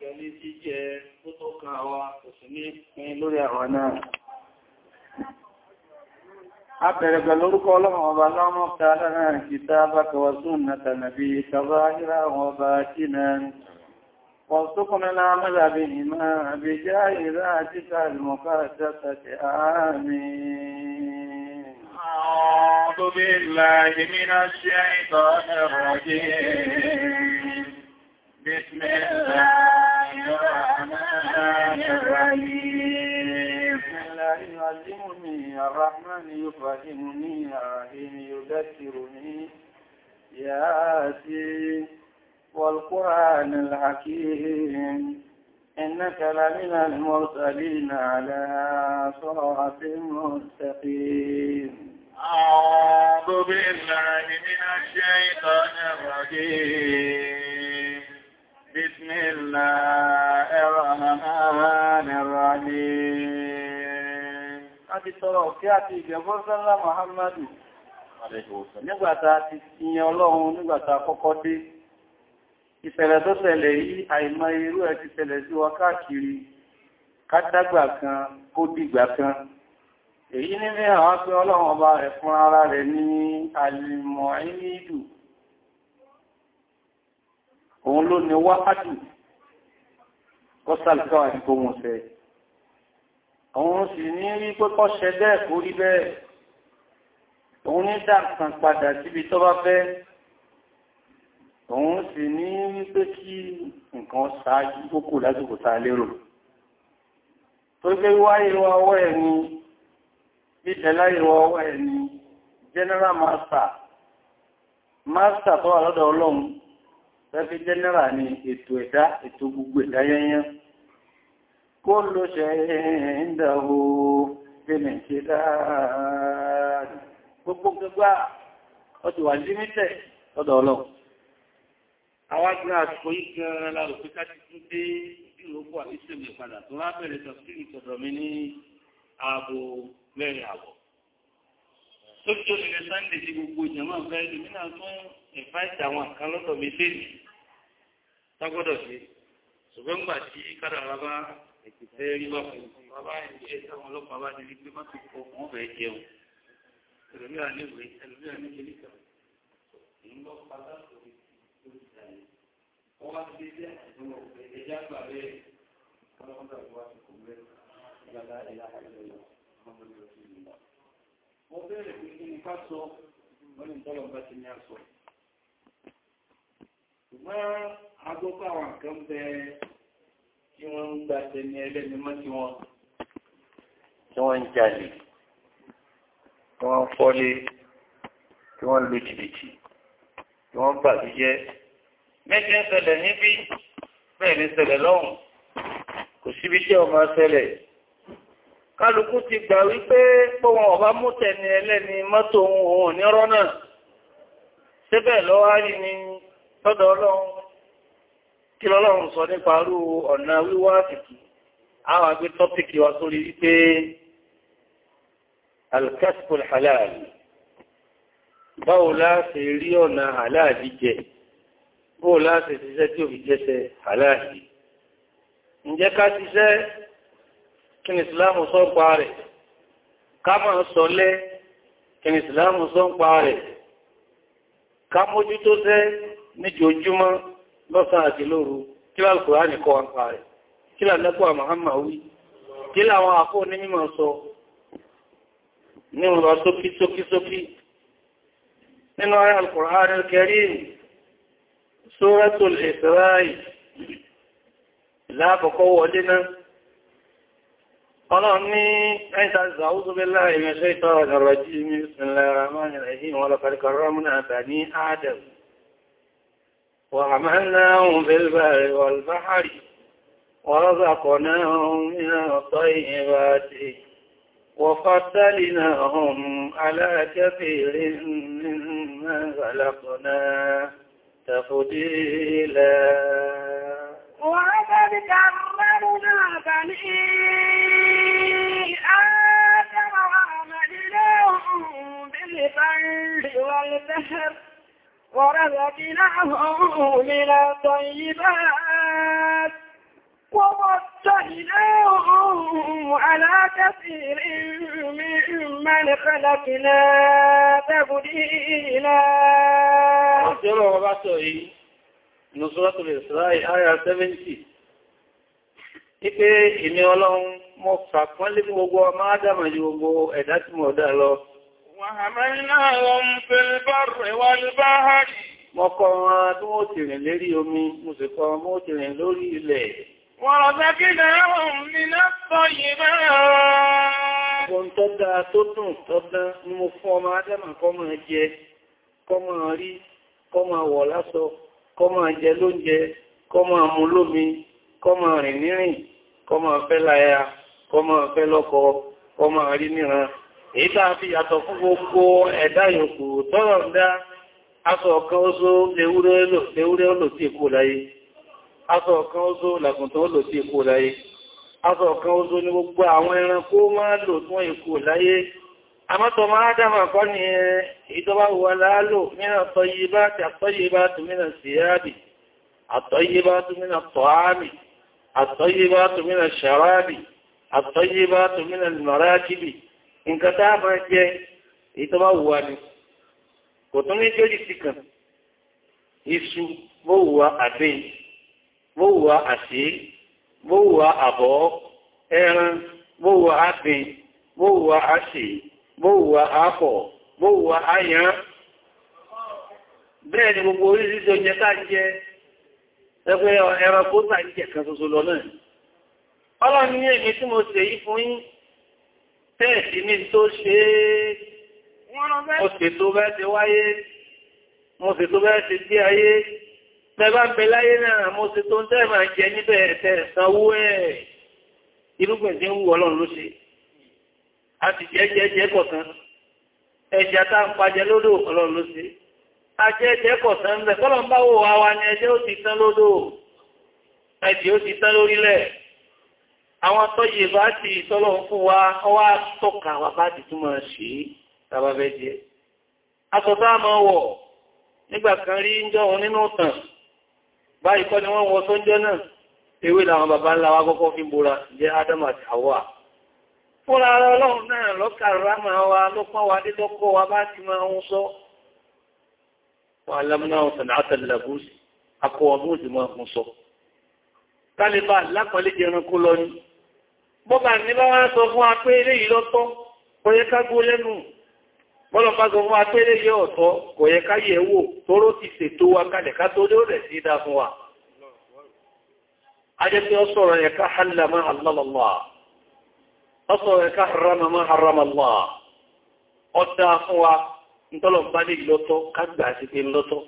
jẹlé jíjẹ ó tó kan wa kò sí ní pín lórí àwọn náà a bẹ̀rẹ̀ pẹ̀lú orúkọ ọlọ́run ọba lọ́mọ́ tààrà ìta bákawàsún nàtà nàbí ìtàbá ìrà àwọn ọba jìnà وارزقنا العمل بهما بجاه ذاتك المقدسة آمين أعوذ بالله من الشيطان الرجيم بسم الله الرحمن الرحيم لا يعلمني الرحمن يفهمني الرحيم يذكرني ياسين والقرآن الحكيم إنك لمن المرسلين على صراط مستقيم أعوذ بالله من الشيطان الرجيم بسم الله الرحمن الرحيم Àti sọ̀rọ̀ kí a ti ìgbẹ̀mọ́ sọ́lá Muhammadu. Nígbàtà ti ìyẹn Ọlọ́run nígbàtà kọ́kọ́ dé. Ìṣẹ̀lẹ̀ tó ṣẹlẹ̀ yìí àìmọ̀ irú ẹ̀ ti ṣẹlẹ̀ sí wa káàkiri, kádàgbà kan, kó dìgbà kan. Èyí ní mẹ́ràn wá pé Ọlọ́run ọba rẹ̀ fún ara rẹ̀ ní Alìmọ̀ Ìlú òun ló ní wá ájù kọ́sàlùkáwà ní kó wọ́n fẹ́ òun sì ní rí pé kọ́ ṣẹ bẹ́ẹ̀ kó rí bẹ́ẹ̀ òun ní dàkàn padà síbi tó bá fẹ́ òun sì ní rí pé kí nǹkan ṣáájú ó kù lásìkò tá lérò tó gbé wáyé ọwọ́ ẹni ìtẹ̀láyé ọwọ́ ẹni general master master tó wà lọ́dọ̀ ọlọ́run Tẹ́fí jẹ́nẹ́rà ni ètò ẹ̀dá, ètò gbogbo ẹ̀dá yẹnyẹn. Kó ló ṣe ìdáwó tẹ́mẹ̀ ṣe dáadáa. Gbogbo gbogbo ọdún wà ní mítẹ̀ lọ́dọ̀ ọlọ́run. Àwọn agbára àsìkò yìí gan-an lárò pé ká ti tún dé ìlúgbò lójúlẹ̀ sunday tí gbogbo ìjọmọ́ ọ̀fẹ́ ìlúmínà tún ìfáìtì àwọn nǹkan lọ́tọ̀ mi lè ní tágbọ́dọ̀ sí ṣùgbọ́n gbà tí kádàrà bá ẹ̀kìtẹ́ rí wà fún bàbá ìṣẹ́ táwọn ọlọ́pàá bá nílé pé mọ́tò kọ wọ́n fẹ́ jẹun ẹlòmíà níwèé ẹlòmíà níwèé níta ìlú padà sórí ìdáyé wọ́n wá sí ilé àtúnwò ẹ̀jẹ̀ àgbà bẹ́ẹ̀ ọlọ́pàá mo bẹ̀rẹ̀ pé kí ni ká sọ wọ́n ni tọ́lọ̀ bá ti ní àsọ ṣùgbọ́n agbọ́pá àwọn kan bẹ kí wọ́n ń gba tẹni ẹlẹ́ni mọ́ tí wọ́n tí wọ́n ń jalè tí wọ́n ń fọ́lé tí wọ́n ń jìbìtì tí wọ́n ń bàbí jẹ́ méjì ń ṣẹlẹ̀ níbí bẹ́ẹ̀ ni ṣẹlẹ̀ lọ́hùn kò síbi tí ọmọ ṣẹlẹ̀ kálukú ti gbà wípé pọ́wọ́n ọ̀bá mú tẹ̀ni ẹlẹ́ni mọ́tò ohun ní rọ́nà síbẹ̀ lọ́wọ́ rí ni tọ́dọ̀ ọlọ́run kí lọ́lọ́run sọ nípa rú ọ̀nà wíwá àsìkí àwọn agbé tọ́pìkì wa sórí wípé alkaspul halal báwo láti rí ọ̀nà halali jẹ báwo láti ṣiṣẹ́ tí ò fi jẹ́ṣẹ́ halali ǹjẹ́ ká ṣiṣẹ́ kí ni ìsìláàmù sọ ń pa rẹ̀ kámọ̀ sọlẹ́ kí ni ìsìláàmù sọ ń pa rẹ̀ kámójú tó sẹ́ níjòjúmọ́ lọ́sàn àti lóru kí l'Al-Kùránì kọ́ ń pa rẹ̀ kí l'Ànábì Muhammad wí kí làwọn àkó ní mímọ̀ sọ ní ọ̀rọ̀ sókí sókí sókí láàkọ̀kọ́ wọlé náà قلني أنت أعوذ بالله من الشيطان الرجيم بسم الله الرحمن الرحيم ولقد كرمنا بني آدم وعملناهم في البر والبحر ورزقناهم من الطيبات وفضلناهم على كثير ممن خلقنا تفضيلا ولقد كرمنا بني آدم وعملناهم بالبر والبحر ورزقناهم من الطيبات ووجهناهم على كثير ممن خلقنا تبديلا nùsùlọ́tò lè sọ́ráì àyà 70 wípé èmi ọlọ́run mọ́ fàpọ́nlé fún gbogbo ọmọ ádámà ju gbogbo ẹ̀dá tí mọ̀ dá lọ mọ́kọ̀ wọn tí wọ́n mo sì kọ́ wọn ó ti rìn lórí ilẹ̀ wọ́n rọ̀ sẹ́kídẹ̀ ọ̀hún ní lọ́pọ̀ yìí mẹ́rẹ̀ ọ̀rọ̀ tó dáa tó dùn tó dán ni mo fún ọmọ ádámà kọ́mọ̀ jẹ kọ́mọ̀ rí kọ́mọ̀ wọ̀ lásọ kọ́ máa jẹ lóúnjẹ kọ́ máa mu lómi kọ́ máa rìn nírìn kọ́ máa fẹ́ láya kọ́ máa fẹ́ lọ́kọ kọ́ máa rí níran èyí tàà fi yàtọ̀ fún gbogbo ẹ̀dá yòókù tọ́rọ̀ ń dá aṣọ ọ̀kan oṣó ewúrẹ́ olò sí èkó láyé aṣọ ọ̀kan oṣó làgùntàn olò sí èkó láyé aṣọ ọ̀kan oṣó ni gbogbo àwọn ẹranko máa lò tún èkó láyé àmọ́tọ̀ máa dámà kọ́ ni ìjọba wà láàlò mìíràn tọ́yíbá àti àtọ́yíbá tó mìíràn síyábì àtọ́yíbá tó mìíràn tọ́ámì àtọ́yíbá tó mìíràn ṣàrábì àtọ́yíbá tó mìíràn mọ̀rákìbì nǹkan tá a máa jẹ ìjọba wà ní kò tún ní jẹ́rì sí kan iṣu mọ́wùwá àbẹ́ mọ́wùwá àṣẹ mọ́wùwá àbọ̀ ẹran mọ́wùwá àbẹ́ mọ́wùwá bóòwà àápọ̀ bóòwà àyàn bẹ́ẹ̀ ni gbogbo orí sísọ ṣe yí fún mẹ́bá ń bẹ láyé náà mo sì tó ń tẹ́ẹ̀ jẹ níbẹ̀ ẹ̀tẹ̀ sanwó ẹ̀ irúgbìn tí ń wù ọlọ́run ló a ti jẹ́jẹ́jẹ́ kọ̀kan ẹja tá ń pàjẹ lódò ọlọ́run a sí ajẹ́jẹ́ kọ̀kan ń bẹ̀ kọ́lọ̀ ń bá wò wá wa ni ẹjẹ́ ó ti tán lódò ẹjẹ́ ó ti tán lórílẹ̀ àwọn tọ́yẹ bá ti tọ́lọ̀ ń fún wa ọwá tọ́ka wà bá ti túmọ̀ sí tàbábẹ́ jẹ́ asọ̀tá máa wọ̀ nígbà kan rí ń jọ òun nínú tàn báyìí kọ́ ni wọ́n wọ tó ń jẹ́ náà ewé làwọn bàbá ńlá wa kọ́kọ́ fúnra ara ọlọ́run náà lọ́kàrá máa wa ló pán wa dé lọ́kọ́ wa bá ti máa ń sọ wà lámúná ọ̀sán àtàlẹ́gbùsì akọwàbùsì máa ń sọ tálíbà lápọ̀lẹ́ jẹranko lọ ní bọ́bà ní bá wá sọ fún apé eré yìí lọ́tọ̀ kò yẹ ká gbó lẹ́nu bọ́lọ̀pá sọ fún apé yìí ọ̀tọ̀ kò yẹ ká yẹ̀ wò tóró ti ṣètò wa kalẹ̀ ká tó lé rẹ̀ sí dá fún wa ajẹ́ pé ọ sọ̀rọ̀ yẹ ká hálà máa lọ́lọ́lọ́ ọsọ rẹ̀ ká harama ma harama Allah ọdá fún wa nítọ́lọ̀ bá lè lọ́tọ́ kágbà sí pé lọ́tọ́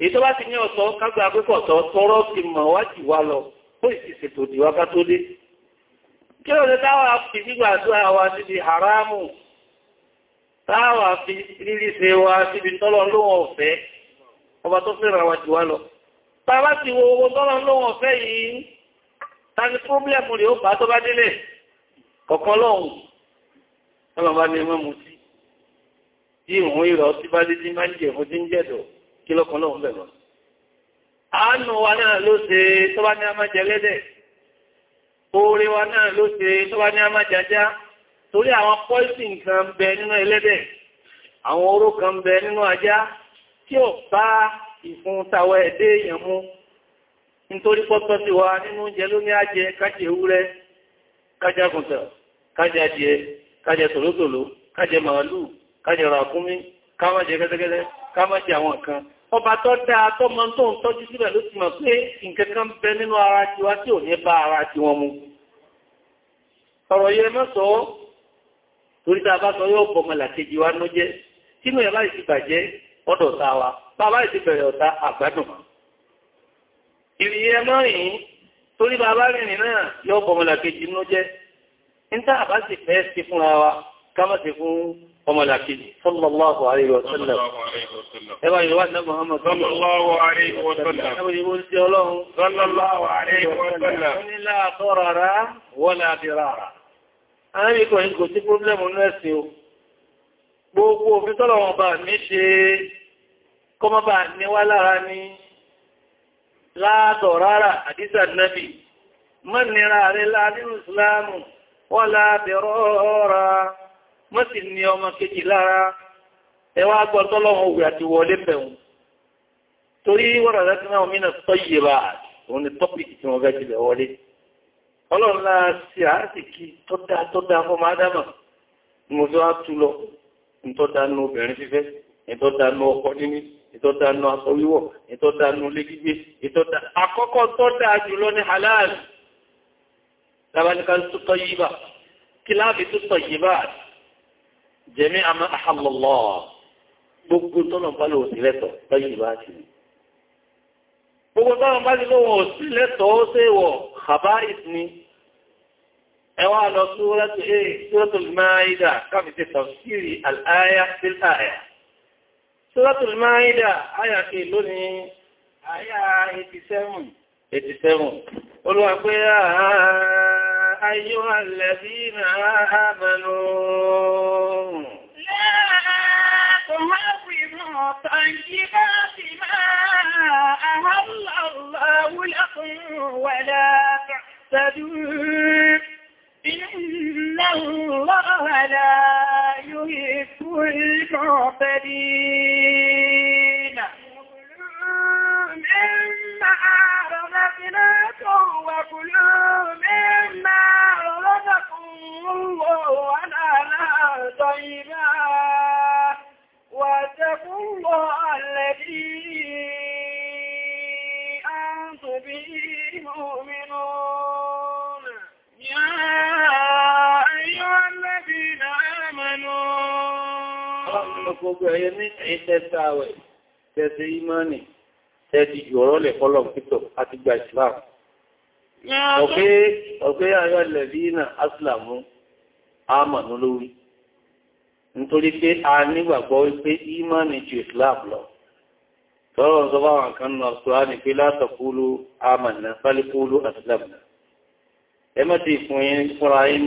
èyí tó bá ti ní ọ̀tọ̀ kágbà pẹ́kọ̀ tọ́ tọ́rọ ti mọ̀ wá jì wá lọ pé ìsìsì tó dì wá bá tó dé haramu táwà fi rírí ṣe wa síbi tọ́lọ̀ lóhun ọ̀fẹ́ ọba tó fẹ́ràn wa jì wá lọ tàbá ti wo owó tọ́lọ̀ lóhun ọ̀fẹ́ yìí ta ni pọ́blẹ̀mù rẹ̀ ó bá tó bá délẹ̀ kọ̀kan lọ́hùn ọlọ́mà ní ẹmọ́ mú sí tí ìwọ̀n ìrọ̀ tí bá dé tí máa ń jẹ fún tí ń jẹ́dọ̀ kí lọ́kan lọ́hùn bẹ̀rọ àánú wa náà ló ṣe tó bá ní a máa jẹ lẹ́dẹ̀ oore wa náà ló ṣe tó bá ní a máa jajá torí àwọn pọ́ìsì nǹkan bẹ nínú ẹlẹ́dẹ̀ àwọn oró kan bẹ nínú ajá tí ò bá ìfun tàwọ ẹ̀dẹ́ èèyàn mú nítorí pọ́tọ́ sí wa nínú oúnjẹ ló ní ajẹ kájẹ ewúrẹ́ kájá kùntàn kájẹ adìẹ kájẹ tòlótòló kájẹ màálù kájẹ ràkúnmí ká má jẹ gẹ́gẹ́gẹ́ ká má jẹ àwọn kan ọba tó dáa tó mọ tó ń tọ́jú síbẹ̀ ló ti mọ̀ pé nǹkan kan bẹ nínú ara tiwa tí ò ní bá ara ti wọn mu ọ̀rọ̀ yẹ mọ́sọ̀ torí tá a bá sọ yóò pọ̀ mọ́ làkejì wa ló jẹ́ sínú ẹ̀ láì ti bàjẹ́ bàbá rìnrìn náà yóò pọ̀ mọ́ làkejì ló jẹ́ níta àbá sì fẹ́ sí fúnra wa kámọ́ sí fún ọmọlàkejì sallallahu alaihi wa sallam ẹwà ìwà náà Muhammad sallallahu alaihi wa sallam ẹwà ìwà sí ọlọ́run sallallahu alaihi wa sallam ní láàtọ́ rárá wọ́lá dirara arábìkọ̀yìn kò sí pọ́blẹ́mù nẹ́sìn o gbogbo òfin tọ́lọ̀wọ̀n bá ní ṣe kọmọ bá ní wá ní látọ̀ rárá àdísà nábì mọ́ nira rẹ̀ láàrin wọ́lá bẹ̀rọ ọ̀rọ̀ mọ́ sí ní ọmọ kejì lára ẹwà agbọ́tọ́lọ́wọ́ òwè àti wọlé pẹ̀hùn torí wọ́rọ̀ láti náà mínà tọ́ yìí bá òun ni tọ́pìkì tí wọ́n fẹ́ ti bẹ̀ wọlé ọlọ́run láà sí àásìkí tọ́dá tọ́dá fọ́mọ ádámà mo tó á tú lọ ìtọ́dánú obìnrin fífẹ́ ìtọ́dánú ọkọ níní ìtọ́dánú aṣọ wíwọ̀ ìtọ́dánú ilé gbígbé ìtọ́dá àkọ́kọ́ tọ́dá jùlọ ní halal tabalika tutọ yìí bá kíláàbì tutọ yìí bá jẹmí àmà àhàlọlọ gbogbo tọnà bá lòun sí lẹtọ tọyì bá sí gbogbo tọnà bá sí lòun sí lẹtọ ó ṣe wọ khaba'is ni ẹwà lọ súrọ́tù ẹ̀ súrọ́tù máìdà káfí ti tafsiri al'áyà fil àyà súrọ́tù máìdà àyà fi lónìí àyà 87 87 olùwàgbé ààrẹ أيها الذين آمنوا لا تهضموا طيبات ما أهل الله لكم ولا تحسدوا إن الله لا يحب المعتدين ẹ̀yẹ ní ẹ̀tẹ́ta àwẹ̀ tẹ́sẹ̀ ìmọ́ni tẹ́sì jù ọ̀rọ̀ lẹ̀ fọ́lọ̀ pítọ̀ àti gba Islam ọ̀pẹ́ ayọ́ lẹ̀bínà asìlàmú àmànú lórí nítorí pé a nígbàgbọ́ wípé ìmọ́ni ju Islam lọ tọ́rọ̀ sọ bá wọn kan náà sọ á ní pé látọ̀kúlù àmànà fálíkúlù asìlàmù ẹ mọ́ ti fún yín fúnra yín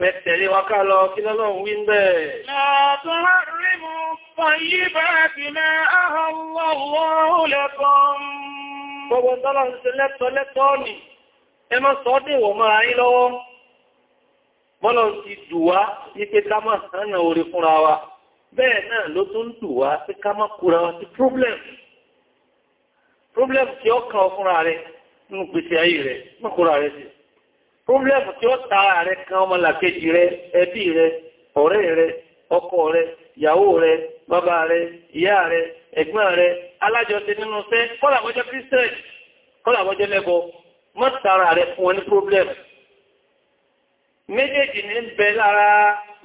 Mẹ́tẹ̀lé wa ká lọ kí lọ́lọ́run wí ń bẹ̀. Láàtọ́ rí mú fàyí bá ti mẹ́ ahọ́wọ́ lẹ́kọ́m. Gbogbo tọ́lọ̀ ń ṣe lẹ́tọ́ lẹ́tọ́ nì, ẹ má sọ dìwọ̀ mọ́ra lọ́wọ́. Bọ́lọ̀ ti dùwá ní problem. Problem tí ó kan fúnra rẹ̀ nínú pèsè ayé rẹ̀, má rẹ̀ sí. Problem tí ó tààrà rẹ kan ọmọlàkejì rẹ, ẹbí rẹ, ọ̀rẹ́ rẹ, ọkọ rẹ, ìyàwó rẹ, bàbá rẹ, ìyá rẹ, ẹ̀gbọ́n rẹ, alájọsẹ nínú sẹ́, kọ́làwọ́jẹ́ Christian, kọ́làwọ́jẹ́ lẹ́bọ, mọ́ tààrà rẹ fún ẹni problem. Méjèèjì ní ń bẹ lára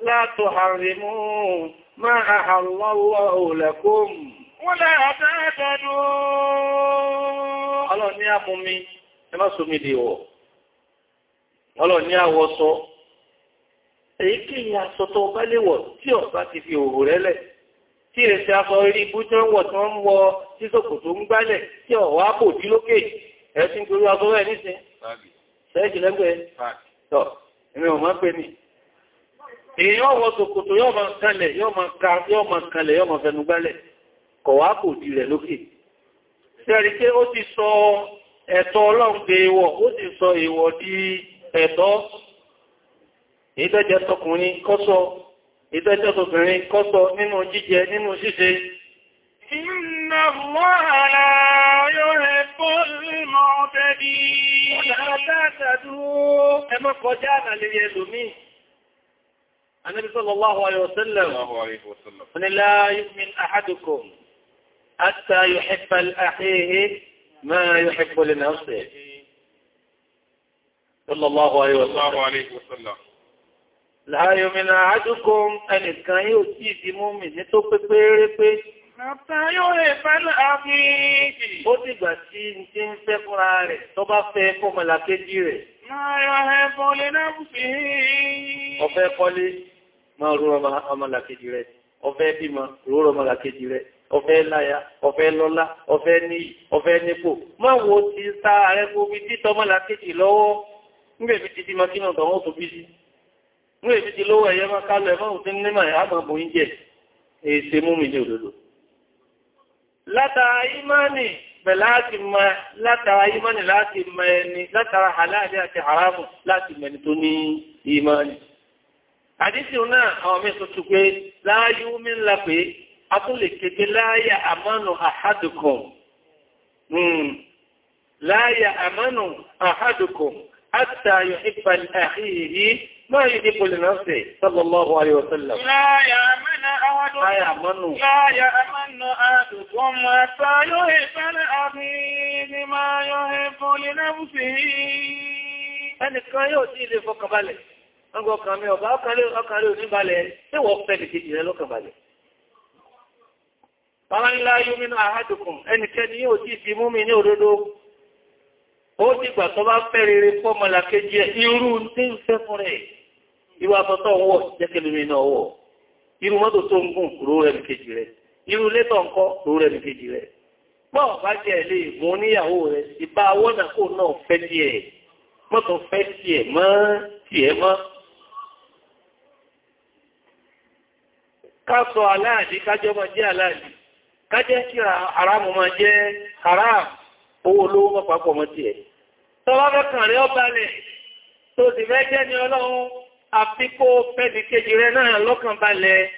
látò àrìmú máa àhàlọ́wọ́ òlẹ̀kùn. Wọ́n lára tẹ́ẹ̀tẹ́ dùn. Ọlọ́run ní àmúmi, ẹ má sómi dìwọ̀ wọ́n ní àwọ̀ sọ èyíkéyìí aṣọ tó bá lè tí ọ̀bá ti fi òhò rẹ́lẹ̀ tí èsì aṣọ rí ibú tí wọ́n wọ̀ ń wọ tí sòkòtò ń gbálẹ̀ tí ọ̀wá bò dí lókè ẹ̀sìn torí aṣọ rẹ̀ níṣẹ́ sẹ́ẹ̀jì lẹ́gbẹ̀ẹ́ tọ̀ èmi ò máa ń ẹ̀tọ́ ìtọ́jẹ́ tọkùnrin kọ́sọ ìtọ́jẹ́ tọkùnrin kọ́sọ nínú jíjẹ nínú ṣíṣe Inna Allaha la yuhibbul mu'tadin. Ọ̀dá tààtàdú ẹmọ́ kọjá ànà lè rí ẹlòmíì. Ànábì sallallahu alayhi wa sallam. Wọ́n la yu'min ahadukum hatta yuhibba li akhihi ma yuhibbu li nafsihi. صلى الله عليه وسلم لا يؤمن أحدكم أن كان يؤتي مؤمن tó pé péré pé Mọ̀tá yóò rẹ̀ fẹ́lẹ̀ àmìrìkì. Ó ti gbà tí ń tí ń fẹ́ fúnra rẹ̀ tó bá fẹ́ fọ́mọ̀lá kéjì rẹ̀. Máa yọ ẹ̀bọ̀ lè náà fi rí. Ọfẹ́ kọ́lé, máa rú ọmọlá kéjì rẹ̀. Ọfẹ́ bímọ, rú ọmọlá kéjì rẹ̀ ọfẹ́ láya ọfẹ́ lọ́lá ọfẹ́ ní ọfẹ́ nípò máa wo ti sáà rẹ̀ nígbà èmi ti bímọ kínú tọ̀wọ́ tó bí sí nígbà èmi ti lówó ẹ̀yẹ́ máa kálọ̀ ẹ̀mọ́ òtún nímọ̀ àgbàbò ń jẹ èsè mú mi ní òdodo látara ìmánì bẹ̀ láti mọ látara ìmánì láti mọ ẹni látara halali àti haramu láti mọ ẹni tó ní ìmánì àdísì náà àwọn mẹ́sàn tún àhádùkùn حتى يحب لأخيه ما يحب لنفسه صلى الله عليه وسلم لا يأمن أحدكم لا يأمن لا يأمن أحدكم حتى يحب لأخيه ما يحب لنفسه ẹnìkan yóò tí ilé fọkànbalẹ̀ ọgbọ̀ ọkàn mi ọba ọkàrí oníbalẹ̀ tí wọ́n fẹ́ lèkejì rẹ lọ́kànbalẹ̀ bàbá ńlá yóò mínú àhádùkùn ẹnìkẹ́ni yóò tí ìfimú mi ó dìgbà tó bá fẹ́ rere fọ́mọ̀lá kejì ẹ̀ irú tí ń fẹ́ fún rẹ̀ irú afọ́tọ́ wọ̀ jẹ́kẹ̀lúmi náà wọ̀ irú mọ́tò tó ń gùn ró rẹ̀ kejì rẹ̀ irú létọ̀ ńkọ́ ró rẹ̀ kejì rẹ̀ bọ́ bá jẹ́ ilé ìgbón níyàwó rẹ̀ ìbá wọ́nà kò náà fẹ́ tiẹ̀ mọ́tò fẹ́ tiẹ̀ mọ́ tiẹ̀ mọ́ ká sọ aláàdí máa jẹ́ aláàdí kájẹ́ kíra haramu máa jẹ́ haram owó olówó mọ́ papọ̀ mọ́ tiẹ̀ tọwọ́ mẹ́kàn rẹ̀ ọbalẹ̀ tó sì mẹ́jẹ́ ni ọlọ́run àfikó fẹ́ni rẹ̀ náà lọ́kàn balẹ̀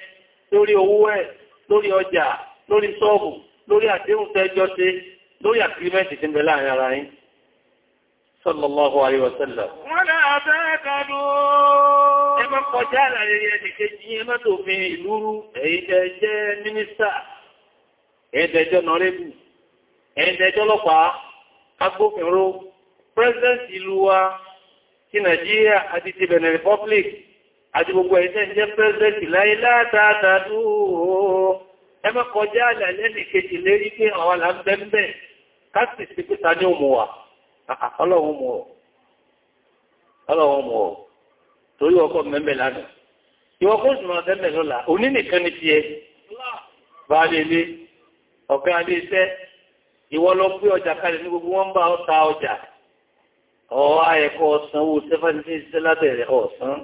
lórí owó ẹ̀ lórí ọjà lórí sọ́ọ̀bù lórí àdéhùn tẹ́jọ́ sí lórí àkírímẹ́ntì tí ń bẹ láàrin ara yín sallallahu alaihi wasallam ọlọ́pàá agbófinró president ìlú wa ti Nàìjíríà àti ti Benin Republic àti gbogbo ẹ̀ṣẹ́ jẹ́ president láyé látàtàdú ẹ má kọjá àlàlẹ́ nìkejì lérí pé àwọn là ń bẹ́m̀bẹ̀ káàkiri sí pé ta ní òmùwà ọlọ́run mọ̀ ọlọ́run mọ̀ torí ọkọ̀ mẹ́mẹ́ lánàá ìwọ kó sì máa bẹ́mẹ̀ lọ́la òní nìkan ni tiẹ̀ baálé ilé ọ̀gá ilé iṣẹ́ ìwọ lọ gbé ọjà kalẹ̀ ní gbogbo wọn bá ọ ọjà ọwọ́ ayẹ̀kọ́ sanwó sẹ́fẹ́ntí sílátẹ̀rẹ̀ ọ̀sán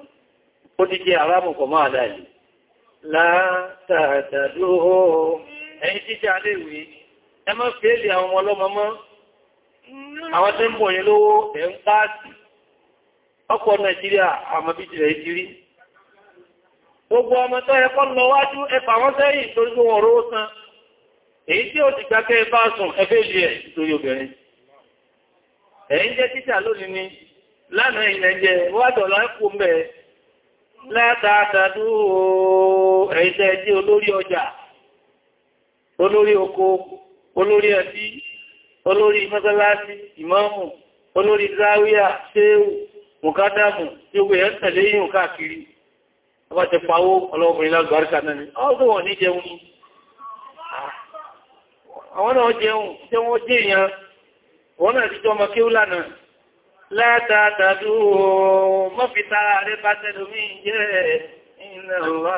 ó ti jẹ́ arábùkọ̀ máa dáìlì látàtàdúhó ẹ̀yìn títí aléwé ẹ má fèèlì àwọn ọlọ́mọmọ́ àwọn tẹ́ ń bọ̀ yẹn lówó ẹ̀ ń pàtì ọkọ̀ nàìjíríà àmàbíjìlẹ̀ ìjírí gbogbo ọmọ tó ẹ̀kọ́ lọ wájú ẹfà wọ́n sẹ́yìn torí wọn rówó san èyí tí ó ti gbákẹ́ bá sùn ẹfẹ́ ilé ẹ̀ torí obìnrin ẹ̀yin jẹ́ títà lónìí ni lánàá ilẹ̀ jẹ́ wádọ̀lá kò mẹ́ látàtàdú ẹ̀yin tẹ́ jẹ́ olórí ọjà olórí oko olórí ẹbí olórí mọ́sálásí ìmáàmù olórí záwíà ṣéwù mùkádàmù tí ó gbé tẹ̀lé yìí káàkiri àwọn jẹun wọ́n náà ti jọmọ kí ó lànà látàtàdú mọ́ fi tara rẹ̀ bá tẹ́lú mí jẹ́ iná wà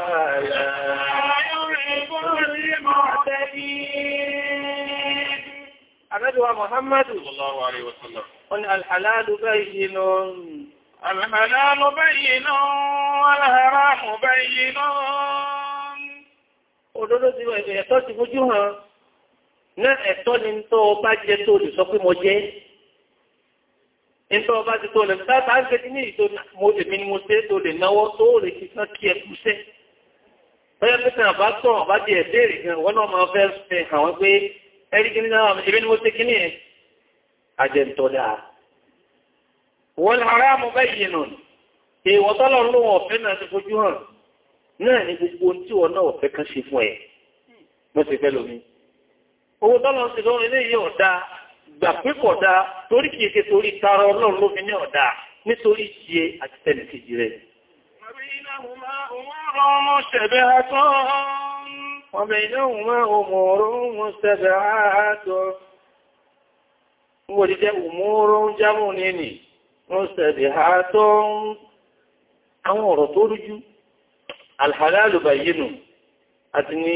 Àrẹ́dùwà Mọ̀hánmàdù, wọ́n ni alhàlálù báyìí lọ́rùn. Alhàlálù báyìí lọ́rùn, alhàrámù ti wẹ̀ ẹ̀tọ́ ti fojú hàn náà ẹ̀tọ́ ni tó bá jẹ tó lè sọ pé mo jẹ́ ní tó bá ti tó lè sáàtà ń gẹ́dí ní ìtò èmi ni mo ṣe tó lè náwọ́ tó lè kí sán kí ẹkù sẹ́ bẹ́ẹ̀ pé tàn bá tọ̀ bá di ẹ̀bẹ́rẹ̀ gan wọ́n náà máa fẹ́ fi hàn pé ẹ̀rí kí ní náà ni mo ṣe kí ní ẹ̀ àjẹ́ntọ́ dáa wọ́n haramu bẹ́yìn nù èèwọ̀ tọ́lọ̀ ló wọ̀n náà ti fojú hàn náà ni owó tọ́lọ sí lọ́wọ́ ilé yìí ọ̀dá gbà pé kò dá torí kìí ṣe torí tara ọlọ́run ló fi ní ọ̀dá nítorí ṣe àti tẹ̀lé kejì rẹ̀. Wọ́n jẹ́ òmúrún jámù nínú, wọ́n sẹ̀dẹ̀ ha tó ń àwọn ọ̀rọ̀ tó rújú, alhàlálù bayyinu, àti ní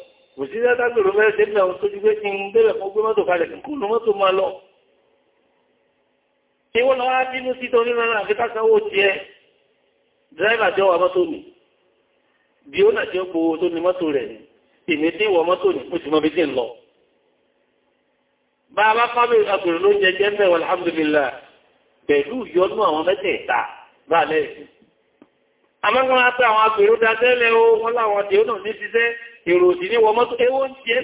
kò sí dátágbèrò mẹ́rin tẹ́lẹ̀ àwọn tó jí pé kí n bẹ̀rẹ̀ fún gbé mọ́tò kalẹ̀ kí n mọ́tò máa lọ tí wọ́n lọ wá bínú sí tó nínú náà fi kásáwó ti ẹ dráìvà jọ wà mọ́tò mi bí ó nà jẹ́ gbogbo tó ní mọ́tò rẹ̀ ni ìní tí wọ mọ́tò ní mo sì mọ́ bí tí ń lọ bá a bá fábí agbèrò ló jẹ jẹ́ mẹ́wàá alhamdulillah pẹ̀lú ìyọnú àwọn mẹ́tẹ̀ẹ̀ta bá lẹ́yìn àmọ́gbọ́n àpẹ àwọn agbèrò dáṣẹ́lẹ̀ o wọ́n láwọn tí ó nà ní ṣiṣẹ́ èrò òdì ní wọ́n mọ́tò ewó ń jẹ́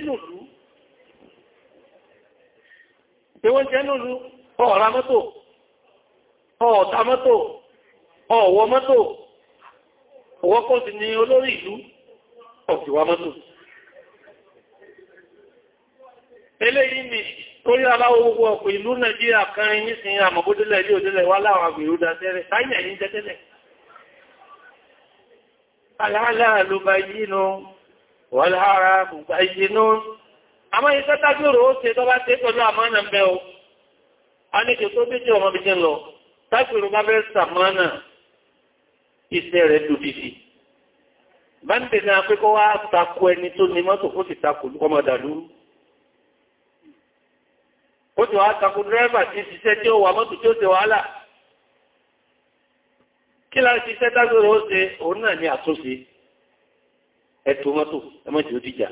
nùlú ọ̀rá mọ́tò ọ̀ọ̀ta mọ́tò ọ̀wọ́ mọ́tò ọwọ́kọ́ sí ni olórí ìlú ọ̀tíwá mọ́tò eléyìí ni torí aláwọ̀ gbogbo ọ̀pọ̀ ìlú Nàìjíríà kan ní sin àmọ̀bódélẹ̀ ilé òdélẹ̀ wá láwọn agbèrò dáṣẹ́lẹ̀ alhálàlù báyínú wàlhárà báyínú àmọ́ iṣẹ́ tájúrò ó ṣe tọ́bá tẹ́ pẹ̀lú àmọ́nà bẹ́ o a ní kí tó méjì ọmọ bí jẹ́ lọ tájúrò bá bẹ́ sàmọ́nà iṣẹ́ rẹ̀ dùdìdì bá ń tẹ̀lé àpẹ́kọ́ wá takú ẹni tó ní mọ́tò ti ṣiṣẹ́ tí ó wà mọ́tò tí ó ṣe wàhálà kí láti fi ó ṣe òun náà ní àtúnṣe ẹ̀tọ́ mọ́tò ẹmọ́jì ó dìjà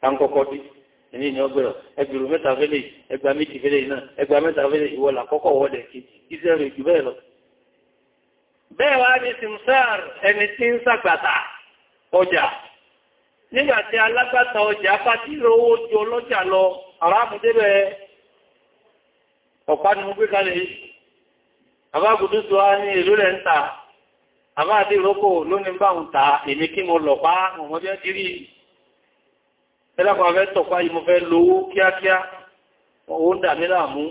táńkọ́kọ́ bí ẹni ni ọgbẹ̀rọ̀ ẹgbẹ̀rún mẹ́ta fẹ́lẹ̀ ẹgbà méjì fẹ́lẹ̀ náà ẹgbà mẹ́ta fẹ́lẹ̀ ìwọlà kọ́kọ́ wọ́dẹ̀ iṣẹ́ rẹ̀ jù bẹ́ẹ̀ lọ bẹ́ẹ̀ wá ní simsar ẹni tí ń sàgbàtà ọjà nígbàtí alágbàtà ọjà pàtílò owó ju ọlọ́jà lọ ọ̀pá ni mo gbé kalẹ̀ yìí àbá àti ìrókò lónìí bá ń ta èmi kí mo lọ̀pá ọmọdé ti rí ẹlẹ́kọ̀ọ́ fẹ́ tọ̀pá yìí mo fẹ́ lówó kíákíá owó ń dà mí láàmú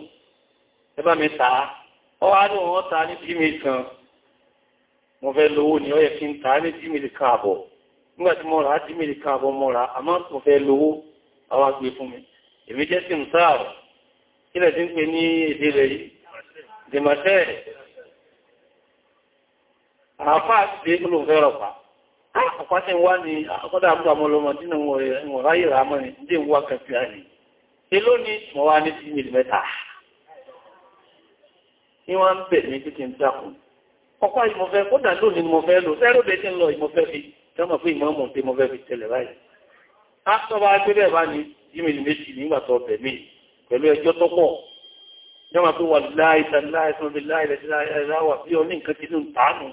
ẹbá mi ta ọ wá ní wọ́n ta ní bí mi kan mo fẹ́ lówó ni ó yẹ kí n ta ní bí mi kan àbọ̀ nígbàtí mo rà bí mi kan àbọ̀ mo rà àmọ́ mo fẹ́ lówó àwa gbé fún mi èmi jẹ́ sí mùsáàrù kílẹ̀ tí ń pè ní èdè rẹ̀ yìí dèmọ̀tẹ́ẹ̀ àfá àti ìlú fẹ́rọ̀ pa àkọ́sí wá ní àkọ́dá àbúgbàmọ́lọmọ dínà wọ̀n ráyè ràmọ́ ní dé wà kẹfì àrí iló ní mọ̀ wá ní 3 mm ní wọ́n ń bẹ̀ ní kíkí ń dákùn ọkọ̀ ìmọ̀fẹ́ kódà lónìí mo fẹ́ lò fẹ́rọ̀bẹ̀ tí ń lọ ìmọ̀fẹ́ fi tọ́mọ̀ fún ìmọ̀mọ̀ tí mo fẹ́ fi tẹ̀lẹ̀ báyìí á tọ́ba agbẹ́rẹ́ bá ní ìmìlì méjì nígbà tó ọbẹ̀ mí pẹ̀lú ẹjọ́ tọ́pọ̀ jọ́mọ̀ pé wà láìsàn láìsàn bí láìsàn láìsàn wà bí ọ ní nǹkan tí ń tàánù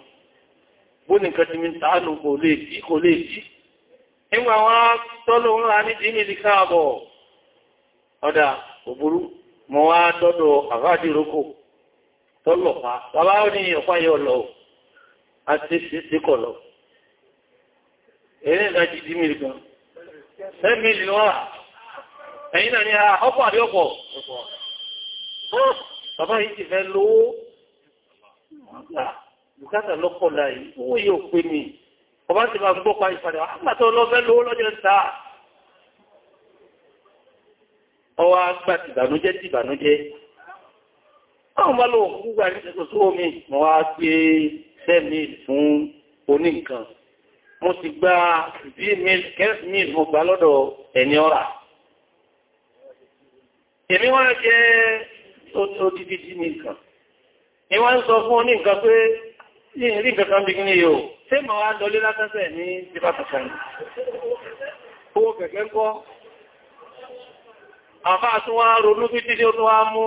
bó ní nǹkan ti mi tàánù kò lè tí kò lè tí tọ́lọ ń ní tí ní ìdíká ọ̀dà òbúrú mọ́ wá tọ́dọ̀ tọ́lọ pa bàbá ó ní ọ̀pá lọ àti síkọ̀ lọ ìdájí gan wà ẹ̀yìn náà ti fẹ́ lówó bùkátà lọ́kọ̀ọ́lá yìí owó yóò pé ní ọba ti máa gbọ́pa ìpàdé àgbàtọ̀ ọlọ́fẹ́ lówó lọ́jọ́ ta ọwọ́ agbà tìbànújẹ́ tìbànújẹ́ àwọn bá lọ́wọ́ gbúgbà ní ṣẹ̀tọ̀ tó omi mọ́ wá gbé sẹ́mìl fún oníǹkan mo ti gba bímìl kẹ́sìmìl mo gbà lọ́dọ̀ ẹni ọ̀rà èmi wọ́n jẹ́ odidi nìkan ni wọ́n sọ fún oníǹkan pé ní ìrí kankan bí ní yóò tí ma wá lọlé látẹ́sẹ̀ ní dìbàtàkàn owó kẹ̀kẹ́ kọ́ àfáà tún wá ronú bí dídé ó tún wá mú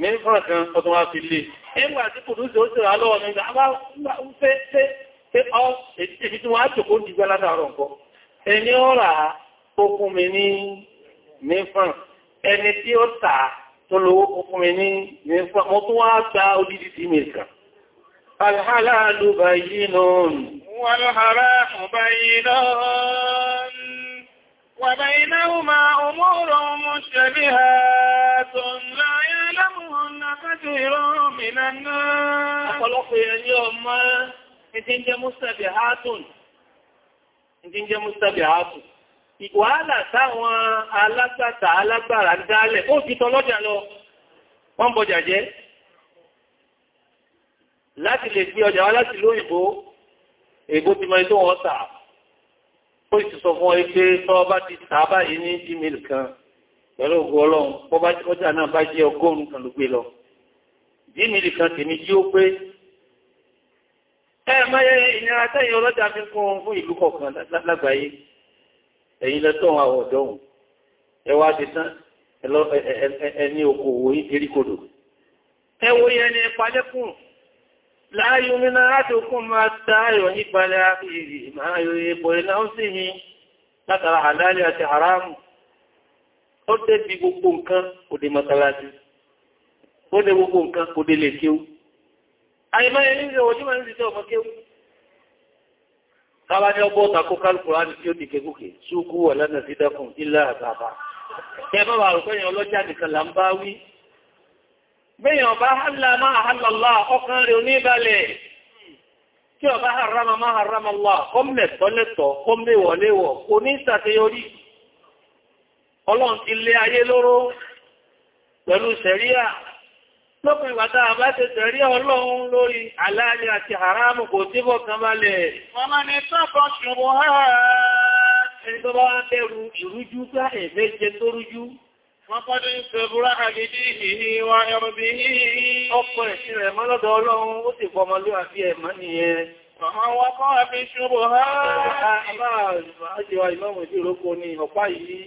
mìíràn kan ó tún wá fi lè ẹgbà tí kùdú sí ó sì rà lọ́wọ́ nígbà bá ń fẹ́ tẹ́ ọ́ èdè tí wọ́n á tòkó dìgbà látàrọ̀ nǹkan ẹni ó rà ó fún mi ní mìíràn ẹni tí ó tà tó lówó ó mi ní mìíràn mo tún wá gba odidi tí mìíràn الحلال بين والحرام بين وبينهما أمور مشتبهات لا يعلمهن كثير من الناس أخلق اليوم إذن جاء مشتبهات إذن جاء مشتبهات Ìwàhálà táwọn alágbàtà alágbàrà dálẹ̀ ó ti tọ́lọ́jà lọ, wọ́n bọjà jẹ́ láti lè gbé ọjà wá láti lóyìnbó èbó ti mọ ètò wọn tà ó sì sọ fún ẹ pé tọ́ bá ti tà báyìí ní gmail kan pẹ̀lú ògùn ọlọ́run bọ́ bá ti ọjà náà bá jẹ́ ọgọ́rùn-ún kan ló gbé lọ gmail kan tèmi jí ó pé ẹ máyẹ ìnira tẹ́yìn ọlọ́jà fi kún fún ìlú kọ̀ọ̀kan lágbàáyé ẹ̀yin lẹ́tọ̀ọ́ àwọn ọ̀dọ́hùn ẹ wá ti tán ẹni okòwò yìí ẹ wo yẹn ni palẹ́kùn láàyò mi náà láti òkun máa táyọ̀ nípalẹ̀ àfihì máa yọ epo iná ó sì ní látara àlálì àti haramu ó dé bí gbogbo nǹkan kò dé mọ́sálásí ó dé gbogbo nǹkan kò dé lè kéwú àìmáyé ní ìrẹ̀wò tí máa ń rí bẹ́yàn ọba hálà máa hálà Allah ọkàn rẹ̀ oníbalẹ̀ kí ọba harama máa harama Allah kọ́mẹ̀tọ́lẹ̀tọ̀ kọ́mẹ̀wọ̀lẹ́wọ̀ kò ní ìsàtẹyọrí ọlọ́run ti lé ayé lóró pẹ̀lú sẹ̀ríà lópin ìgbàta àbá ṣe sẹ̀ríà ọlọ́run lórí aláàrí àti haramu kò tí bọ́ kan balẹ̀ mọ́mọ́ ni tọ́kọ̀ Wọ́pọ́dé ń ṣe ìhì wa ẹrùbí yìí. Ọkọ̀ ẹ̀sìn rẹ̀ mọ́ lọ́dọ̀ Ọlọ́run ó sì fọmọ ló àti ẹ̀mọ́ nìyẹn. Àwọn ni ọ̀pá yìí.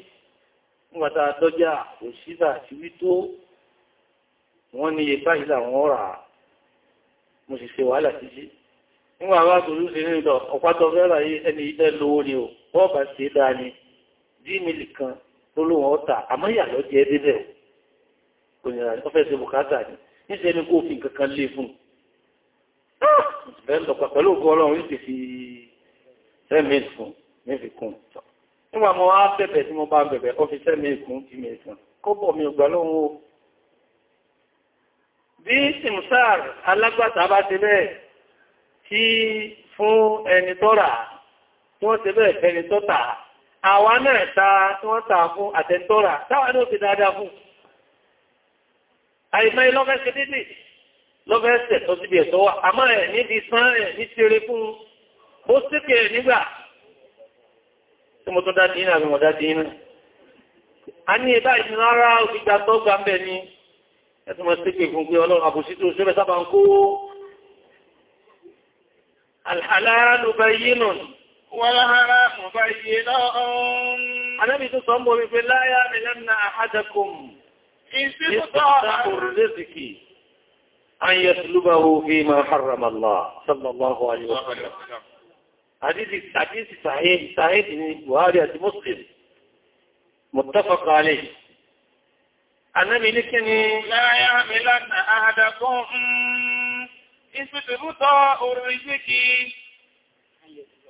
Nígbàtà dọ́jà òṣìṣà ti wí tó. Wọ́n ní iye báyìí làwọn rà. Mo sì ṣe wàhálà títí. Nígbà wá tòrú sí nínú ọ̀pá tó fẹ́ rà yìí ẹni ìdẹ́ lówó ni ò. Wọ́n bá ṣe dáa ni. Dí mílì kan tó ló wọn ọ̀tà àmọ́ ìyà lọ jẹ́ débẹ̀ òyìnbó ọ̀fẹ́ ṣe ni níṣẹ́ ni kó fi nǹkan kan lé fún un bẹ́ẹ̀ lọ pa pẹ̀lú òkú ọlọ́run yìí ti fi sẹ́mẹ̀ẹ́sì fún nífi kún nígbà mo wá bẹ̀bẹ̀ tí mo bá ń bẹ̀bẹ̀ ọfi sẹ́mẹ̀ẹ́sì fún ti bí simsar alágbàtà bá ti bẹ́ẹ̀ tí fún ẹni tọ́ra tí wọ́n ti bẹ́ẹ̀ fẹ́ni tọ́ta àwa náà ta tí wọ́n tà fún àtẹ́ntọ́rà táwà ní òkè dáadáa fún àìmọ́ ilọ́fẹ́sẹ̀ dídì lọ́fẹ́sẹ̀ tó síbi ẹ̀tọ́ wà àmọ́ ẹ̀ níbi sán ẹ̀ ní ṣeré fún bó síkè nígbà tí mo tún dá ti yínà mo dá ti yínà a ní ẹ̀dá ìsinara òfìgbà tó gbà bẹ́ẹ̀ ni ẹ̀tùmọ̀ síkè fún pé ọlọ́run àbòsí tó ṣẹ́bẹ̀ sábà ń kó alhàlá ló bẹ yínà والحرام بينات النبي صلى الله عليه وسلم لا يعملن أحدكم استطاع الرزق أن يطلبه فيما حرم الله صلى الله عليه وسلم حديث حديث صحيح صحيح البخاري ومسلم متفق عليه النبي لكني لا يعملن أحدكم استطاع الرزق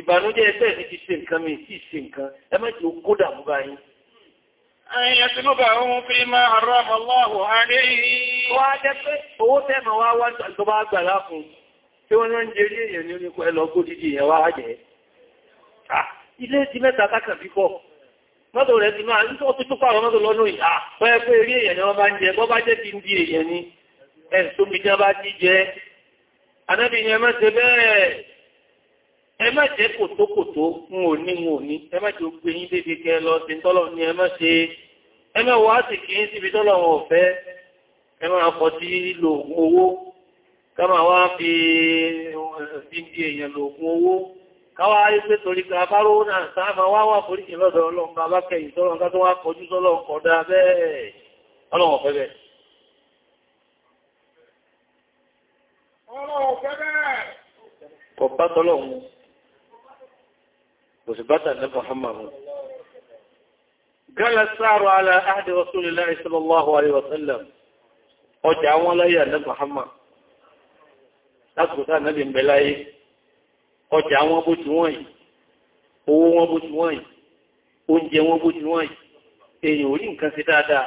ìbànújẹ́ ẹsẹ̀ ní ti ṣe nǹkan mi sí ṣe nǹkan ẹ má jẹ́ kó dàmú báyìí. Àyẹ̀ tí ló bá ohun fi máa àrọ́ ọmọláwò àrẹ yìí. Wọ́n á jẹ́ pé owó tẹ́mọ̀ wá wá tó bá gbà láfún tí wọ́n rán jẹ́ orí èèyàn ní oníkọ ẹlọ́gbó dídì èèyàn wá jẹ́. Ilé ti mẹ́ta tákàn bí bọ̀. Mọ́tò rẹ̀ ti máa ń tó ti túpà mọ́tò lọ́nà ìyá. Wọ́n yẹ pé orí ni wọ́n bá ń jẹ, bọ́ bá jẹ́ kí ń di èèyàn ni. Ẹ̀ mi jẹ́ bá jí jẹ́. Ànábì yẹn mọ́ ẹ má jẹ́ kòtókòtó fún òní wọn òní ẹ má jẹ́ gbé yín débi kẹ lọ sí tọ́lọ̀ ní ẹ má ṣe ẹ má wá sì kí ń síbi tọ́lọ̀ wọn ọ̀fẹ́ ẹ má kọ sí lòògùn owó ká máa wá fi bíbí èèyàn lòògùn owó káwá ẹgbẹ́ torí ká bá rówó náà sáà máa wá wà foríkì lọ́dọ̀ ọlọ́run bá bá kẹyìn tọ́lọ̀ ká tó wá kọjú sọ́lọ̀ kọ̀dá bẹ́ẹ̀ ọlọ́run ọ̀fẹ́ bẹ́ẹ̀ ọlọ́run ọ̀fẹ́ bẹ́ẹ̀ kọ̀ وثبات أن محمد قال السعر على أحد رسول الله صلى الله عليه وسلم ọjàwọn láyé ànábì Muhammad lásìkòtà ànábì ń bẹ láyé ọjà wọn bó ti wọ́n yìí owó wọn bó ti wọ́n yìí oúnjẹ wọn bó ti wọ́n yìí èyàn orí nǹkan sí dáadáa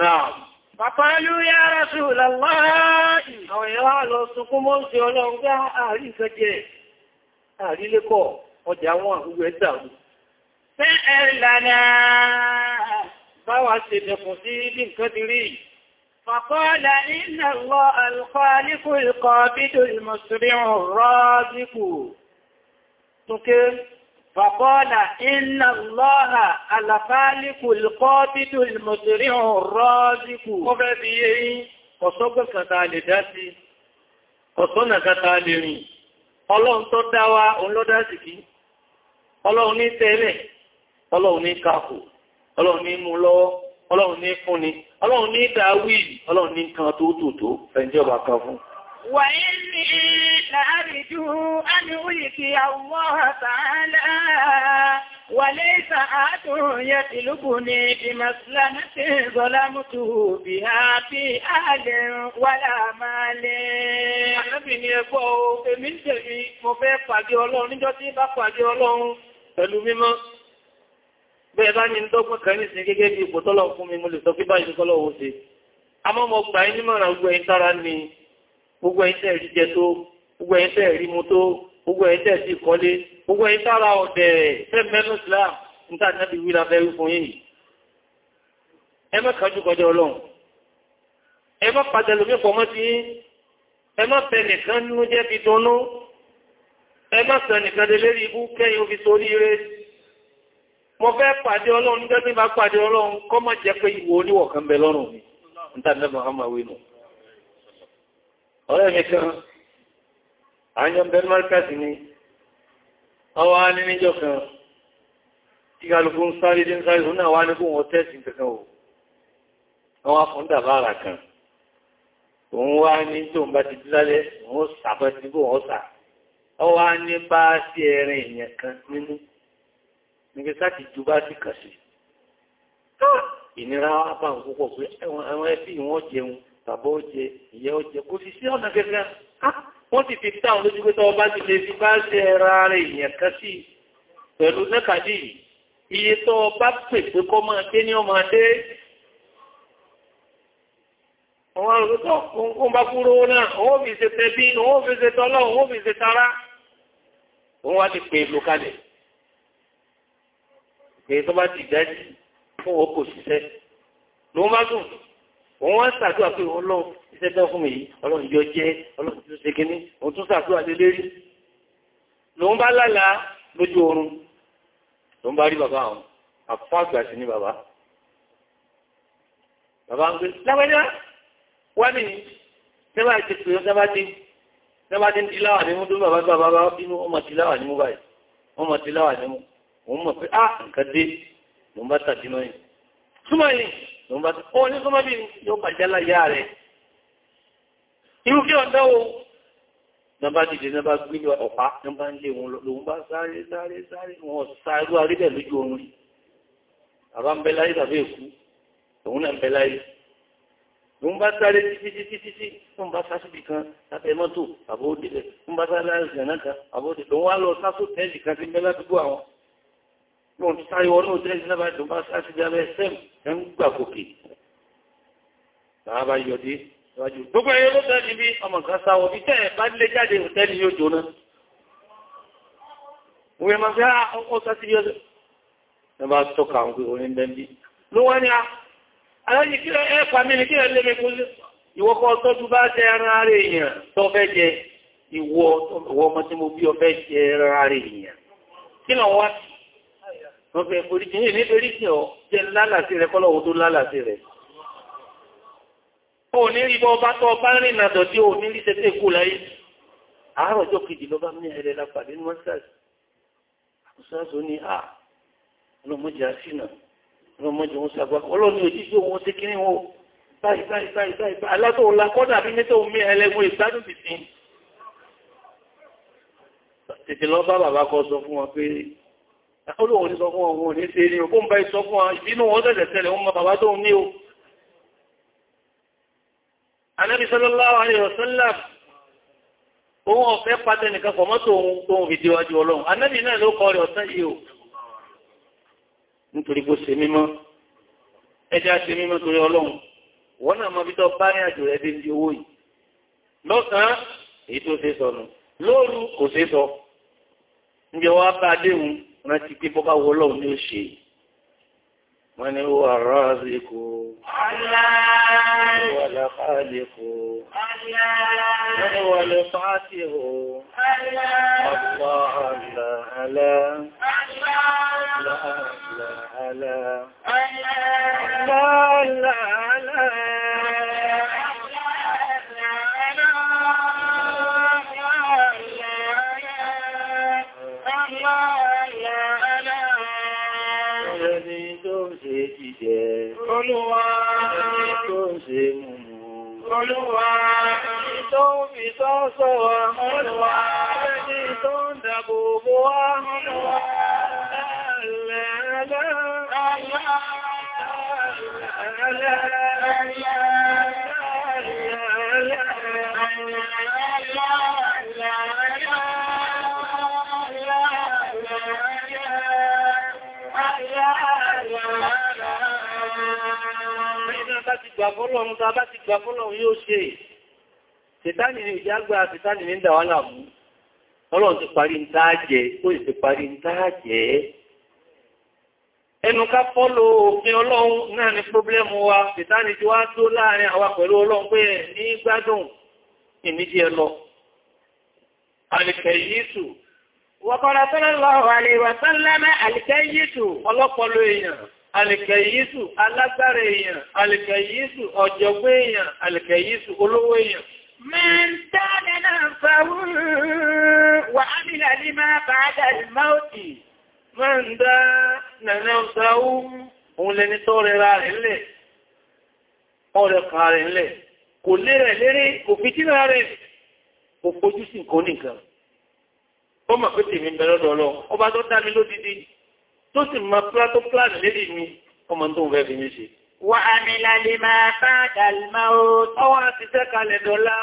náà pàpàálù ya Rasulullah àwọn èèyàn lọ sunkún mọ́ sí ọlọ́run gbá àrí nǹkan jẹ àrílékọ̀ọ́ ọjà wọn àgbogbo ẹ̀dà ọdún. Ṣé ẹ lànà báwa ṣe dẹ̀kùn sí bí nǹkan ti rí? Fàkọ́lá iná lọ alùkọ́líkù ikọ̀ bídò ìmọ̀sùnrin rọ́ọ̀díkù. Tókè, fàkọ́lá iná lọ alùkọ́líkù ikọ̀ bídò ìmọ̀sùnrin rọ́ọ̀díkù. Ó fẹ́ fi yé yín, ọ̀sọ́gbọ̀n kan lè dá sí, ọ̀sọ́nà kan lè rìn. Ọlọ́run tó dá òun ló sí kìí ọlọ́run ní tẹ́lẹ̀ ọlọ́run ní kàkù ọlọ́run ní mú lọ́wọ́ ọlọ́run ní fúnni ọlọ́run ní dáwìlì ọlọ́run ní kan tó tò tó fẹ́jẹ́ ọba kan fún wàyí ní láàrídú àmì òyìnkì àwọ̀ tààlà wà lè sàádùn yẹ tìlúbù ní ìmọ̀sílá ní tí zọlámùtù bí a bí ààlẹ̀ wà láàmàlẹ̀. Ànábì ni ẹgbọ́ o, èmi ń tẹ̀lé, mo fẹ́ pàdé ọlọ́run níjọ́ tí bá pàdé ọlọ́run pẹ̀lú mímọ́ bẹ́ẹ̀ bá ní dọ́gbọ́n kan ní sin gẹ́gẹ́ bí ipò tọ́lọ̀ fún mi mo lè sọ pé báyìí ní tọ́lọ̀ wọ́n ṣe àmọ́ mo gbà yín nímọ̀ràn gbogbo ẹ̀yin tára ni gbogbo ẹ̀yin tẹ́ẹ̀rí jẹ tó gbogbo ẹ̀yin tẹ́ẹ̀rí mu tó gbogbo ẹ̀yin tẹ́ẹ̀sí kọ́lé gbogbo ẹ̀yin tára ọ̀dẹ̀ fẹ́ mẹ́nu Islam níta nábi wí la fẹ́ wí fún yìí ẹ má kájú kọjá Ọlọ́run pọ̀ mọ́ ti yín ẹ má fẹ́ jẹ́ fi dunnú ẹ má sọ nìkan dé lérí ibú kẹ́yìn òfin sórí rẹ̀ mo fẹ́ pàdé ọlọ́run jẹ́ tí bá pàdé ọlọ́run kọ́ mọ́ jẹ́ pé ìwò oníwọ̀ bẹ lọ́rùn mi nítàdé mahama wínú ọ̀rẹ́ mi kan àyàn benmarkas ni ọwọ́ ní níjọ kan tí kálùkù ń sáré dín sáré tó náà wá ní kún ọtẹ́sì kankan o wọ́n wá fún dàbára kan òun wá ọwá ní bá sí ẹ̀rin ìyẹn kan nínú níbi sáti jù bá sí kà sí ìnira wá bá ń púpọ̀ pé ẹwọ́n ẹbí wọ́n jẹun bàbá ó jẹ ìyẹ́ ó jẹ kò sì sí ọ̀nà gẹ́gẹ́ wọ́n ti fi táwọn lójú pé tọwọ́ bá ti lè fi bá sí ẹ̀rà rẹ̀ ìyẹn kan sí pẹ̀lú nẹ́kàdí iye tọwọ́ bá pè kọ́ máa dé ní ọmọ adé àwọn bá kúrò náà òun fi ṣe tẹbí òun fi ṣe tọ́lọ́ òun fi ṣe tara wọ́n wá ti pè é lò kalẹ̀ èyí tó bá ti dájú fún ọkọ̀ òṣìṣẹ́ ló má dùn wọ́n wá ṣàdúrà pé ọlọ́run iṣẹ́ tán fún mi yìí ọlọ́run yọ jẹ́ ọlọ́run tó ṣe kínní òun tún ṣàdúrà lé lérí lòun bá lálàá lójú oorun lòun bá rí bàbá àwọn àfọ́ àgbà sí ní bàbá bàbá ń gbé lágbájá wá nìyí tẹ́lá ti pè ó sábà tẹ́bá tí ń tiláwà ní mú tó bàbá bàbá bá inú ọmọ tiláwà ní mú báyìí ọmọ tiláwà ní mú òun mọ̀ pé á ah, nǹkan dé ló ń bá tàbí mọ́yìn súnmọ́ ní ló ń bá tàbí ó ní súnmọ́ bí yóò bàjá láyá rẹ̀ irú kí ọ̀dọ́ wo nàbá dìde nàbá gbé ọ̀pá nàbá ń lé wọn lòun bá sáré sáré sáré wọn sáré ń bá sáré títí títí títí ń bá sásìbì kan lábẹ́ mọ́tò àbóòdìlẹ̀ ń bá sáré ìrìnà kan àbóòdìlẹ̀ wọ́n lọ sásò tẹ́lì kan sí mẹ́lá dúgbò àwọn wọ́n ti sáré wọnú tẹ́lì náà bá bá sásìbì abẹ́ sẹ́m ẹ̀ ń gbà kòkè bàbá yọdé wájú gbogbo ẹ̀yọ́ ló tẹ́lì bí ọmọ kan sáwọ́ bí tẹ́ ẹ̀ bá lé jáde tẹ́lì yóò jóná wọ́n máa fi aláàjì kí ẹ fàmí ní kí ẹ lé mẹ́kún ìwọ kọ́ tọ́jú bá jẹ ẹran ara èèyàn tó fẹ́ jẹ ìwọ ọmọ tí mo bí ọ fẹ́ jẹ ẹran ara èèyàn kí lọ wá wọ́n fẹ́ forí jẹ́ nítorí kí ọ jẹ lálàsí rẹ kọ́lọ̀wọ́ tó lálàsí rẹ onírí bọ́ bá tọ́ bá rìn nàdọ̀ tí onírí tẹ́tẹ́ kú láyé àárọ̀ ní ẹ̀rẹ́ lápàdé ní mọ́sáàsì ló mọ́jú wọn sàgbà olóòní òjí pé wọn ti kíní wọn báyìí báyìí báyìí báyìí alátò ńlá kọ́dà bí mẹ́tò mí ẹlẹ́gbọ́n ìgbádùn ti sin tètè lọ bá bàbá kọ́ sọ fún wọn pé olóòwò ní sọ fún wọn wọn ní ṣe ní òkú ń bá sọ fún wọn ìbínú wọn tẹ̀tẹ̀ tẹ̀lẹ̀ wọn mọ bàbá tó ń ní o anábì sallallahu alaihi wasallam òun ọ̀fẹ́ pàtẹ́ nìkan fọ̀mọ́tò òun tó ń fìdíwájú ọlọ́run anábì náà ló kọ́ rẹ̀ ọ̀sán yìí o nítorí bó ṣe mímọ́ ẹjá ṣe mímọ́ torí ọlọ́run wọ́n náà mọ́ bí tọ́ bá ní àjò rẹ̀ dé ní owó yìí lọ́sàn-án èyí tó ṣe sọnù lóòrù kò ṣe sọ níjẹ́ wá bá déhùn rántí pé bọ́bá wọ ọlọ́run ní ó ṣe wọ́n ní ó àrọ́ àríkò Aláàlẹ́kò. Lọ́wọ́ lè fàátì hù. Aláàlẹ́. Aláàlẹ́. هلا لا لا لا Olúwa ẹni tó ń ṣe mùmù. Olúwa ẹni tó ń fi sọ́sọ́ wa. Olúwa ẹni tó ń dàbò bò wa. Olúwa Ìgbàfọ́lọ́run ta bá ti gbàfọ́lọ́run yóò ṣe, ṣètánì ni ìjágbà, ṣètánì ni ìdàwálà mú, ọlọ́run ti parí ń táà jẹ́, ó sì parí ń táà ẹnu ká fọ́lò òfin ọlọ́run náà ni pọ́blẹ́mù wa ìtàní tí wá tó láàrin àwa pẹ̀lú ọlọ́run pé ẹ̀ ní gbádùn ìníjí ẹ lọ alìkẹ̀yìsù wọ́kọ́rọ̀ sọ́lọ́lọ́wọ́ èèyàn من دان نفسه وعمل لما بعد الموت máa ń dá nàná ọ̀sáwú òun lẹni tó rẹra rẹ̀ ńlẹ̀ ọ̀rẹ̀kà rẹ̀ ńlẹ̀ kò lé rẹ̀ léré kò fi tí náà rẹ̀ kò fojú sí nǹkan nìkan ó mọ̀ pé tèmi bẹ̀rẹ̀ lọ́lọ́ ọba tó dá mi lódidi tó sì mọ pílátó pílánì lédè mi ọmọ tó fẹ́ fi mí ṣe wà àmìlà lè máa bá dàlmà ó tọ́wọ́ àti tẹ́kalẹ̀ dọ́lá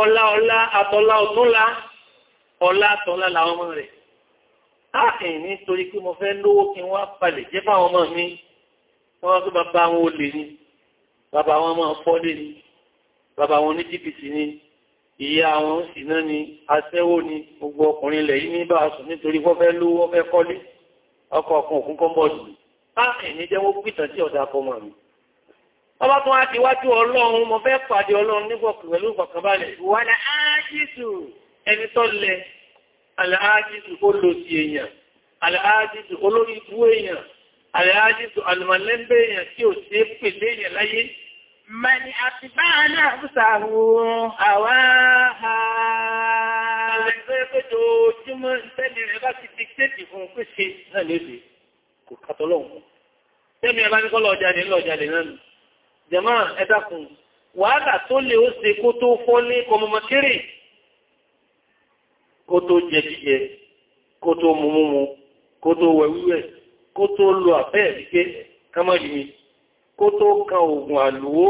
ọlá ọlá àtọ́lá ọ̀túnlá ọlá àtọ́lá làwọn ọmọ rẹ̀ áàkìn ní torí pé mo fẹ́ lówó kí wọ́n palẹ̀ jẹ́ fáwọn ọmọ mi wọ́n tó bàbá wọn olè ni bàbá wọn máa fọ́lé ni bàbá wọn ní jìbìtì ni ìyá wọn sì náà ni aṣẹ́wó ni gbogbo ọkùnrin ilẹ̀ yìí ní bá sùn nítorí wọ́n fẹ́ lówó wọ́n fẹ́ kọ́lé ọkọ̀ ọkùn òkun kọ́mbọ̀dù áàkìn ní jẹ́ wọ́n pìtàn sí ọ̀dà fọmọ mi ọba tó wá ti wájú ọlọ́run mo fẹ́ pàdé ọlọ́run nígbọ̀kù pẹ̀lú ìfọ̀kànbalẹ̀ wà ájísù ẹni tó aláàjísù olóòsì èèyàn aláàjísù olórí ibú èèyàn aláàjísù alùmọ̀lẹ́bẹ̀ èèyàn tí ò sí pèlé èèyàn láyé mẹ́ni àti báyà náà fúsàwò àwá ha alẹ́gbẹ́ pẹ́jọ ojúmọ́ tẹ́lẹ̀ rẹ̀ bá ti dìktéètì fún pèsè náà lédè kò kàtọ́lọ́hùn tẹ́mi ẹbá ní kọ́ lọ́jáde lọ́jáde náà nù jẹ́mọ́ ẹ̀dàkùn wàhálà tó lè ó ṣe kó tó fọ́lé kọmọmọ kéré kó tó jẹ jíjẹ kó tó mu múmu kó tó wẹ wíwẹ̀ kó tó lo àfẹ́ ìrìké kámọ́lì mi kó tó ka oògùn àlùwó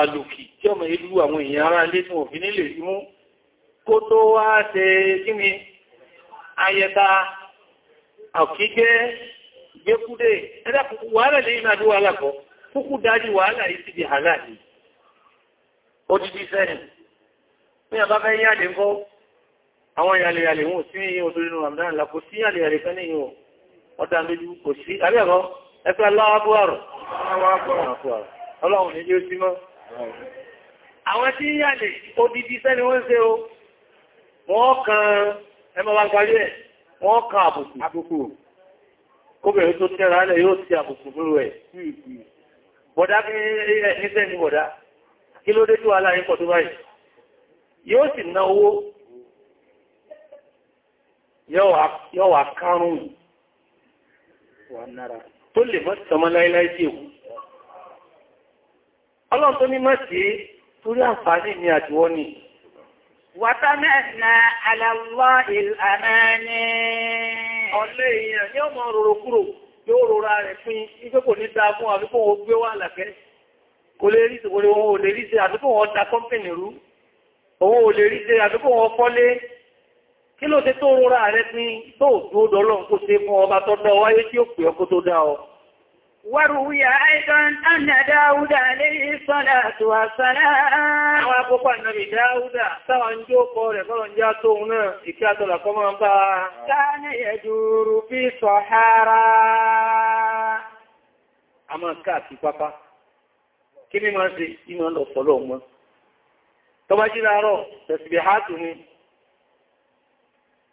àlùkì tí ọmọ ìlú àwọn èèyàn ará ilé fún òfin nílè imú kó tó wá ṣe kí ni ayẹta àkíkẹ́ gbékúdé ẹ̀dá kúkú wàhálà lè iná àdúwà alákọ̀ kúkú dájú wàhálà yìí ti di hàlá ó ti di sẹ́yìn àwọn yàlẹ̀yàlẹ̀ wọn sí yíò tó nínú Ramadan lápò sí yàlẹ̀yàlẹ̀ kan níyìn o ọ̀dá lójú kò sí abẹ́ẹ̀kọ́ ẹgbẹ́ aláwọ̀bọ̀rọ̀ ọlọ́run ní yóò sí mọ́ àwọn tí yàlẹ̀ odidi sẹ́ni wọ́n ṣe o wọ́n kan ẹmọ wa parí ẹ̀ wọ́n kan àbùkù kóbẹ̀rẹ̀ tó tẹ́ra lẹ̀ hmm, hmm. bọ̀dá bí ní sẹ́ni bọ̀dá kí ló dé tó aláyín pọ̀ tó báyìí yóò sì ná owó yọ́ wà kárùn-ún wà nára tó lè mọ́ tọmọ láíláí sí òkú ọlọ́run tó ní mọ́ sí torí àǹfààní ni àjúwọ́ ni wàtánẹ́ẹ̀nà aláwọ̀ ìlànàní ọlé èèyàn ní ọmọ rọrọ kúrò yóò rọra rẹ̀ fún igbé kò ní dáa fún àfikún wọn gbé wà làfẹ́ kò kí ló ṣe tó rọra rẹ pín tó tó dọ́lọ́ kó ṣe fún ọba tó dá wáyé tí ó pè ọkó tó dá ọ وروي أيضا أن داود عليه الصلاة والسلام وقال النبي داود سوانجو قول سوانجاتونا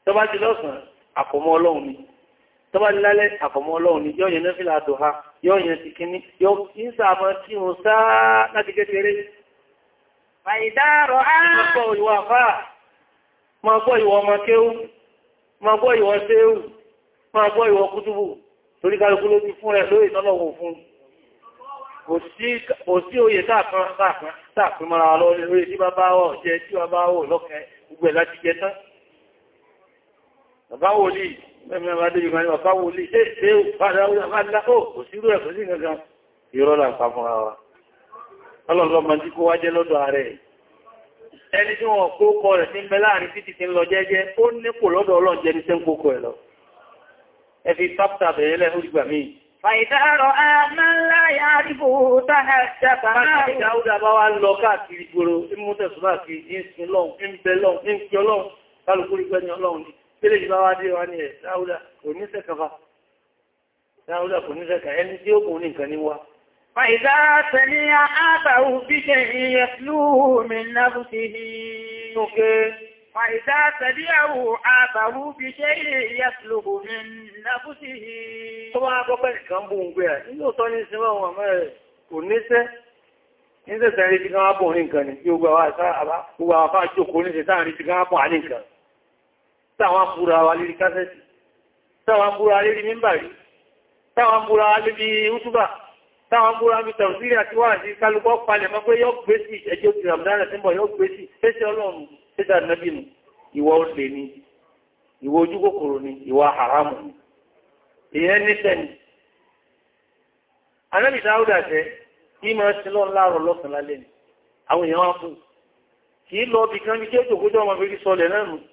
tó bá ti lọ́sàn àfọ̀mọ́ ọlọ́run ni tó bá ti lálẹ́ àfọ̀mọ́ ọlọ́run ni yóò yẹn nẹ́fìlà àdọ̀ha yóò yẹn ti kíní yóò ń sàmọ́ kí wọ́n sáá láti kékeré máa gbọ́ ìwọ ọmọ kéwú máa gbọ́ ìwọ séwú máa gbọ́ ìwọ kútùbù torí kálukú ló kò sí oyè sáàpín mara lọ lórí tí bá bá wọ́ jẹ tí bá bá wọ́ lọ́kẹ́ gbogbo ẹ̀ láti jẹ tán bàbá wòlíì mẹ́mí ọmọ adé ìgbà ní bàbá wòlíì ṣe ṣe padà wúlà máa dá ó kò sí rẹ̀ kò sí gangan ìrọ́ là ń pa fúnra wa ọlọ́lọ́ ma jí kó wá jẹ́ lọ́dọ̀ ààrẹ ẹni tí wọ́n kó kọ rẹ̀ sí mẹ́ láàrin títí ti ń lọ jẹ́jẹ́ ó nípò lọ́dọ̀ ọlọ́jẹ́ ní sẹ́ ń kó kọ ẹ̀ lọ ẹ fi pápítà bẹ̀rẹ̀ lẹ́ orígbà tẹ́lẹ̀ ìbá wá dé wá ní ẹ̀ láúlà kò ní sẹ́kàfà láúlà kò ní sẹ́kà ẹni tí ó kò ní nǹkan ní wá فإذا سمع أباه بشيء يتلوه من نفسه فإذا سمعه أباه بشيء يتلوه من نفسه tó bá gbọ́gbẹ́ nìkan bú ń gbé ẹ̀ nílò tọ́ ní sinmọ́ wọn mẹ́rẹ̀ kò níṣẹ́ níṣẹ́ sẹ́rí ti gán ápùn ní nǹkan táwọn búra wa lérí kásẹ̀tì táwọn búra lérí mímbàrí táwọn búra lérí útúbà táwọn búra mi tàbí àti wà ní kálùkọ́ palẹ̀ mọ́ pé yóò gbé sí ẹjọ́ ti ràmdánà tí mọ̀ yóò gbé sí tẹ́sẹ̀ ọlọ́run tẹ́sẹ̀ ànábìnú ìwà olè ni ìwà ojú kòkòrò ni ìwà haramu ni ìyẹn ní sẹ́ni anábì dáúdà jẹ́ kí máa ti lọ láàrọ̀ lọ́sàn lálẹ́ ni àwọn èèyàn wá fún kì í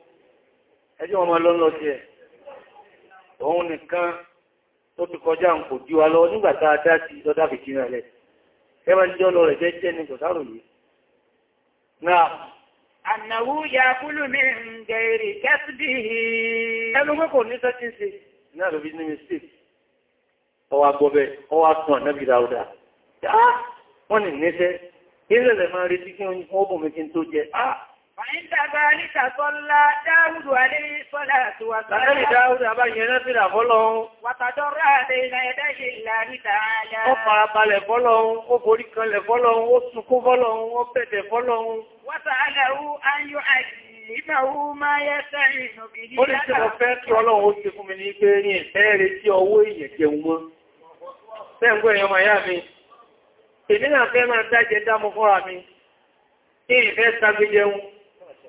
ẹjọ́ ọmọ lọ́lọ́ sí ẹ̀ òun nìkan tó ti kọjá ń kò jí wa lọ nígbàtà dá ti lọ́dá fi jí rẹ̀ ẹwà jíjọ́ lọ rẹ̀ jẹ́jẹ́ ní kòsárò yìí na ànàwú ya kúlù mi ń gẹ̀rì kẹ́sìdì ẹnu mọ́ kò ní sọ́tí sí náà lóbi ní mistake ọwà gbọ́bẹ̀ ọwà ah Àdẹ́lì Dáúdù abáyẹ lẹ́fìlà fọ́lọ́un. Wàtàdọ́rà àti ilẹ̀ ẹ̀dẹ́ ìlàrí tààlà. Ó farabalẹ̀ fọ́lọ́un, ó borí kanlẹ̀ fọ́lọ́un, ó sunkún fọ́lọ́un, ó bẹ̀bẹ̀ fọ́lọ́un. Wàtàdàrú ayú àìlìmáwú máa yẹ́ sẹ́rìn ìnùbí ní látàrí. Ó ní tí mo fẹ́ kí ọlọ́run ó ti fún mi ní pé ní ẹ̀fẹ́ rẹ̀ tí ọwọ́ èèyàn jẹun mọ́. Sẹ́ǹgbọ́ èèyàn máa yá mi. Èmi náà fẹ́ máa dájẹ dámú fọ́ra mi. Kí ìfẹ́ sagbé jẹun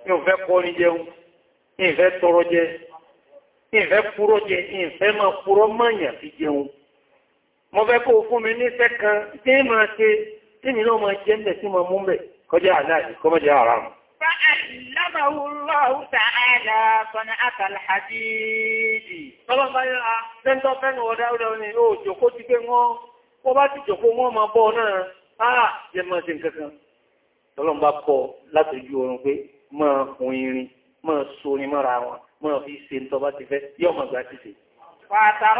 ní òfẹ́ kọ́ ní jẹun ní ìfẹ́ tọrọ jẹ ní ìfẹ́ púrọ́ jẹ ní ìfẹ́ máa púrọ́ mọ́yàn fi jẹun mo fẹ́ kó fún mi ní ìfẹ́ kan tí máa ṣe tí mi náà máa jẹ́ mẹ́ sí máa mú mẹ́ kọjá àdáyé kọmọjá ara mu فأعلمه الله تعالى صنعة الحديد Ọlọ́run bá yára, ah, lẹ́ntọ́ fẹ́nu ọ̀dá ọ̀dá ni ó jòkó ti pé wọ́n, wọ́n bá ti jòkó wọ́n máa bọ́ náà, àà ah, jẹ máa ṣe nǹkankan. Ọlọ́run bá kọ láti ojú oorun pé máa hun irin máa sorin mọ́ra wọn máa fi ṣe ń tọba ti fẹ́ yọ́ mọ̀ gbà ti ṣe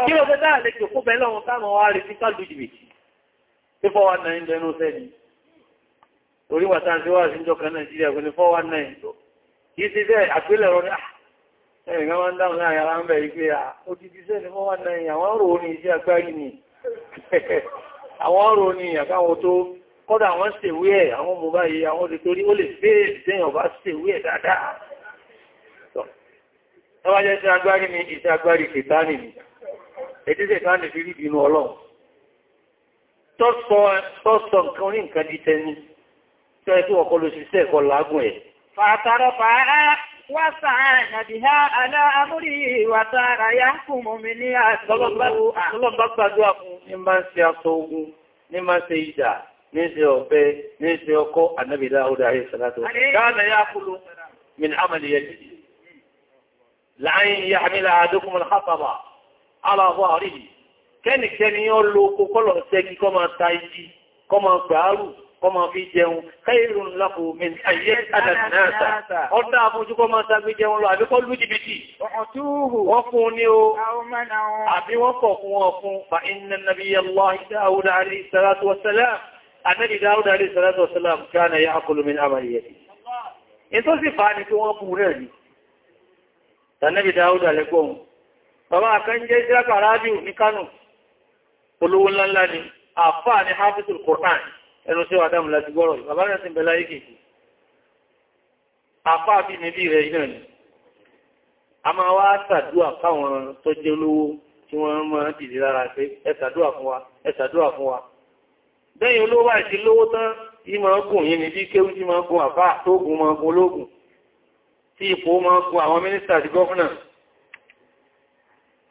kí ló fẹ́ dáa lè jòkó bẹ́ẹ̀ lọ́wọ́ táwọn wá rí sí káàlù jìbìtì tí 419 bẹnu sẹ́ni orí wàtà tí wà sí ìjọ kan Nàìjíríà gbẹni 419 kìí ti bẹ́ẹ̀ àgbélẹ̀rọ ní ah! ẹ̀rìn kan máa ń dáhùn ah! ni àwọn rò ní àkáwọn kọ́dà wọ́n ṣèwé ẹ̀ àwọn ọmọ báyìí àwọn olùtorí ó lè bèèrè tẹ́yàn bá ṣèwé ẹ̀ dáadáa ẹwà jẹ́ sí agbárí ni ìṣẹ́ agbárí kìtánì ni ètí sẹ̀tánì fi rí bínú ọlọ́run tọ́sọ nǹkan ní nǹkan di tẹni tí ó ẹ̀tí ọkọ̀ ló ṣiṣẹ́ ẹ̀kọ́ lágùn ẹ̀ fàtàrọ̀fà wáṣà nàbíhá aláàmúrí wàtàrà yá fún mọ́mí ní àtọ́lọ́gbàgbàdúwà fún ní máa ń ṣe aṣọ ogun ní máa ń ṣe ìjà níṣẹ́ ọ̀fẹ́ níṣẹ́ ọkọ́ ànábì Dáúdà ayé sàlátò káàdà yá kúlù min amàlì yẹ jìdì láàyìn yà àmìlà àdókùnmọ̀ lápapà aláwọ̀ àríyì kẹ́nìkẹ́ni yọ́ lo kókọ́lọ̀ sẹ́gi kọ́ máa ta igi kọ́ máa gbàárù kọ́ máa fi jẹun kẹ́ìrùn lápò min ayé àdàdàdà ọdá àfúnjú kọ́ máa sàgbé jẹun lọ àbíkọ́ lú jìbìtì wọ́n fún ní o àbí wọ́n kọ̀ fún wọn fún fa inna nabiyyallahi Dáúdà alayhi salatu wassalam Ànábì Dáúdà alayhi salatu wa salam kana ya'kulu min amaliyati. In tó sì fa ni kí wọ́n bú rẹ̀ ni. Ànábì Dáúdà lẹ́gbọ́n. Bàbá kan jẹ́ Ìsìlákà Rábíù ní Kánò, olówó ńláńlá ni, àfáà ni Hafizul Qur'an, ẹnu sí Adam láti gbọ́rọ̀, bàbá rẹ̀ sì ń bẹ̀lá yìí Àfáà bí níbi rẹ̀ iná ni. A máa wá ṣàdúà fáwọn tó jẹ́ olówó tí wọ́n máa dìde pé ẹ fún wa, ẹ fún wa lẹ́yìn olówó àti lówó tán yí máa gùn yí ni bí kéwú tí máa gùn àfá tóògùn máa gùn ológun tí ipò máa gùn àwọn mínísítà àti gọ́fúnà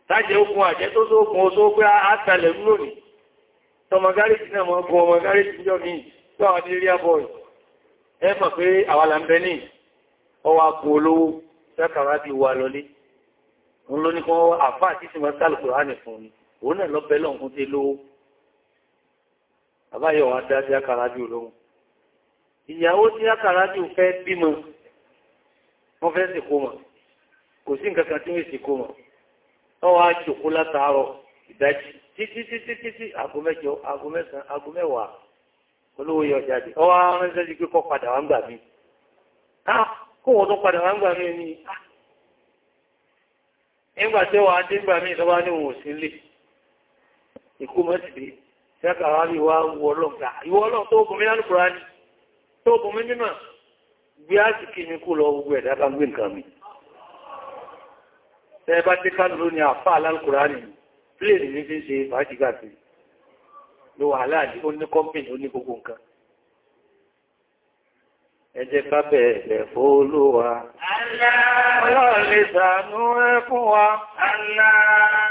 tájẹ okun àjẹ́ tó sókun oṣó pé àtàlẹ̀ lónìí tọmọ gáríkì náà máa gùn ọmọ gáríkì jọ ní tó àwọn ní rí àbọ̀ ẹ mọ̀ pé àwàlà ń bẹ ní ọwà gùn ni òun náà lọ àbáyọ̀ wá dá sí àkàrájù lóhun ìyàwó tí àkàrájù fẹ́ bímọ wọ́n fẹ́ sìnkú mọ̀ kò sí nǹkan kan tí wọ́n sìnkú mọ̀ wọ́n wá látàárọ̀ ìdájí títí títí títí aago olówó yọ jáde ọwọ́ aránṣẹ́ sí pé padà wá ń gbà mí kó tó padà wá ń gbà mí ni nígbà tí wọ́n á dé ń gbà mí ní òun ò sí mọ́ Ṣẹ́kà wá ní wá wọ ọlọ́gbà. Ìwọ ọlọ́run tó gùn mí lánú Kùránì, tó gùn mí nínú gbé àṣìkí mi kú lọ gbogbo ẹ̀dá bá gbé nǹkan mi. Ṣẹ́ bá tí ká ló ní àfá alálùkùránì, pléèrè ní fi ń ṣe fàájì káàkiri. Ló wà Allah.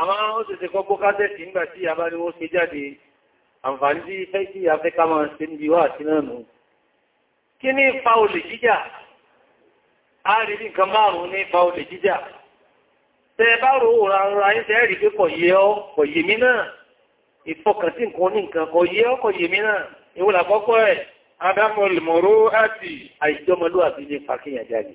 àwọn ó sì ti kọ́kọ́ kásẹ̀tì nígbà tí a bá ní wọ́n ṣe jáde àǹfààní sí fẹ́ sí afẹ́ká máa ṣe níbi wà sí náà nù kí ní fa olè jíjà a rí ní nǹkan márùn-ún ní fa olè jíjà tẹ bá rò ra ra ń tẹ́ rí pé kò yé ọ kò yé mi náà ìfọkànsí nǹkan ní nǹkan kò yé ọ kò yé mi náà ìwòlà kọ́kọ́ ẹ̀ adámọ̀lùmọ̀ró àti àìjọmọlúwàbí ní fàkíyàn jáde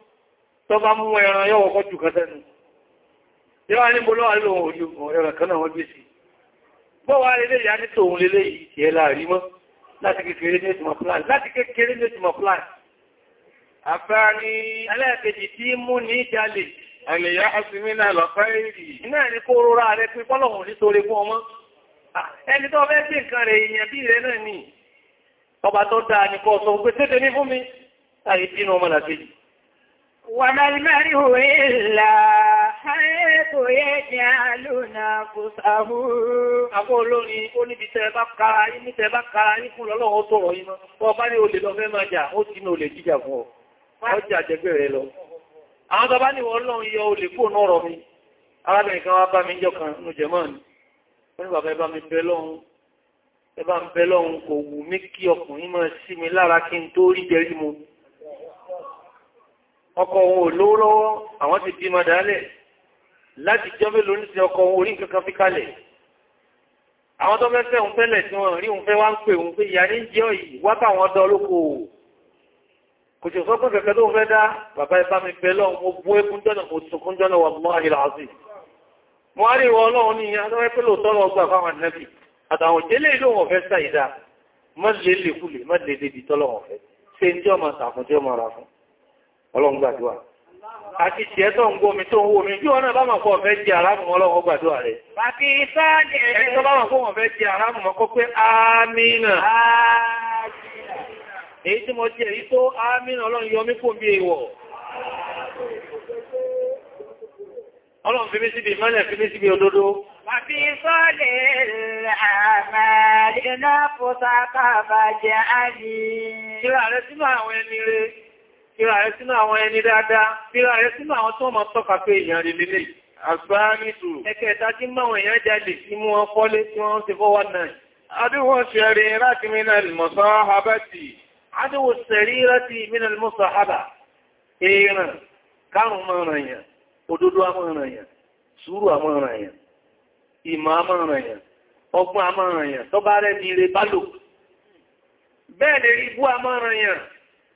tó bá mú ẹran yóò kọ́ jù kan sẹ́nu yóò ní bó lọ́wà lóòrùn ojú ẹran kan náà wọ́n gbé sí bọ́wà lélé ìyá ní tòun lélé yìí láàrí mọ́ láti kékeré ní ètùmọ̀ plan láti kékeré ní ètùmọ̀ plan àfẹ́ni alẹ́ẹ̀kejì tí mú ní jalè àlèyà asimina lọ́fẹ́ ìrì iná ẹni kó rọra rẹ pín pọ́lọ̀hùn nítorí fún ọmọ ah, ẹni tó náà ni ọba tó dáa وما المرء إلا حيث يجعل نفسه Àwọn olórin ó níbi tẹ bá kára yí ní tẹ bá kára yí fún lọ́lọ́wọ́ tó rọ̀ yí mọ́. Ọba ní olè lọ fẹ́ máa jà, ó ti ní olè jíjà fún ọ. Ó jà jẹgbẹ́ rẹ lọ. Àwọn tọba ní wọ́n lọ́n yọ olè fóònù ọ̀rọ̀ mi. Arábìnrin kan wá bá mi ni. Wọ́n ní bàbá ẹ bá mi bẹ lọ́hun. Ẹ bá mi bẹ lọ́hun kò wù mí kí ọkọ òun ò lówó lọ́wọ́ àwọn ti bí mọ̀dálẹ̀ láti jọ mélòó ní sí ọkọ òun orí nǹkan fi kalẹ̀ àwọn tó fẹ́ fẹ́ òun fẹ́lẹ̀ tí wọ́n rí òun fẹ́ wá ń pè òun pé ìyá ní jẹ́ yìí wákà wọn dán lóko kò sì sọ pé kẹ̀kẹ́ tó fẹ́ dá bàbá ẹ bá mi bẹ lọ́wọ́ mo bú ẹkún jọ́nà mo sunkún jọ́nà wà mọ́ àhìlà àti mo á rí ìwọ ọlọ́run ní adọ́wẹ́ pé lóòótọ́ lọ gbà fáwọn nẹ́bì àtàwọn òjélé ìlú òun fẹ́ sáyidá mọ́ lè lè fẹ́ ṣe ń tí ọmọ sàfún tí ọmọ ra fún ọlọ́run gbàdúwà àti tí ẹ́tọ́ ń gómi tó ń wó mi bí wọ́n náà bá máa fọ́ ọ̀fẹ́ jẹ aráàmù ọlọ́run gbàdúwà rẹ̀. bàbí sáàdì ẹ̀ẹ́ tó bá máa fọ́ ọ̀fẹ́ jẹ aráàmù mọ́kọ́ pé àmìnà èyí tí mo jẹ́ èyí tó àmìnà ọlọ́run yọ mí fún bí ewọ̀ ọlọ́run fi mí sọ́lẹ̀ àmàlẹ́ náà fò sákàbà jẹ́ Ìrà rẹ̀ sínú àwọn ẹni rẹ̀. fíra rẹ̀ sínú àwọn ẹni dáadáa fíra rẹ̀ sínú àwọn tó mọ̀ tọ́ka pé èèyàn rẹ̀ lélẹ̀ àgbáríjù ẹkẹta tí máwọn èèyàn jalè tí mú wọn tí wọ́n ti fọ́wọ́ náà adúwò ṣẹ̀rí láti mínal ṣẹ̀rí láti musahaba kárùn a rẹ̀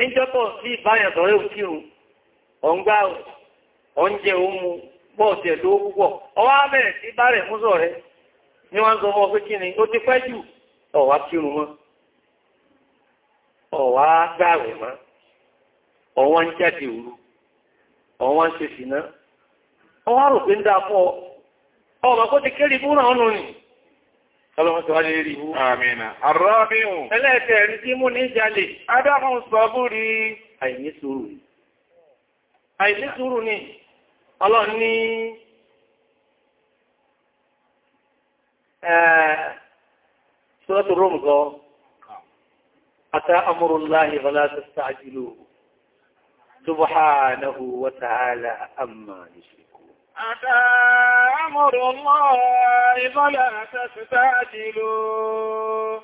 níjọ́tọ̀ sí ìbáyàn tọ́rẹ́ òkírun ọ̀ngbà oúnjẹ omu bọ́ọ̀tẹ̀ ló púpọ̀ ọwá bẹ̀rẹ̀ sí bárẹ̀ múzọ̀ rẹ̀ ní wọ́n sọ fún kí ni ó ti pẹ́ jù ọ̀wá kírun mọ́ ọ̀wá gbààwẹ̀ mọ́ ọ̀wọ́n ń jáde òru ọ̀wọ́n ṣe sìná ọwá rò pé ń dá fún ọ kó ti kéré búrọ̀ ọ̀nà Ọlọ́run tó wá lè rí mú. Àmìnà. Àrọ́bíhùn. Ẹlẹ́ẹ̀kẹ́ rí tí mú ní jalè. Adáhùn sọ́búrí. Àìní sùúrù ni. Àìní sùúrù ni. Ọlọ́run ní Sọ́tù Rome gọ, Ata amurullahi fala tasta'jiluhu. Subhanahu wa ta'ala amma yushrik. أتى أمر ìbọ́lá فلا تستعجلوا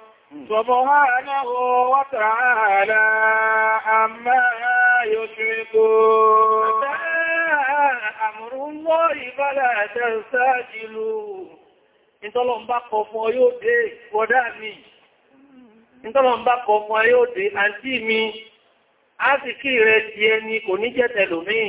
سبحانه وتعالى عما يشركون أمر Ìtọ́lọ̀ ń bá kọ fún wọ́dá mi. Ìtọ́lọ̀ ń bá kọ fún mi. Á sì kí rẹ̀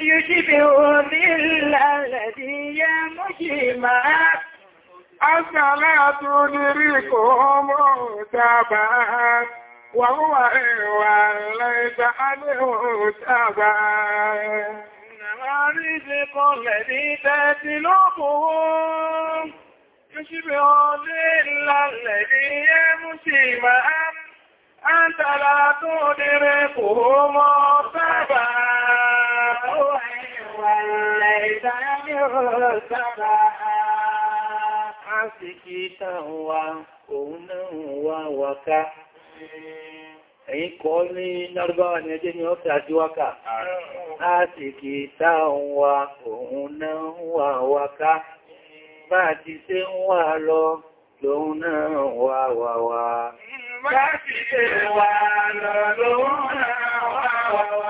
يشبه ذل الذي يمشيما الصلاة نريكم تابا وهو ليس عنه تابا رزق الذي تتلوبهم يشبه ذل الذي يمشيما أنت لا تدركه مرتبا ليس يمر سماء عسكيتا ní Lárúbáwá ni ẹjẹ́ ni ọ́fẹ́ àjíwákà. A sì kì í wa, òun náà ń wà wáká. Bá ti ṣe ń wà lọ, lòun náà wà wà wà. Bá ti ṣe wà lọ, lòun náà wà wà wà.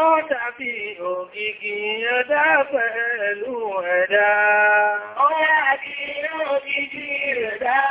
Ọjọ́ bí ògìgì ẹ̀dá pẹ̀lú ẹ̀dá. Ó yá bí ògìgì ẹ̀dá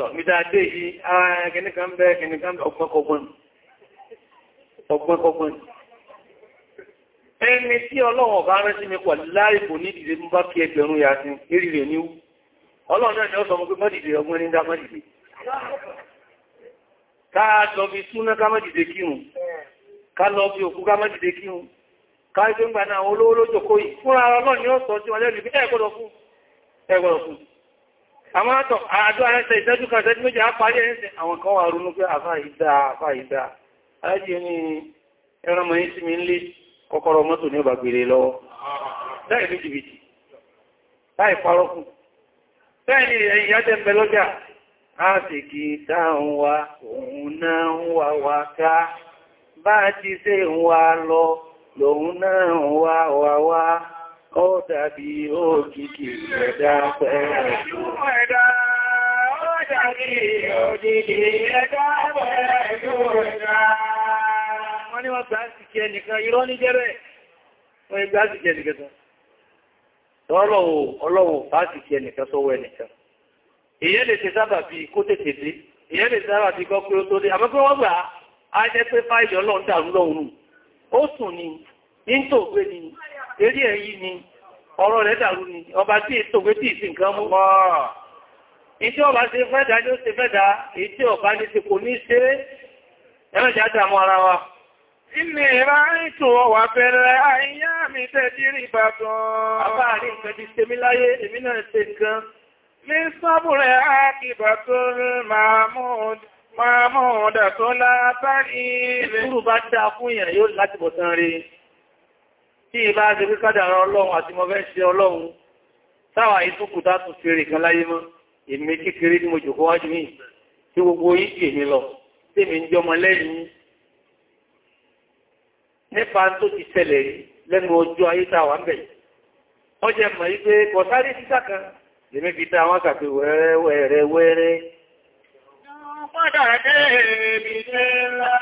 tọ̀ mítà dé yìí ara kìnnìkan bẹ́ kìnnìkan bẹ́ ọgbọ́nkọgbọ́n ọgbọ́nkọgbọ́n ẹni tí ọlọ́wọ̀n bá rẹ́ sí mi pọ̀ láìpò ní ìdílé mú bá kí ẹgbẹ̀rún yà sí erìrè ní ọlọ́run náà ni ó sọ mọ́ pé mọ́dìdè ọgbọ́n ní dá mọ́dìdè ká lọ bí súná ká mọ́dìdè kírun ká lọ bí òkú ká mọ́dìdè kírun ká ìgbẹ́ngbà náà olówó lójókòó yìí fúnra ọlọ́run ni ó sọ sí wọn lẹ́nu ẹgbọ́dọ̀ fún ẹgbọ́dọ̀ àmọ́ àtọ̀ àdó àrẹsẹ̀ ìṣẹ́jú kan ṣẹ́jú méjì àpárí ẹ̀ẹ́sẹ̀ àwọn kan wà ronú pé àfá ìdá àfá ìdá alájí ní ẹranmọ̀ yí sí mi ń lé kọ́kọ́rọ́ mọ́tò ní ọba gbèrè lọ́wọ́ láì ní jìbìtì láì parọ́ fún bẹ́ẹ̀ni ẹ̀yìn yájẹ́ ń bẹ lọ́jà ó dàbí òkìkì ẹ̀dá pẹ̀lú ẹ̀dá wọ́n ni wọ́n gbá sí kẹ nìkan irọ́ ní jẹ́rẹ̀ wọ́n gbá sí kẹ nìkan ọlọ́wọ̀ bá sì kẹ nìkan sọ́wọ́ ẹnìkan ìyẹ́ lè ṣe sábà bí kó tètè ìyẹ́ lè sábà bí kọ́ pé ó tó dé eré ẹ̀yí ni ọ̀rọ̀ rẹ̀ dàrú ni ọba tí ètò pé tí ìsìn kan mú ìtí ọba ṣe fẹ́dà ní ó ṣe fẹ́dà ìtí ọba ní ṣe kò ní ṣe ẹ̀mẹ́jà dàmú ara wa Ilé ìráyìntò wà bẹ̀rẹ̀ àyíyá mi tẹ́jìrì ìbàdàn. Àbá àrí nǹkan ti ṣe mí láyé, èmi náà ṣe nǹkan. Ní tí ìbá ti rí kádàrà ọlọ́run àti mọ́ ṣe ọlọ́run táwà ìtúkùtà tún fèrè kan láyé mọ́ èmi kíkiri ní tí gbogbo yìí èmi lọ tí mi ń jọmọ lẹ́yìn nípa tó ti lẹ́nu ọjọ́ ayé ń bẹ̀ mọ̀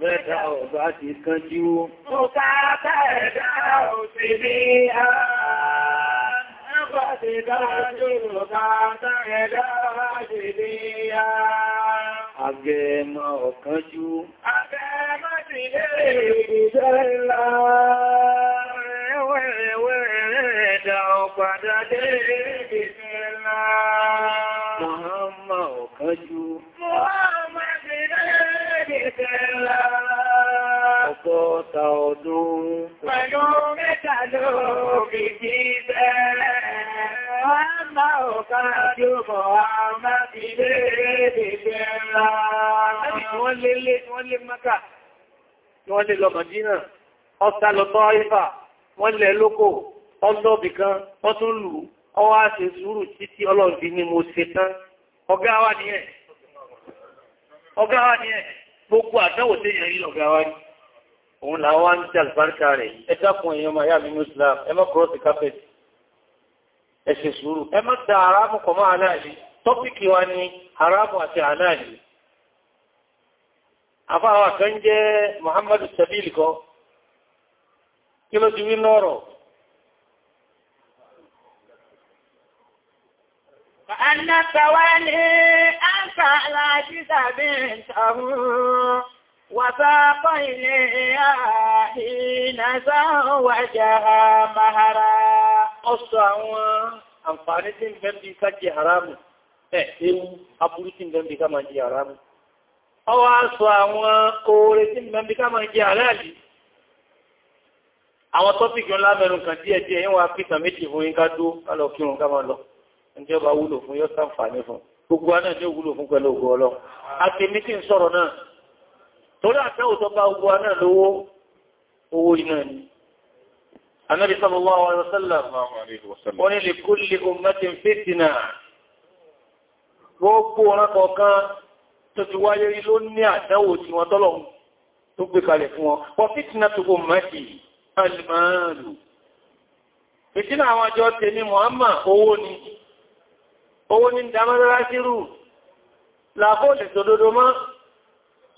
Mẹ́ta ọ̀bá ti kánjú. Mo káàkà ẹ̀dá òsì bí a. Ẹgbà ti dájú lọ káàkà ẹ̀dá òsì bí a. Agẹ́mọ ọ̀kánjú. Agẹ́mọ ti lè ìdíjẹ́ ńlá. Ẹwẹ́ ẹwẹ́ ẹ̀dá ọ̀pàdà dé Ọgọ́ta ọdún. Pẹ̀lú mẹ́ta ló fi jí bẹ́rẹ̀. Ọmọ ọ̀ká jùmọ̀ àmá fi lé ìgbẹ̀ ńlá. Wọ́n lé lé, wọ́n lé Mákà, wọ́n lé lọ Mọ̀dínà, ọ̀sá lọ tọ́ Ifá, wọ́n lẹ lókò, ọlọ́bì kan, ọtún lù, ọwá ṣe sùúrù títí ọlọ́bì ni mo ṣe tán. Ọgá wà ní ẹ̀ ọ̀gá wa ni ẹ̀ gbogbo àdánwò tí èèyàn rí lọ̀gá wa ni òun là wá ń jẹ́ àlùbáríkà rẹ̀ ẹ dákun èèyàn máa yà nínú Islam ẹ má kọ́ọ̀sì kápẹ́t sùúrù ẹ da aráàmù kọ̀ máa aláàlì tọ́pìkì wa ni aráàmù àti aláàlì afáwà kan jẹ́ Muhammadu Sabili kan kí ló ti wí lọ́rọ̀ فأنا التوالي أنت على جزا بنته وساق إليها حين زوجها مهرا أصلا àǹfààní tí ń bẹ bí ká jẹ haramu ẹ̀ ewu aburú tí ń bẹ bí ká máa jẹ haramu ọwọ́ aṣọ àwọn oore tí ń bẹ bí ká máa jẹ aláàlì àwọn tọ́pìkì ńlá mẹ́rin kan díẹ̀díẹ̀ yíwa pítà méjì fún yínká dó kálọ̀ kírun ká máa lọ ní ọba wúlò fún yóò ṣàǹfààní fún gbogbo aná ní òwúlò fún pẹ̀lú ògbò ọlọ́ àtẹ̀mí tí ń sọ̀rọ̀ náà torí àtẹ́wò tó bá gbogbo aná lówó owó iná ni anábi sallallahu alaihi wasallam ni li kulli ummatin fitna gbogbo ọ̀rán kọ̀ọ̀kan tó ti wáyé rí ló ní Muhammad owó owó ní dámọ́lára sírù làbó lè tòdodo mọ́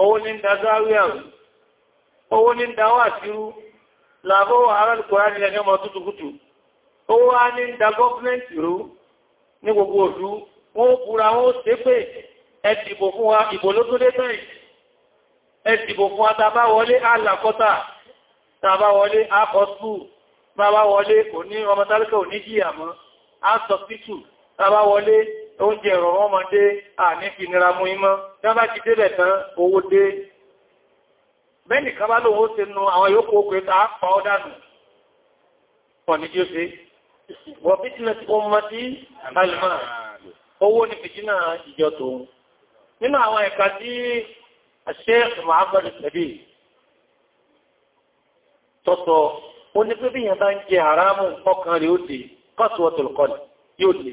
owó ní dázáríàm owó ní dáwà sírù làbó arákùnrà nílẹ̀ ní ọmọ tútùkútù owó wá ní dá gọ́ọ̀mẹ́ntì rú ní gbogbo òdú wọ́n kúra wọ́n ṣépè ẹ̀dìbò fún wa ìbò ló tó dé bẹ́ẹ̀ ẹ̀dìbò fún wa tàbá wọlé tàbá wọlé oúnjẹ ìrọ̀rọ̀ ọmọdé àní fi nira mú imọ́ tàbá ti débẹ̀ tán owó dé bẹ́ẹ̀ni kan bá lóòó ṣe nu àwọn yóò kó pé tàá pa ọ́ dànù pọ̀ ní tí ó ṣe wọ fìtínà tí ó mọ́ sí alìmọ́ owó ní fìtínà ìjọ tòun ń jẹ haramu ọkàn rẹ̀ ó dé yóò lè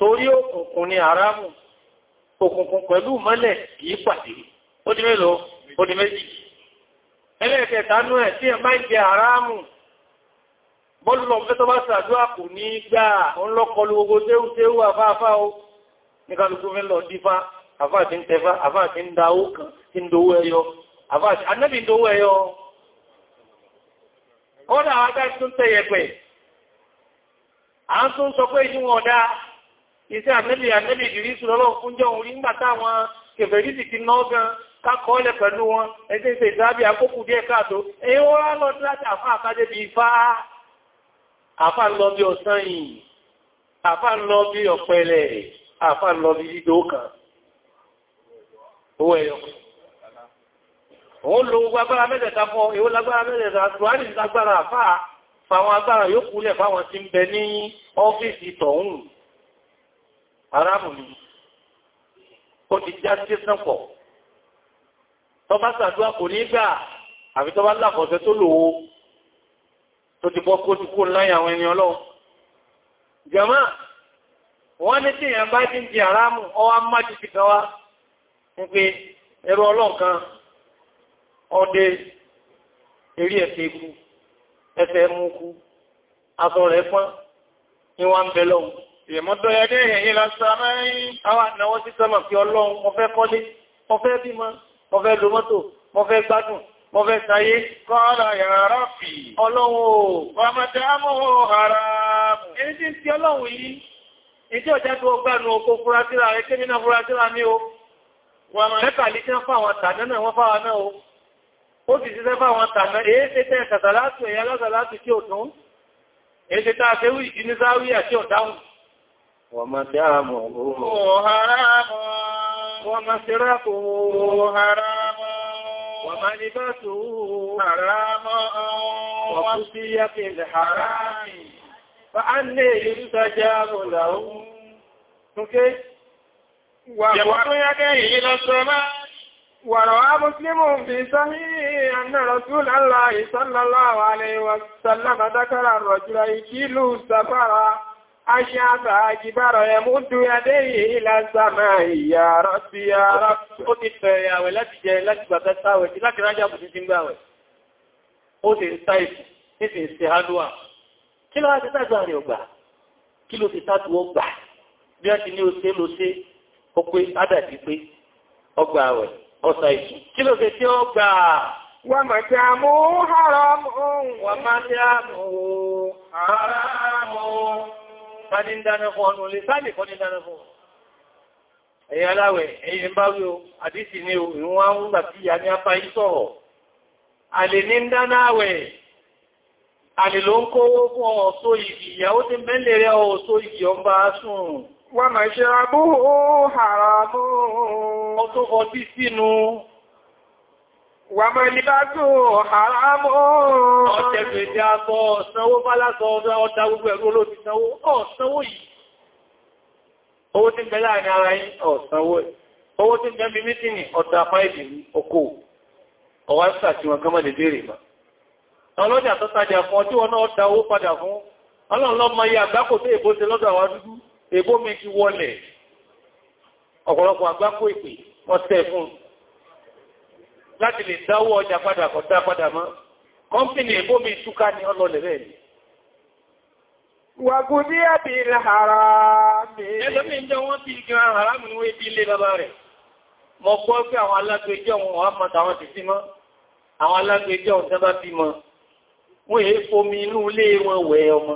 torí okunkun ni àrámù òkùnkùn pẹ̀lú mọ́lẹ̀ kìí pàdé ó di mélòó ó di méjì ẹlẹ́ẹ̀kẹtàánú ẹ̀ tí ẹ máa ń jẹ àrámù bọ́lùlọ fẹ́ tó bá sàdúrà kù ní gbà ọlọ́kọlù gbogbo tẹ́wú tẹ́wú àfáàfá o ní kálukú fẹ́ dífá àfáà ti ń tẹfá àfáà da iṣẹ́ àmẹ́bì àmẹ́bì ìdìrísù lọ́lọ́run fún jọ òun rí ńgbà táwọn kèfèrí sì ti ná gan kákọ́ ilẹ̀ pẹ̀lú wọn ẹgbẹ́ ìṣẹ́ ìdábì àkókù díẹ̀ káàtó èyí wọ́n rán lọ sí láti àfá àkájẹ́ bí ifá àfá ń lọ bí ọ̀sán yìí àfá ń lọ bí ọ̀pẹ̀lẹ̀ àfá ń lọ bí dídó owó ẹ̀yọ aráàmù ni ó ti já sí sánpọ̀ tó bá sàdúwà kò ní gbà àfi tó bá lápọ̀ọ́sẹ́ tó lòó tó ti bọ́ kó ti kó láyé àwọn ẹni ọlọ́run jàmá wọ́n ní tí èèyàn bá ti ń di aráàmù ọwá májú ti kan wá ń pe ẹrù ọlọ́run ọdẹ eré ẹ̀sẹ̀ ikú ẹsẹ̀ mú kú aṣọ rẹ̀ pọ́n ní wọ́n ń bẹ lọ́hùn ìmọ́dọ̀ ẹdẹ́ ẹ̀yìn lásàmà ẹ̀yìn àwọn ànáwọ́ sí sọ́nà fi ọlọ́run mo fẹ́ kọ́lé mo fẹ́ bímọ mo fẹ́ lo gbádùn mo fẹ́ kọ́ọ̀lá yàrá fi ọlọ́run ọmọdámú ara ẹni tí ọlọ́run yìí ìjọ o mẹ́kàlí tí wọ́n fáwọn tàná náà wọ́n fáwọn náà o ó sì ṣiṣẹ́ fáwọn tàná èé ṣe tẹ́ tàtàlátù ẹ̀yà ومدامه حرام ومسرقه حرام وملبسه حرام وقصي في الحرام فأني يستجاب له يبط يديه إلى السماء وروى مسلم في صحيح أن رسول الله صلى الله عليه وسلم ذكر الرجل يجيل سفرا Aṣíyàtà àjìbára ẹmú dúyadé ìlà sàmà ìyàrá sí ara ó ti fẹ̀rẹ̀ àwẹ̀ láti jẹ láti gbàtẹ́ sáwẹ̀ tí láti rájá bù títí gbàwẹ̀. Ó ti ń sáìpù, ní ti ń ṣe hálúwà. Kí ló ti tàgbà rẹ̀ ọgbà? Bí a ti ní o ṣe ló ṣe, ó pé ádàdì pé ọgbà àwẹ̀, ọ̀sà ìṣù. Kí ló ti tí tani ń dáná fún ọ̀nà olè sáàlì kọ́ ní dáná fún ẹ̀yìn aláwẹ̀ ẹ̀yìn ń bá rí o àdísì ní o ìwọ̀n àwọn ìgbà tí ìyà ní apá yí sọ̀rọ̀ àlè ní ń dáná àwẹ̀ àlè ló ń kówó fún ọmọ ọ̀sọ́ ìgì ìyàwó ti mẹ́lẹ̀ rẹ̀ ọ̀sọ́ ìgì ọmọ asùn wọ́n máa ṣe abúhù haramu ọtún ọtí sínú Wà mọ̀ ìlébátò haramu ọ̀tẹ́ fèdè àtọ̀ ọ̀sánwó bálásọ ọ̀dá ọ̀dá gbogbo ẹ̀rú olóòtí sanwó ọ̀sánwó yìí. Owó tí ń bẹ láàrin ara yín ọ̀sánwó. Owó tí ń bẹ bí mítìnì ọ̀dá fáìdì okó. Ọwá sàtí wọn kọ́mọ̀ lè bèèrè mà. Ọlọ́jà da owó padà fún. Ọlọ́run lọ́mọ iye àgbákò tó èbó ṣe lọ́dọ̀ láti lè dáwọ́ ọjà padà kọ̀dá padà mọ́ kọ́mpìnì ìbómi túká ní ọlọ́lẹ̀ rẹ̀ ni wàgúdí àbí ìlàhàrámi ẹlọ́mí ìjọ wọ́n ti ní wé bí ilé bàbá rẹ̀ wọ́n ti sí mọ́ àwọn fomi inú ilé wọn wẹ̀ ọmọ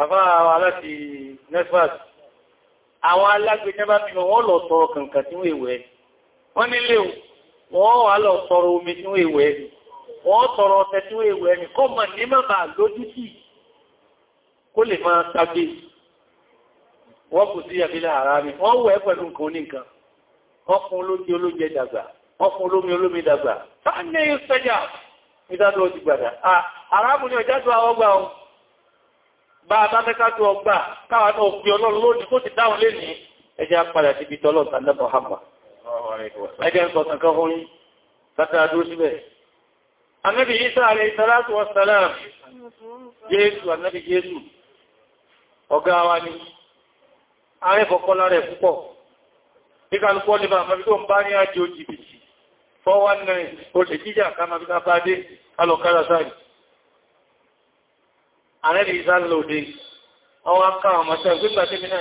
àfáà láti netflix àwọn alágbèjọ́ bá bí mọ́ wọ́n lọ tọrọ kànkàn tí wọ́n èwẹ̀ wọ́n nílé wọ́n wà lọ tọrọ omi tí wọ́n èwẹ̀ wọ́n tọrọ ọ̀tẹ̀ tí wọ́n èwẹ̀ ẹni kọ́ mọ̀ ní mẹ́bà lójú sí kó lè máa tàbí wọ́n kù sí àfihàn ara mi wọ́n wẹ́ pẹ̀lú nǹkan oníkan wọ́n olómi olómi dàgbà wọ́n ti náà ẹjẹ́ ń sọ̀tàn kan fún yí tàbí àdó síbẹ̀. Anábi Isa alayhi salatu wa salam, Jésù, Anábi Jésù, ọ̀gá wa ni, ààrẹ fọ́kọ́lá rẹ̀ púpọ̀. Ìkàlùkọ́ ní bàmà bí tó ń bá ní àjò jìbìtì, 419, oṣè jíjà kama bí káfà dé, alọ̀kára sáàrì. Anábi Isa lòdé, ọwọ́ akáwọn mọ̀ṣẹ́ ìgbẹ́gbàtẹ́mínà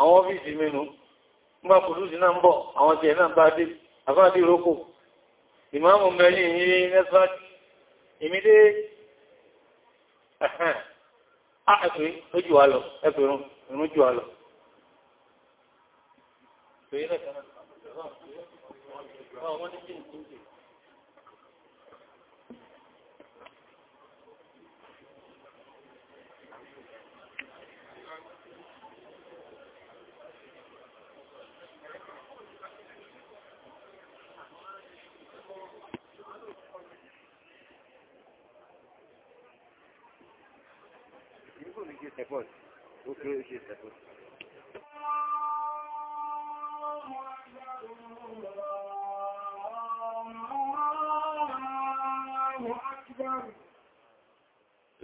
àwọn ọ́fíìsì mẹ́nu nígbà pòlúsì náà ń bọ̀ àwọn jẹ́ náà bá dé àfáàdé ìrókò ìmáàmù mẹ́rin yìí nẹ́sàájì ìmídé ẹ̀pẹ́ ojú wa lọ Efon. O kí o ṣe ṣẹ̀fọ́n.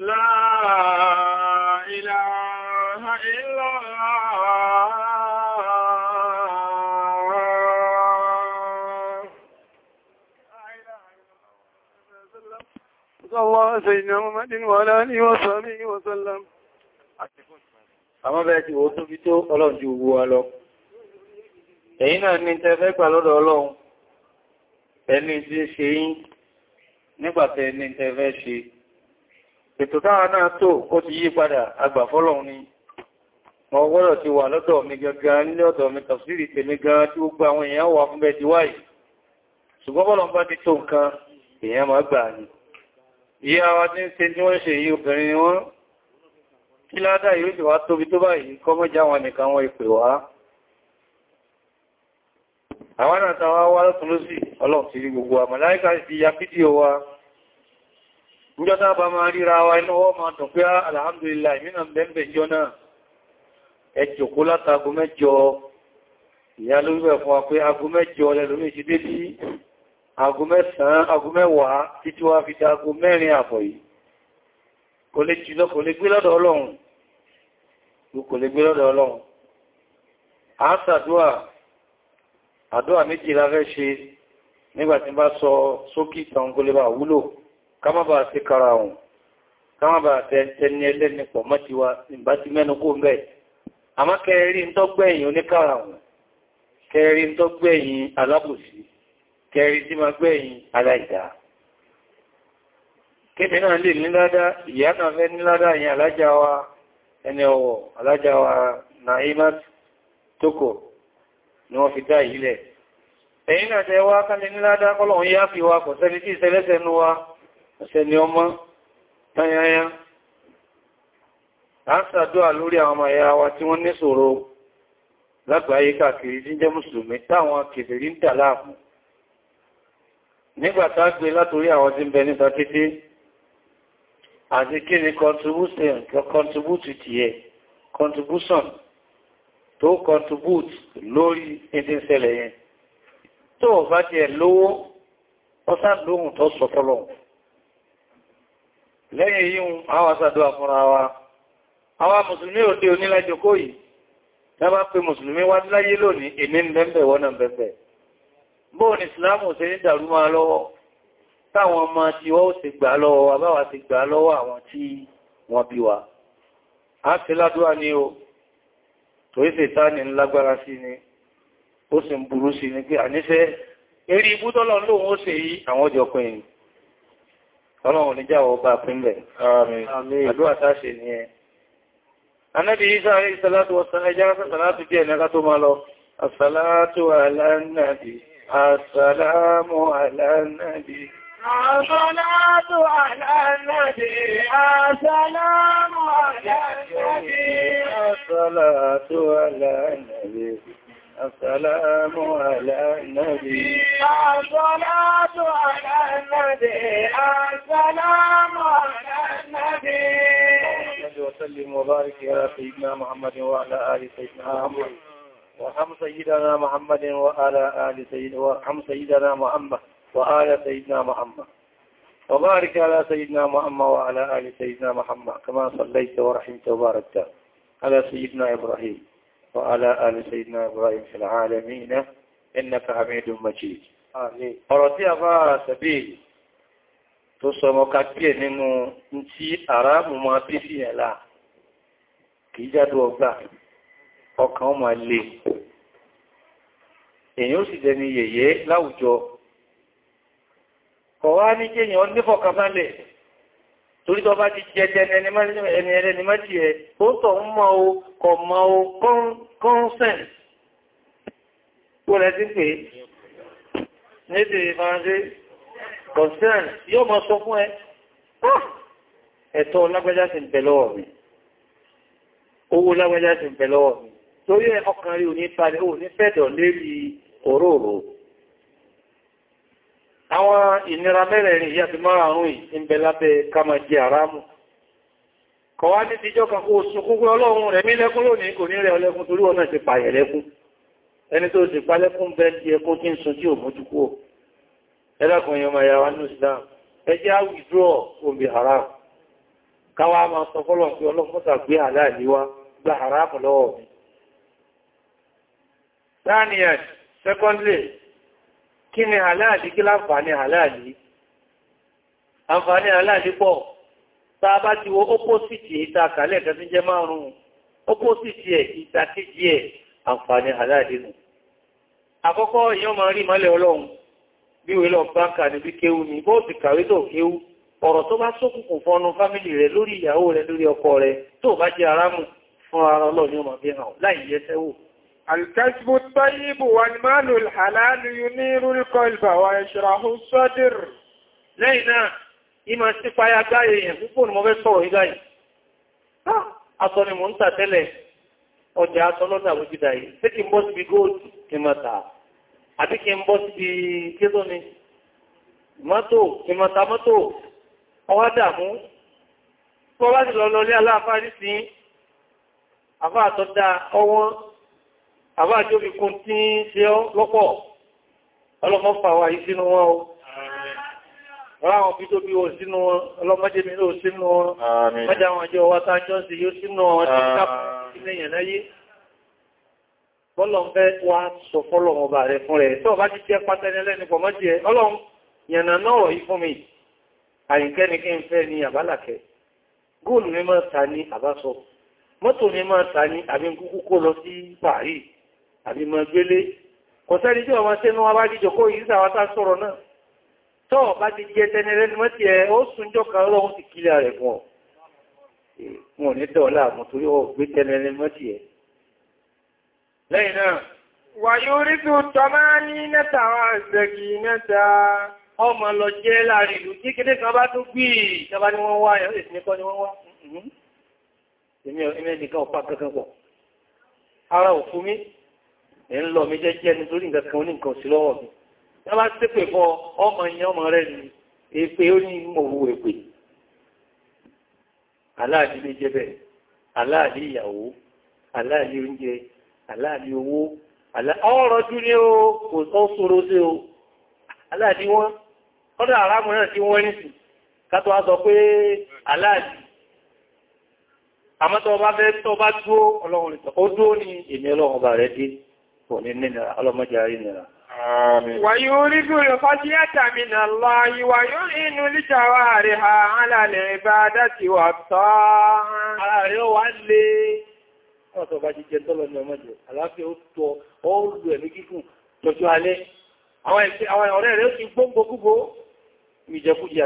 La ilaha illallah. صلى الله سيدنا محمد وعلى اله وصحبه وسلم àmọ́ bẹ́ẹ̀ ti wò tó fi tó ọlọ́run ju owó wa lọ ẹ̀yin náà ní tẹ́fẹ́ gbà lọ́dọ̀ ọlọ́run ẹni tí ṣe yín nígbàtẹ́ ní tẹ́fẹ́ ṣe ètò táwa náà tó ó ti yí padà agbàfọ́lọ́run ni mo gbọ́dọ̀ ti wà lọ́dọ̀ mi gangan nílé ọ̀dọ̀ mi tafsiri tèmi gan tí ó gba àwọn èèyàn wà fún bẹ́ẹ̀ ti wáyìí ṣùgbọ́n bọ́lọ̀ bá ti tó nǹkan ni wọ́n kí ládá yóò sì wá tóbi tó báyìí kọmọ́já wọn nìkan wọ́n ìpè wá àwọn àtàwà wá lọ́tún ló sì ọlọ́run ti rí gbogbo àmàláìkà ti ya fídíò wa níjọ́ta máa ríra wa inú wọ́n máa dùn pé ah, alhamdulillah ìmìnà bẹ́ẹ̀bẹ̀ jọ náà ẹjọ̀kó látago mẹ́jọ ìyá lórí rẹ̀ fún wa pé ago mẹ́jọ lẹ́lórí ti dé bí ago mẹ́sàn-án ago mẹ́wàá títí wá kò lè jùlọ kò lè gbé lọ́dọ̀ ọlọ́run kò lè gbé lọ́dọ̀ ọlọ́run a ń sàdúwà àdúwà méjì láfẹ́ ṣe nígbàtí bá sọ sókí ìtàn kó lè bá wúlò ká má bàá sí kara ọ̀hún ká má bàá tẹni ẹlẹ́ni pọ̀ mọ́ ti wa ìbá ti mẹ́nu kó mẹ́ àmá kẹrí ń tọ́gbẹ̀yìn oníkara ọ̀hún kẹrí ń tọ́gbẹ̀yìn alábòsí kẹrí tí ma gbẹ̀yìn aláìdáa kéde náà lè níládá ìyá náà fẹ́ níládá ìyẹn alájá wa ẹni ọwọ̀ alájá wa Naimat Tókò ni wọ́n fi dá ìlẹ̀ ẹ̀yìn náà tẹ́ wá kálẹ̀ níládá kọ́lọ̀un yá fi wa kò sẹ́ni tí ìsẹ́lẹ́sẹ̀ nú wa ọ̀sẹ̀ni ọmọ tanyanya a ń ṣàdúrà lórí àwọn ọmọ ẹ̀yà wa tí wọ́n ní ṣòro lágbàáyé káàkiri nígbàtá gbé látorí àwọn tí ń bẹ nípa títí àti kí ni contribution contribute ti ẹ̀ contribution tó contribute lórí ẹdín ṣẹlẹ̀ yẹn tó ọ̀fá ti ẹ̀ lówó ọ́sá lóhun tó sọ fọ́lọ̀ lẹ́yìn yíò àwọn àṣàdúwà fúnra wa àwọn mùsùlùmí òde onílájòkó yìí tẹ́bá pé mùsùlùmí wá láyé lónìí èní ń bẹ́ẹ̀ wọ́n náà bẹ́ẹ̀ bóò ní ìsìlámù ṣe ní dàrú máa lọ́wọ́ táwọn ọmọ tí wọ́n ti gbà lọ́wọ́ wa báwa ti gbà lọ́wọ́ àwọn tí wọ́n bí wa a ti ládúwà ní o tó ìsẹ̀ tá ní lágbára sí ni ó sì ń burú sí ni pé àníṣẹ́ eré ibúdọ́lọ́ lóun ó sì yí àwọn ọjọ́ pẹ̀yìn ọlọ́run níjáwọ̀ bá pínlẹ̀ àdúwà táṣe ni ẹ ala nabi as ala nabi الصلاة على النبي السلام على النبي الصلاة على النبي السلام على النبي الصلاة على النبي السلام على النبي وسلم وبارك على سيدنا محمد وعلى آل سيدنا محمد وارحم سيدنا محمد وعلى آل سيدنا وارحم سيدنا محمد وآل سيدنا محمد وبارك على سيدنا محمد وعلى آل سيدنا محمد كما صليت ورحمت وباركت على سيدنا إبراهيم وعلى آل سيدنا إبراهيم في العالمين إنك حميد مجيد آمين أرضي سبيل tó sọ ọmọ kàkíẹ̀ أرام tí àrámù máa bí sí ẹ̀lá kìí jádó ọgbà ọkàn ọmọ lè ọ̀wá ní kéyàn ó nífọ̀kànbalẹ̀ torí tó bá ti jẹjẹ ẹni ẹlẹ́ni mẹ́jì ẹ ó tọ̀ ń mọ́ o kọ̀ mọ́ o consent ó rẹ̀ sí pé níbi ìfàánsé consent yóò mọ́ sọ fún ẹ ah! ẹ̀tọ́ lágbájá sí ìbẹ̀lọ́wọ̀ mi owó lágbájá sí ìbẹ̀lọ́wọ̀ mi torí ẹ ọkàn rí ò ní padẹ̀ ò ní fẹ́dọ̀ lérí òróòrò àwọn ìnira mẹ́rẹ̀ẹ̀rin ìyá ti máa àrùn ìbẹ̀ lábẹ́ kama jẹ àrámù kọwa ní ti jọ́ kan kó sunkúnkún ọlọ́run rẹ̀ mílẹ́kún lónìí kò ní rẹ̀ ọlẹ́kún torí ọ̀nà ti pààyẹ̀ lẹ́kún ẹni tó sì pálẹ́kún bẹ́ ti ẹkún tí ń sun tí ò mójú kúrò ẹlẹ́kùnrin ọmọ ìyàwó ní Islam ẹjẹ́ àwùjọ́ omi haram káwà máa sọ fọ́lọ̀ pé ọlọ́pọ̀ta Daniel, secondly, kí ni àláàlì kí láǹfààní àláàlì àǹfààní àláàlì pọ̀ tá a bá ti wo ópósìtì ìta kàlẹ̀ kan tí jẹ́ márùn-ún ópósìtì ẹ̀ ìta kéjì ẹ̀ àǹfààní àláàlì nù àkọ́kọ́ èèyàn máa rí ìmọ́lẹ̀ ọlọ́run bí wèé lọ báńkà níbi kéwú ni bó ti kàwé tó kéwú ọ̀rọ̀ tó bá ṣókùnkùn fọnú fámílì rẹ̀ lórí ìyàwó rẹ̀ lórí ọkọ rẹ̀ tó bá jẹ́ aráàmù fún ara ọlọ́run ni ó máa fi hàn láì yẹsẹ́wò الكسب الطيب والمال الحلال ينير القلب ويشرح الصدر lẹ́yìnà ìmọ̀ sí payá gáyé èèyàn púpọ̀ ní mo fẹ́ sọ̀rọ̀ ìgbáyì aṣọ ni mo ń tà tẹ́lẹ̀ ọjà aṣọ lọ́nà àwójídà yìí tí kí n bọ́ síbi gold kí mọ́ tà àbí kí n bọ́ síbi àbá tí ó fi kún tí ń ṣe ọ́ lọ́pọ̀ ọlọ́mọ fàwà yìí sínú wọn o ráwọn fi tó bí o sínú wọn ọlọ́mọdé mi ló sínú wọn mọ́já wọn jẹ́ ọwá tájọ́ sí yóò sínú wọn tí káàkiri sílẹ̀ yẹn láyé bọ́lọ̀n fẹ́ wá sọ fọ́lọ̀wọ̀n bà rẹ̀ fún rẹ̀ tí ọba ti tẹ́ pátẹ́ni lẹ́ni pọ̀ mọ́jẹ́ ọlọ́run yẹ̀nà náà rọ̀ yìí fún mi àyíkẹ́ni kí n fẹ́ ni àbálàkẹ́ góòlù mi máa ta ní máa ta ní àbí kúkú kó lọ sí Paris àbí mọ̀ gbélé kò sẹ́ni tí ọmọ sẹ́nu wá bá jíjọ kó yìí sàwátá sọ̀rọ̀ náà tọ́ bá ti jẹ tẹnẹrẹ ní mọ́tí ẹ ó súnjọ́ kan ọlọ́run ti kílẹ̀ rẹ̀ fún ọ wọn ní dọ̀ọ́lá àmọ́ torí ọ gbé tẹnẹrẹ mọ́tí ẹ lẹ́yìn náà wà yóò rí tó tọ́má ní nẹ́ta wà zẹ̀gì nẹ́ta ọmọ lọ jẹ́ láàrin ìlú tí kéde kan bá tó gbì ìjọba ni wọ́n wá ẹ̀ mm-hmm. ìsìnkọ́ èmi ẹ̀ nìkan ọ̀pá kankan pọ̀ ara òfin ẹ̀ ń lọ mi jẹ́jẹ́ nítorí nǹkan kan ní nǹkan sí lọ́wọ́ mi tọ́bá fọ́ ọmọ ìyẹn ọmọ rẹ̀ ni èpè ó ní mòwò èpè aláàdí lè jẹ́ ìyàwó aláàdí oúnjẹ owó ọ̀rọ̀ jú o kò sọ sóró sí o wọ́n kọ́dọ̀ tí wọ́n kátó wá sọ pé fẹ́ tọ́ bá òní nínira ọlọ́mọjá rí nira. Wà yóò rí bí olùfọ́ sí ẹ́tàmìnà lọ, ìwà yóò rí inú lítàwà rẹ̀ ha alàlẹ̀ bá dáti wà tọ́. Ara rẹ̀ ó wá lé. Wọ́n tọ́ bá jíjẹ tọ́lọ ní ọmọdé, àláfíà ó tọ́ ọ́rù ẹ̀mí gígùn lọ́jọ́ alẹ́. Àwọn ọ̀rẹ́ rẹ̀ ó ti gbóngbó gúgbó, ìjẹkújẹ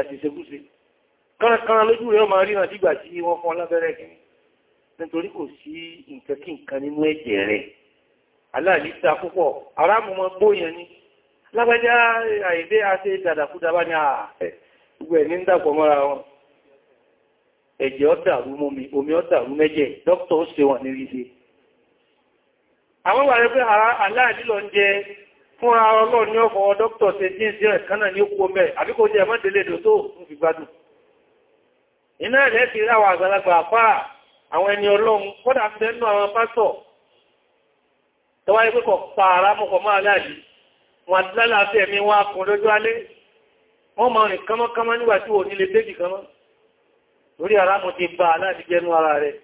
aláàlì ta púpọ̀ aráàmù mọ́ gbóyàn ní lágbàjá àìdé àti ìdàdàkúdà bá ní ààrẹ gbogbo ẹ̀ ní ń dàpọ̀ mọ́ra wọn ẹ̀jẹ̀ ọ̀dàrú mọ́mi omi ọ̀dàrú mẹ́jẹ̀ dókítà ó ṣe wọ́n ní ríṣe àwọn wà rẹ̀ pé aláàlì lọ ń jẹ fún ara ọlọ́run ní ọkọ̀ dókítà ṣe jíǹsì rẹ̀ kánà ní okú ọmọ ẹ̀ àbíkò jẹ́ mọ́dẹ̀lẹ́dọ̀ tó ń fi gbádùn iná ẹ̀lẹ́ ti ráwà àgbàlagbà àpá àwọn ẹni ọlọ́run kọ́dà fẹ́nu àwọn pásọ̀ tọwá ní pẹ́kọ̀ pààrá mọ́kọ̀ máa láàrí wọn àti lálàáfẹ́ ẹ̀mí wọn akùn lójú alé wọ́n máa rìn kánmọ́kánmọ́ nígbà tí wò nílé bébì kánmọ́ lórí ara mọ́ ti bá aláàrí jẹ́nu ara rẹ̀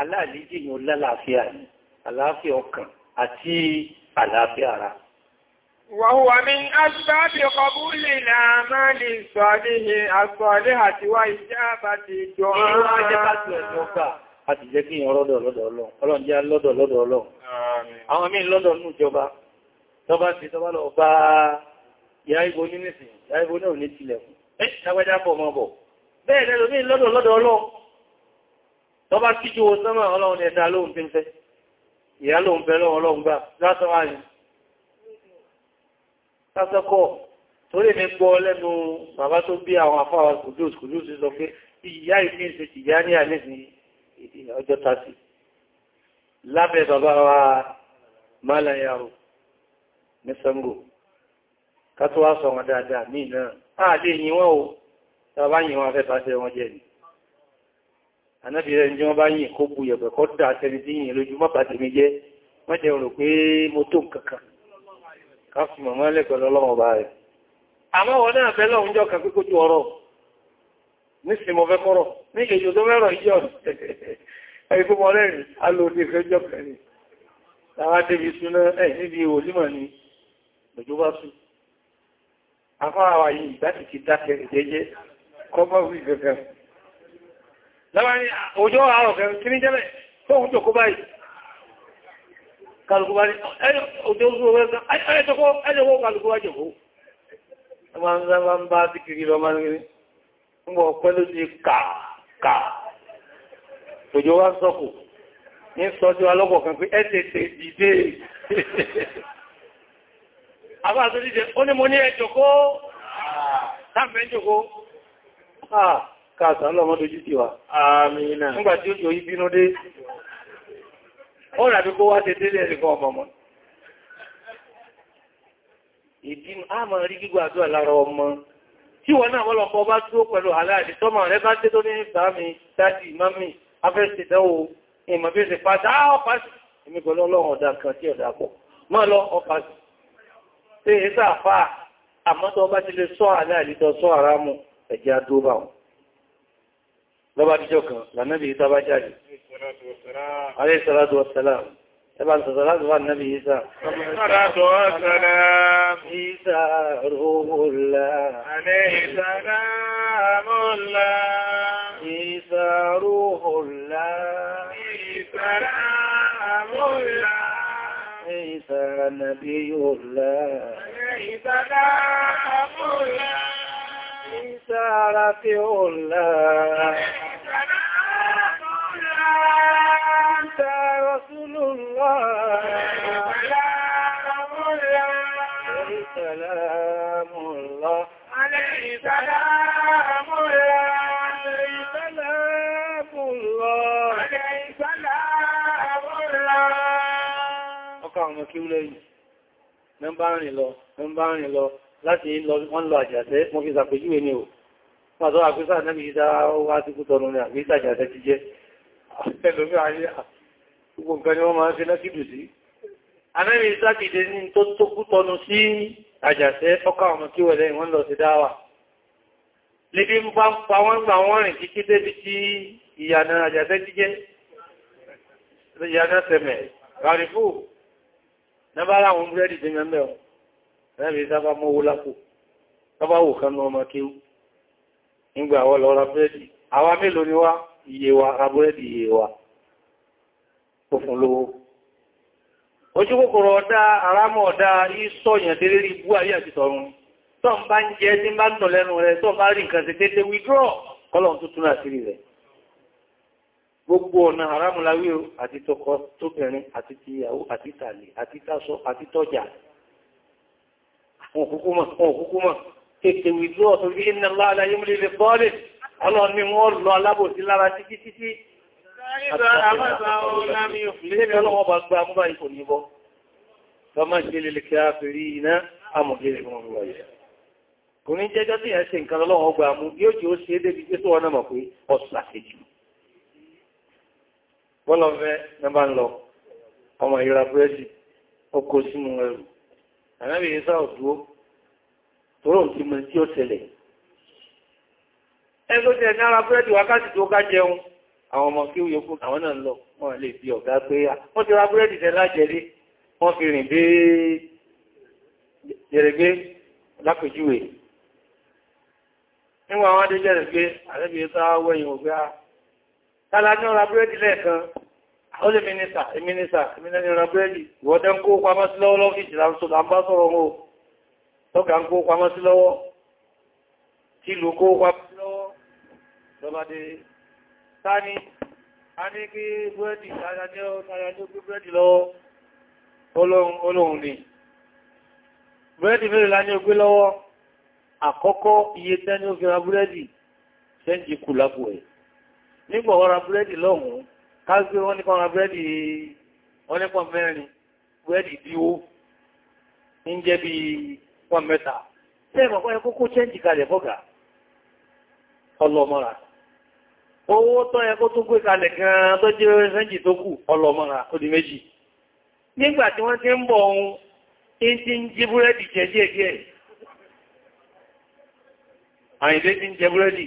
aláàrí jìyàn lálàáfíà ní àlàáfíà ọkàn àti àlàáfíà ara وهو من أسباب a ti jẹ́ kí èèyàn lọ́dọ̀ lọ́dọ̀ ọlọ́run ọlọ́run jẹ́ lọ́dọ̀ lọ́dọ̀ ọlọ́run àwọn míì lọ́dọ̀ nù jọba tọba ti tọba lọ bá ìyá ibo ní nìsìn ìyá ibo náà ní tilẹ̀kùn ẹ́ ṣàgbẹ́já pọ̀ mọ́ bọ̀ bẹ́ẹ̀ lẹ́lọ́ míì lọ́dọ̀ lọ́dọ̀ ọlọ́run tọba kíjú wo sánmà ọlọ́run ẹ̀dá lóhun tí ń fẹ́ ìyá lóhun bẹ́ lọ́wọ́ ọlọ́run gbà lásán wáyé lásọ́kọ̀ torí mi gbọ́ lẹ́nu bàbá tó bí àwọn afáwà kùdùs kùdùs sọ pé ìyá ìfíǹsẹ̀ tìyá ní àníṣìí ìdí ọjọ́ tásì lábẹ́ bàbá wa málàyàrò ní Ṣàngó kátó wá sọ wọn dáadáa ní náà ààlè yìn wọ́n o tàbá yìn wọ́n afẹ́fà tẹ́ wọn jẹ́ ni ànábì rẹ̀ ní wọ́n bá yìn kó bu yẹ̀bẹ̀ kọ́ dà tẹni tí yìn lójú mọ́bà tèmi jẹ́ wọ́n nísìn mo fẹ́ kọ́rọ̀ ní èyí tó mẹ́rọ ìjọ ẹ̀yí fún mọ́ lẹ́rin alóòdì ìfẹ́jọ́ kẹrin tàwà débi súná ẹ̀ níbi òlímọ̀ ni òjò bá sú afáwà yìí láti ti dákẹ̀ jẹ́jẹ́ kọ́mọ́ wí gẹ̀gẹ̀ lábárin òjò àrọ̀ kẹrin kí ní jẹ́lẹ̀ fóhun tó kó báyìí kálùkù bá ní ẹjọ́ òjò ó súnmọ́ ẹjọ́ kó kálùkù bá jẹ́ kó mọ̀ ọ̀pẹ́ ti kàkà òjò wá sọ́kù ní sọ́jú alọ́pọ̀ kan pé ẹ́tẹ̀ẹ̀tẹ̀ dìde àbá tó dìde ó ní mo ní ẹjọ́kó táàmì ẹjọ́kó káàkà lọ́mọdé ojú ti wà nígbà tí ó jò yí àmà rí gígbà àdúrà lára ọmọ tí wọ́n náà mọ́lọ̀pọ̀ bá dúró pẹ̀lú aláàdì tọ́mà rẹ bá tẹ́ tó ní ìsàmì dájì mami afẹ́sẹ̀dánwò ìmọ̀bíẹ̀sẹ̀ pàtà ọ́pàṣì èmi pẹ̀lú ọlọ́run ọ̀dá kan tí ọ̀dá pọ̀ máa lọ ọ́pàṣì tí èyí sàfà àmọ́tọ́ bá ti lè sọ aláàdì tọ́ sọ ara mu ẹ̀jẹ̀ adóbà wọn lọ́bàdíjọ́ kan lànàbì ìtàbájáde طبعا تطلعت مع النبي عيسى صلاة وسلام عيسى روح الله عليه سلام الله عيسى روح الله عيسى سلام الله عيسى نبي الله عليه سلام الله عيسى رفيع الله ń rìn lọ láti wọ́n lọ àjàṣẹ́ mo fi sàpèjúwe ni ò pàtó àgbésà náà bí dá wá sí kú tọrọ ní àgbésà àjàṣẹ́ ti jẹ́ ẹlòmí ayé ah, gbogbo nǹkan ni wọ́n máa ń fi náà kìdù sí anẹ́rin sákìdé ní tó tó kú tọnu sí àjàṣẹ́ ọkà ọmọ kí wẹ̀lẹ́ wọ́n lọ sí dáwà níbi ń bá pa wọ́n gbà wọ́n rìn kíkí débi tí ìyànà àjàṣẹ́ ti mẹ́mẹ́ ọ̀ ẹ̀rì sábà mọ́wó lápò sábà wò kan ọmọ kéwú nígbà wọ́n lọ ra búrẹ́dì àwa mélòó ni wá iye wa ra búrẹ́dì iye wa kò fún lówó ojú kòkòrò ọ̀dá ọ̀dá délé rí bú tó ń bá ń jẹ́ tí bá lẹ́nu rẹ̀ tó bá rí tọkọ àti àti tàlẹ̀ àti àti tọ́jà òkúkúmọ̀ òkúkúmọ̀ tètè wìdú ọ̀tọ̀ bí iná láàlá yóò lè lè bọ́ọ̀lẹ̀ ọlọ́run ni wọ́n lọ alábòsí lára títí títí kò ní jẹ́jọ́ tí ẹ̀ nǹkan ọlọ́run ọgbà mú yóò jí ó ṣe é débi tó wọ́n náà mọ̀ pé fẹ́ nẹ́bà ń lọ ọmọ sínú ẹrù ànábì Ìsá òdúró tóró ti mọ̀ tí ó ṣẹlẹ̀ ẹgbẹ́ tí ẹni ara búrẹ́dì wákàtí tó ká jẹun àwọn ọmọ kí ó yókù àwọn náà lọ wọ́n lè bí ọ̀gá pé ah, wọ́n ti ra búrẹ́dì tẹ lájẹrí wọ́n fi rìn dé jẹrẹgbé lápèjúwe níwọ̀n àwọn adé jẹrẹgbé ànábì Ìsá wẹ̀yìn ògbá ah, tálá ní ọ̀rá búrẹ́dì lẹ́ẹ̀kan ó lè mínísà mínísà mínísà ìrànbẹ́lì wọ́dẹ́ ń kó pamọ́ sí lọ́wọ́ lọ́fíìsì láàbásọ̀rọ̀ wọn tọ́gà ń kó pamọ́ sí lọ́wọ́ tí lò kó pamọ́ sí lọ́wọ́ lọ́bàdé tání a ní kí búrẹ́dì sáyájẹ́ ó sáyájẹ́ nígbà ọ̀rọ̀ búrẹ́dì lọ́hùn-ún káàkiri wọ́n nípa ọ̀rọ̀ búrẹ́dì wọ́n nípa mẹ́rin búrẹ́dì díwó ń jẹ́ bí wọ́n mẹ́ta tẹ́ẹ̀mọ̀ pẹ́ kókó chẹ́ǹjì kalẹ̀ fọ́gà ọlọ́mọ́ra owó tọ́ ẹkó tó gbé kalẹ̀ gan tó jẹ́ chẹ́ǹjì tó kù ọlọ́mọ́ra ó di méjì nígbà tí wọ́n ti ń bọ̀ ohun tí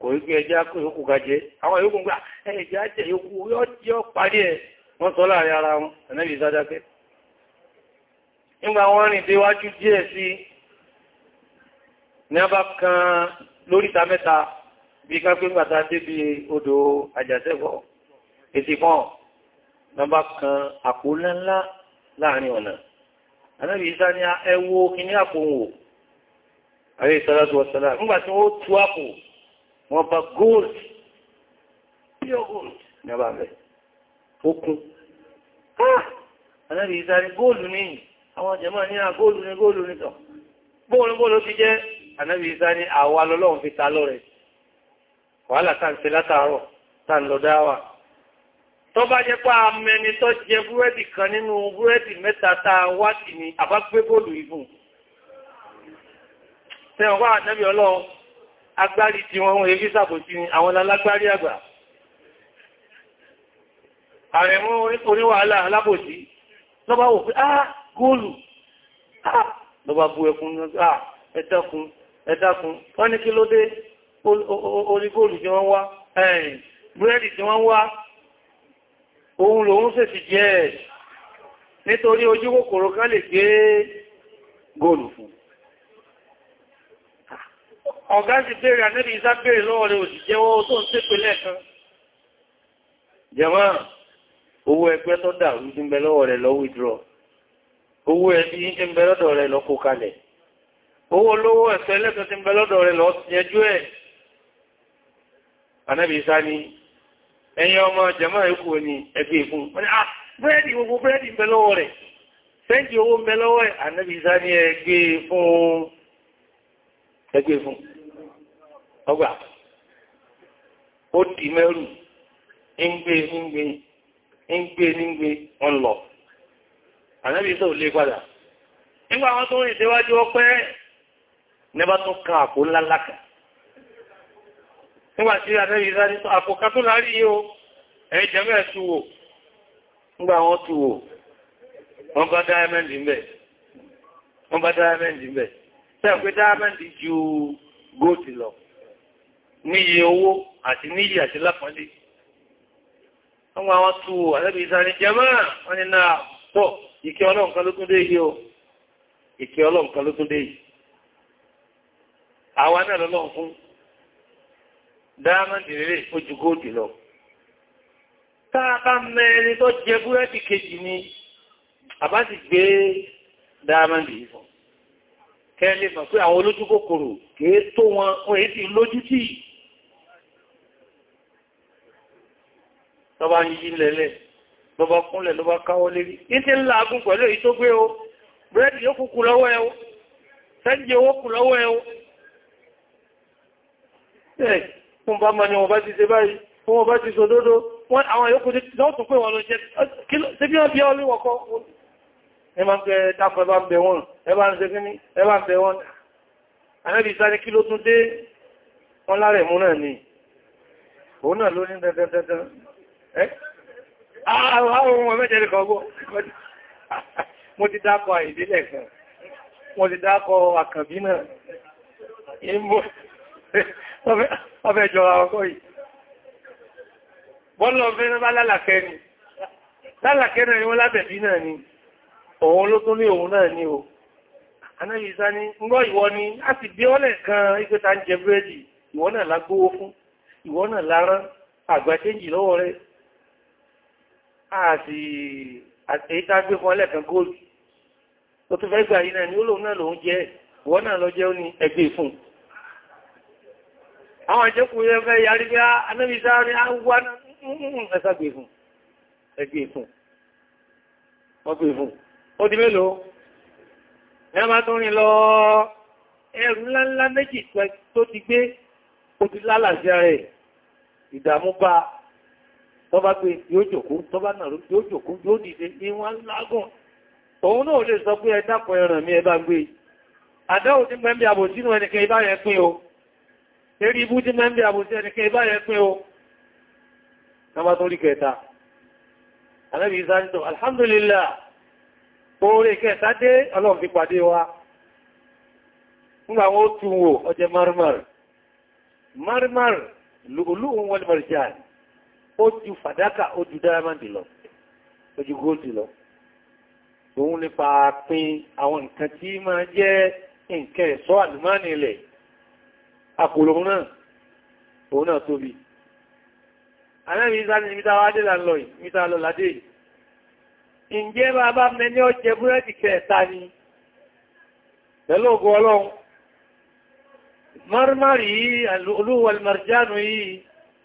kò rí pé ẹjá kó yóò kú ká jẹ àwọn yóò kún gbà ẹjá jẹ yóò kú yóò parí ẹ wọ́n sọ láàrin ara wọn ẹ̀nẹ́bì sádákẹ́ nígbà wọ́n rìn déwájú díẹ̀ sí ní a bá kan lóríta mẹ́ta bí ká pé gbàta débi odò àjàṣẹ́gọ́ ètì kan ní a bá kan àpò ńlá láàrin ọ̀nà ẹ̀nẹ́bì sá ní ẹwọ́ kí ní àpò wò àrẹ ìsọ́lá wọ́n bá gold pure gold ní ọba rẹ̀ okun anábi ah! ìsáré góòlù ní àwọn jẹmọ́ ní àgóòlù ní góòlù ní tàn bóòlù bóòlù ti jẹ́ anábi ìsáré àwa lọ́lọ́run fi ta lọ́rẹ̀ wàhálà tàn sí látàárọ̀ tàn lọ dáwà tó bá jẹ́ pá mẹni tó jẹ búrẹ́dì kan nínú búrẹ́dì mẹ́ta ta wáti ni àbá gbé góòlù ìbùn tẹ́wọ́n wá anábi ọlọ́run agbárí tí wọ́n èrí sàbòsí ni àwọn alágbárí àgbà ààrẹ mú oníwàhálà alábòsí lọ́bá wò pé ah góòlù ah lọ́bá bú ẹkùn ah ẹ̀tẹ́kùn ẹ̀tẹ́kùn wọ́n ní kí ló dé orí góòlù tí wọ́n wá ẹ̀yìn búrẹ́dì tí wọ́n wá ohun lòun sì ti jẹ́ nítorí ojú kòkòrò kan lè gbé góòlù fún ọ̀gá sì bèèrè ànẹ́bì ìsá bèèrè lọ́wọ́ rẹ̀ òsì jẹ́wọ́ tó ń tépè lẹ́ẹ̀kan jẹ́mọ́ owó ẹgbẹ́ tó dà ń bẹ lọ́wọ́ rẹ̀ lọ withdraw owó ẹbí ń bẹ lọ́dọ̀ rẹ̀ lọ kó kalẹ̀ owó olówó ẹ̀fẹ́ lẹ́kan ti ń bẹ lọ́dọ̀ rẹ̀ lọ ẹ̀ ànẹ́bì e fún ọgbà ó dì mẹ́rù ńgbé ńgbé ńgbé ńgbé ọlọ̀ ànábì tó lè padà nígbà wọn tó rìn síwájú ọpẹ́ nẹ́bá tó kan àpò ńlá lákà nígbàtí ànábì sáré àpò kan tó lárí yíó ẹ̀jẹ̀ mẹ́ẹ̀ túwò nígbà wọn túwò wọ́n bá dáyàmẹ́ndì ń bẹ̀ wọ́n bá dáyàmẹ́ndì ń bẹ̀ tẹ́ níye owó àti níyì àti lápọ́lé àwọn àwọn tó àlẹ́bí ìsáni jẹmọ́ wọn ni náà pọ̀ ìkẹ́ ọlọ́run kan ló tún dé yìí o ìkẹ́ ọlọ́run kan ló tún dé yìí àwa náà lọ́lọ́run fún dáámọ́ndì rere ojú góòdì lọ táàbá mẹ́rin tó jẹ búrẹ́dì kejì ni àbá sì gbé dáámọ́ndì yìí fún kẹ́lẹ́ ló bá ń yí lẹ́lẹ̀ ló kúnlẹ̀ ló káwọ́ lérí ìtí ńlá agún pẹ̀lú èyí tó gbé o búrẹ́dì yóò kúkú lọ́wọ́ ẹ o sẹ́jì owó kù lọ́wọ́ ẹ o ẹ̀ fún bá ma ni wọ́n bá ti ṣe báyìí fún wọ́n bá ti sọ dódó wọ́n àwọn yòókù ti lọ́wọ́ tó pé wọ́n lọ jẹ́ sí bí wọ́n bí ọ léwọ́kọ́ ẹ máa ń bẹ dáfọ́ ẹ bá ń bẹ wọn ẹ bá ń ṣe kíní ẹ bá ń bẹ wọn àrẹ́bì sáré kí ló tún dé wọn lárẹ̀ ni òun náà ló Àwọn eh? ah, ah, ah, ohun Mo ti dákọ̀ ìdílẹ̀ kan. Mo ti dákọ̀ àkànbí náà. Ìmú ọfẹ́ ni. Lálàkẹ́ náà ni wọ́n ni. o. Anáyí sá ní, ni, a ti bí ọ́lẹ̀ kan ìgbẹ́ta ń jẹ búrẹ́dì, ìwọ náà lágbówó fún, ìwọ náà lárán, àti èyí tá gbé fún ẹlẹ́kan góòlù tó tó fẹ́ gbà yìí náà ni ó lòun náà lòun jẹ́ wọ́n náà lọ jẹ́ ó ní ẹgbẹ́ fún àwọn àjẹ́kù yẹ fẹ́ yarí bí anábìsá ní àwọn ẹgbẹ́ fún ẹgbẹ́ fún ọgbẹ́ fún ó di mélòó ní a máa tó rìn lọ ẹrù ńláńlá méjì tó ti gbé ó ti lálàsí tó bá gbé yóò jòkó tó bá nàró yóò jòkó yóò dìde ìwọ̀n lágùn òun náà lè sọ pé ẹ̀dàpọ̀ ẹ̀ràn mi ẹ̀bá gbé àdáwò tí mẹ́bí àbòsínú ẹnìkan ibá yẹ pín o eré ibú tí mẹ́bí àbòsí ẹnìkan ibá yẹ pín o alhamdulillah oore kẹta dé ọlọ́run fi pàdé wa nígbà wọn ó tún wò ọjẹ́ marmar marmar ó ju fàdákà ó ju dáramàndì lọ ó ju góòdì lọ òun nípa pín àwọn nǹkan tí máa jẹ́ nǹkan ẹ̀ṣọ́ àlùmánì ilẹ̀ àpòlò náà òun náà tóbi àmẹ́rin ìsáni mítà wá dé lọ yìí mítà lọ ládé yìí ǹjẹ́ mẹ́ni ọjẹ́ búrẹ́dì kẹta ni pẹ̀lú ògùn ọlọ́run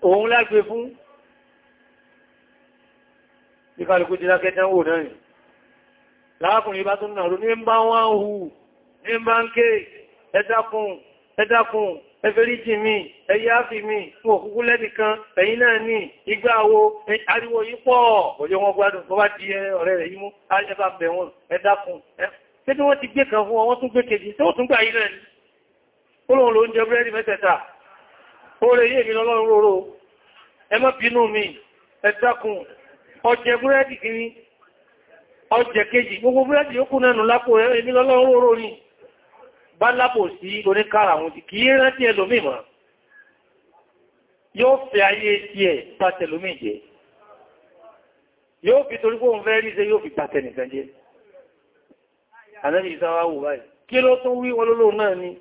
òun lágbé fún bí kálukú ti dákẹ́ tán wò náà yìí láàkùnrin bá tún nàró ní bá wọ́n hù ní bá ń ké ẹ dákun ẹ dákun ẹfẹ́ríjì mi ẹyẹ áfì mi fún òkúkú lẹ́nìkan ẹ̀yìn náà ní igbá wo ariwo yìí pọ̀ ọjọ́ wọn gbádùn tó bá di ọ̀rẹ́ rẹ̀ yìí mú ajẹ́bá bẹ̀ wọn ẹ dákun pé tí wọ́n ti gbé kan fún ọwọ́n tún gbé kejì tó tún gbà ilẹ̀ ni ó lóun ló ń jẹ ọjẹ búrẹ́dì kìíní ọjẹ kejì gbogbo búrẹ́dì yóò kú nánú lápò ẹni lọ́lọ́rọ̀ oró ní bá lápò sí oníkàrà àwọn ti kìí rántí ẹlòmí mọ̀ yóò fẹ́ ayé tí ẹ̀ pàtẹlòmí jẹ yóò fi torí kóhun fẹ́ rí ṣe yóò fi pàtẹnìkan jẹ Ànábì ìsáwá wù báyìí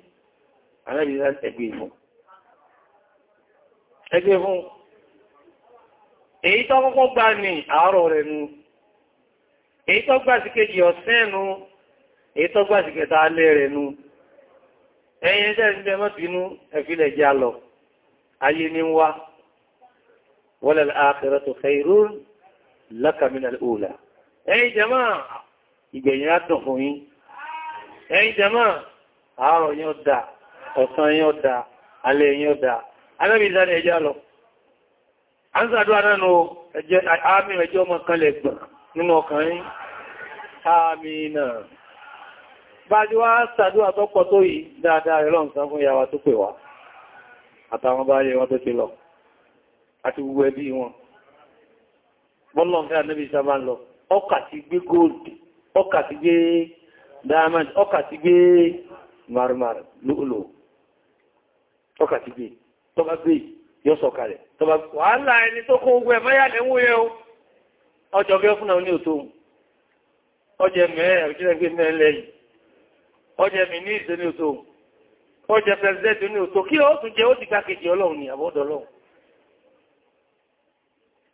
kí èyí tó kọ́kọ́ gbà ní àárọ̀ rẹ̀ nu èyí tó gbà sí kejì ọ̀sẹ́ nu èyí tó gbà sí kẹta alẹ́ rẹ̀ nu ẹ̀yìn ẹjẹ́ ìsinmi ẹmọ́ bínú ẹ̀fílẹ̀ já lọ ayé ní wá wal akhiratu khairun alẹ́ yín ọ̀dà alábìlá lọ a ń sàdúwà náà nù ẹjẹ́ àmì ẹjọ́ ọmọ kan lè gbà nínú ọkàn yín àmì náà bá jí wá sàdúwà tó pọ̀ tó yìí dáadáa rẹ̀ lọ́n san fún ìyá wa ọkà ti gbé gold ọkà ti gbé diamond ọkà ti gbé marmar lóòlò ọkà ti gbé tọ́gbà tọba wàhálà ẹni tó kó ogun ẹ̀fẹ́ yà lẹ́wọ́ yẹ o ọjọ́ gẹ́ fún àwọn òtò ọjẹ́ mẹ́rẹ̀ òjìlẹ́gbẹ́ mẹ́lẹ̀ yìí ọjẹ́ mi ní ìsọ ní òtò ọjẹ́ pẹ̀lẹ́dẹ̀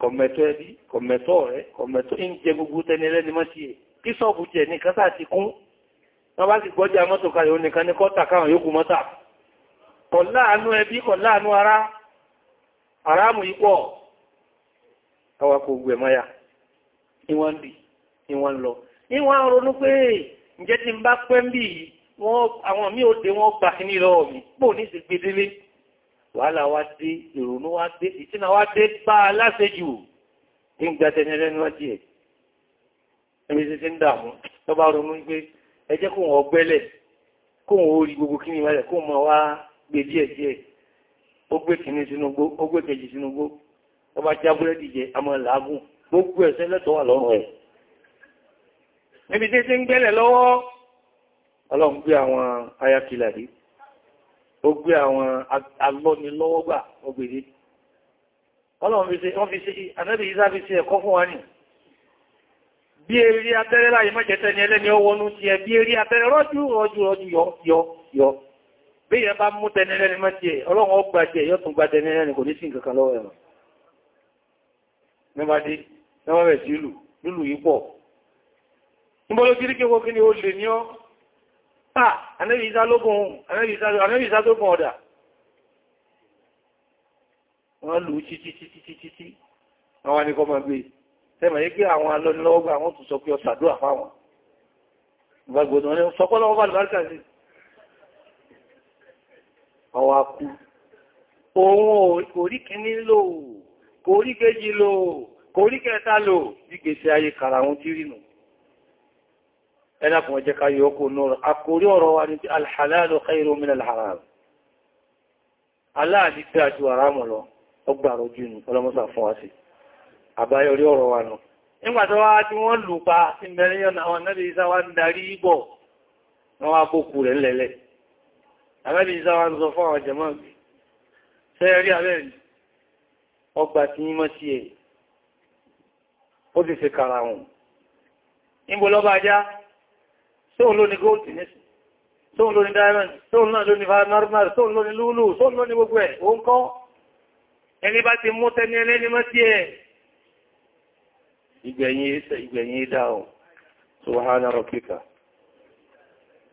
kọ̀mẹ̀tọ́ ẹbí kọ̀mẹ̀tọ́ ọ̀rẹ́ kọ̀mẹ̀tọ́ ń jẹ gbogbo tẹni mọ́ sí ẹ̀ kí sọ́ọ̀bù jẹ ní ti kún wọ́n bá àrámù ipọ̀ awakọ̀ ogun ẹ̀mọ́ya ìwọ̀n bí ìwọ̀n lọ ìwọ̀n ronú pé ǹjẹ́ tí ń bá pẹ́ ń bí àwọn mí ò dé wọ́n gbà ní lọ́wọ́ mi pò ní sí gbedele wàhálà wá dé ìrònú wá dé ìtínà wá dé bá aláṣejù ìgbàtẹ̀nẹ̀rẹ́ ó gbé kìíní sínú gbó ó gbé kejì sínú gbó ó bá já búrẹ́dì jẹ àmọ́ làágùn gbogbo ẹ̀ṣẹ̀ lẹ́tọ̀ wà lọ́rùn ẹ̀ níbi tí ti ń gbẹ́lẹ̀ lọ́wọ́ ọlọ́run gbé àwọn ayakìlà rí ó gbé àwọn alọ́nilọ́wọ́gbà ọgbèrè ọlọ́run fi ṣe wọ́n fi ṣe ànábì Ìsá fi ṣe ẹ̀kọ́ fún wa ní bí eré abẹ́rẹ́ láyé mọ́jẹ̀tẹ́ ni ẹlẹ́ni ọwọ́nú ti ẹ̀ bí eré abẹ́rẹ́ rọ́jú rọ́jú rọ́jú yọ yọ yọ bí ìyẹn bá mú tẹnilẹ́ni má ti ẹ̀ ọlọ́run ó gbà ti ẹ̀ yóò tún gbà tẹnilẹ́ni kò ní sí nǹkan kan lọ́wọ́ ẹ̀rọ nígbàdé lọ́wọ́ rẹ̀ sí lù lùlù yìí pọ̀ níbọ́lọ́ kí ríkẹ́ wọ́n kí ni ó lè ní ọ́ ah anẹ́bì ìsá tó gùn ọ̀dà wọ́n lù ú títítítítítí àwọn anìkọ́ máa gbé tẹ́mà yí pé àwọn alọ́nilọ́wọ́gbà wọ́n tún sọ pé ọ sàdúà fáwọn ọwá kú òun oríkíní lò oríkejì lò oríkẹta lò gbígbèsè ayé kàrà tí rínú ọjẹ́ ká yọ kò náà àkórí ọ̀rọ̀ wa ní alhàlálù khairu min alharam aláàdí pé àti àrámù lọ ọgbàrọ̀ jù ní ọlọ́mọ́sà fún wa sí àbáyọrí ọ̀rọ̀ wa náà nígbàtọ́wà tí wọ́n lù pa àwọn àbẹ́bí ìsáwà ń sọ fún àwọn jẹmọ́ ìgbé sẹ́ẹ̀rí àbẹ́rí ọgbà tí yí mọ́ sí ẹ̀ ó ti fi kàrà wọn níbo lọ́bá ajá sóhun ló ní gold nẹ́sì sóhun ló ní diamond sóhun náà ló ní marmar sóhun ló ní lúlù sóhun ló ní gbogbo ẹ̀ ó ń kọ́ ẹni bá ti mú tẹ́ni ẹlẹ́ni mọ́ sí ẹ̀ ìgbẹ̀yìn ìdáhùn subhana rabbika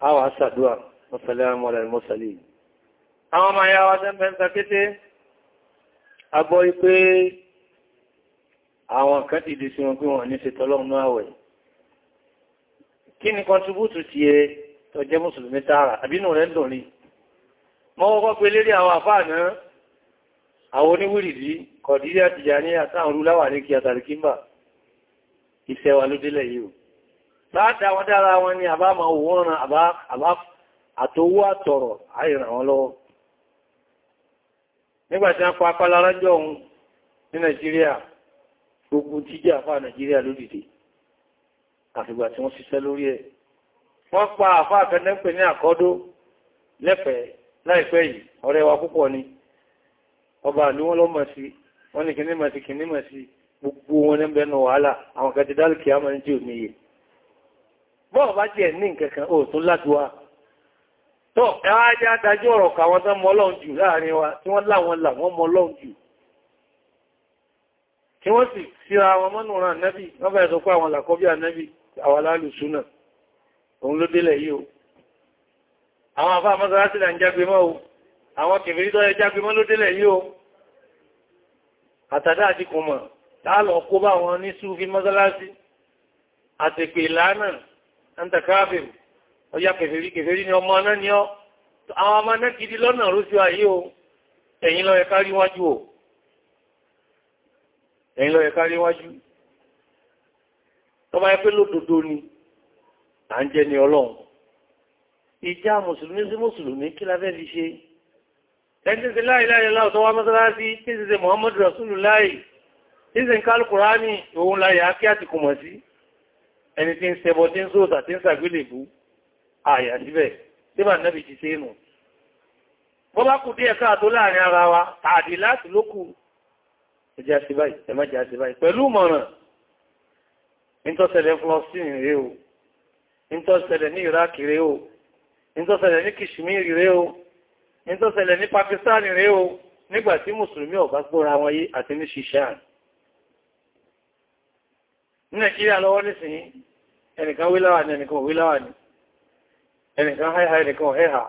àwọn والسلام على المرسلين àwọn ọmọ ayáwá tẹ́m̀fẹ́ ń takété agbọ́ ipé àwọn kan ti dì sí wọn pé wọ́n ní ṣe tọ́lọ́run náà wẹ̀ kí ni kọntubútù ti ẹ tó jẹ́ mùsùlùmí tààrà àbínú rẹ̀ ń dùn rí mọ́wọ́kọ́ pé lérí àwọn àfáà náà àwọn oníwìrìdí kọ̀dírí àtìjàní àtàwọn olúláwà ní kí àtàríkímbà ìṣẹ́wà ló délẹ̀ yìí àtòwó àtọ̀rọ̀ àìràn wọn lọ́wọ́ nígbàtí wọ́n pa apálára jọ ohun ní Nàìjíríà gbogbo jíjẹ́ àfá Nàìjíríà lódìdí àfìgbà tí wọ́n ṣiṣẹ́ lórí ẹ̀ wọ́n pa àfá àfẹ́lẹ́pẹ̀ ní àkọ́dó lẹ́fẹ̀ẹ́ láìpẹ́ yìí ọ̀rẹ́ wa púpọ̀ ni ọba àlú wọn lọ́mọ̀ sí wọ́n ní kìnnímọ̀ sí kìnnímọ̀ sí gbogbo wọn ní bẹnu wàhálà àwọn kẹtìdálì kìí àmọ́ ní tí ò níye bọ́ọ̀ bá jẹ́ ní nǹkankan ó tún láti wá tó ẹwà ajá dájú ọ̀rọ̀ kàwọn tán mọ́ lọ́n jù láàrin wa tí wọ́n láwọn làwọn mọ́ lọ́n jù tí wọ́n sì síra wọn mọ́nù ràn nẹ́bì wọ́n bẹ̀rẹ̀ sọ pé àwọn làkọ́bí ànẹ́bì àwọn alálùsúnà òun ló délẹ̀ yìí o àwọn àfá mọ́sára sílẹ̀ ń jágbe mọ́ o àwọn kèfèrí tó yẹ jágbe mọ́ ló délẹ̀ o àtàdá àti kùnmọ̀ tààlọ̀ kó bá wọn ní súfí mọ́sálásí àtẹ̀pẹ̀ ìlànà ń ọjá kèfèrí kèfèrí ni ọmọ náà ni ọ àwọn ọmọ náà kìí lọ́nà rúsí ayé o ẹ̀yin ló yẹ ká rí wájú o ẹ̀yin ló yẹ rí wájú tọba ẹgbẹ́ lódodo ni à ń jẹ́ ni ọlọ́run ìjà mùsùlùmí sí mùsùlùmí kí la fẹ́ fi ṣe ẹni tí láìláì láòtọ́ wá Muhammad Rasulullahi tí ṣe ń ká Al-Kùránì òun láyé á kí àtìkùmọ̀ sí ẹni tí ń ṣẹbọ tí ń sóòtà àyà síbẹ̀ tí bà nẹ́bì ti ṣe nù bọ́ bá kù díẹ̀ káà tó láàrin ara wa tààdì láti lókù ẹjá sí báyìí ẹmọ́ jẹ́ sí báyìí pẹ̀lú mọ̀ràn ìntọ́sẹ̀lẹ̀ flọ́sìn rẹ̀ o ìntọ́sẹ̀lẹ̀ ní Iraq rẹ̀ o ìntọ́sẹ̀lẹ̀ ní Kìṣmírì rẹ̀ o ìntọ́sẹ̀lẹ̀ ní Pakistan rẹ̀ o nígbàtí gbọ́ra wọn yé àti ní ṣiṣẹ́ ní Nàìjíríà lọ́wọ́ nísìnyí ẹnìkan wíláwà ní ẹnìkan wíláwà ní ẹnìkan háìhá ẹnìkan ọ̀hẹ́hà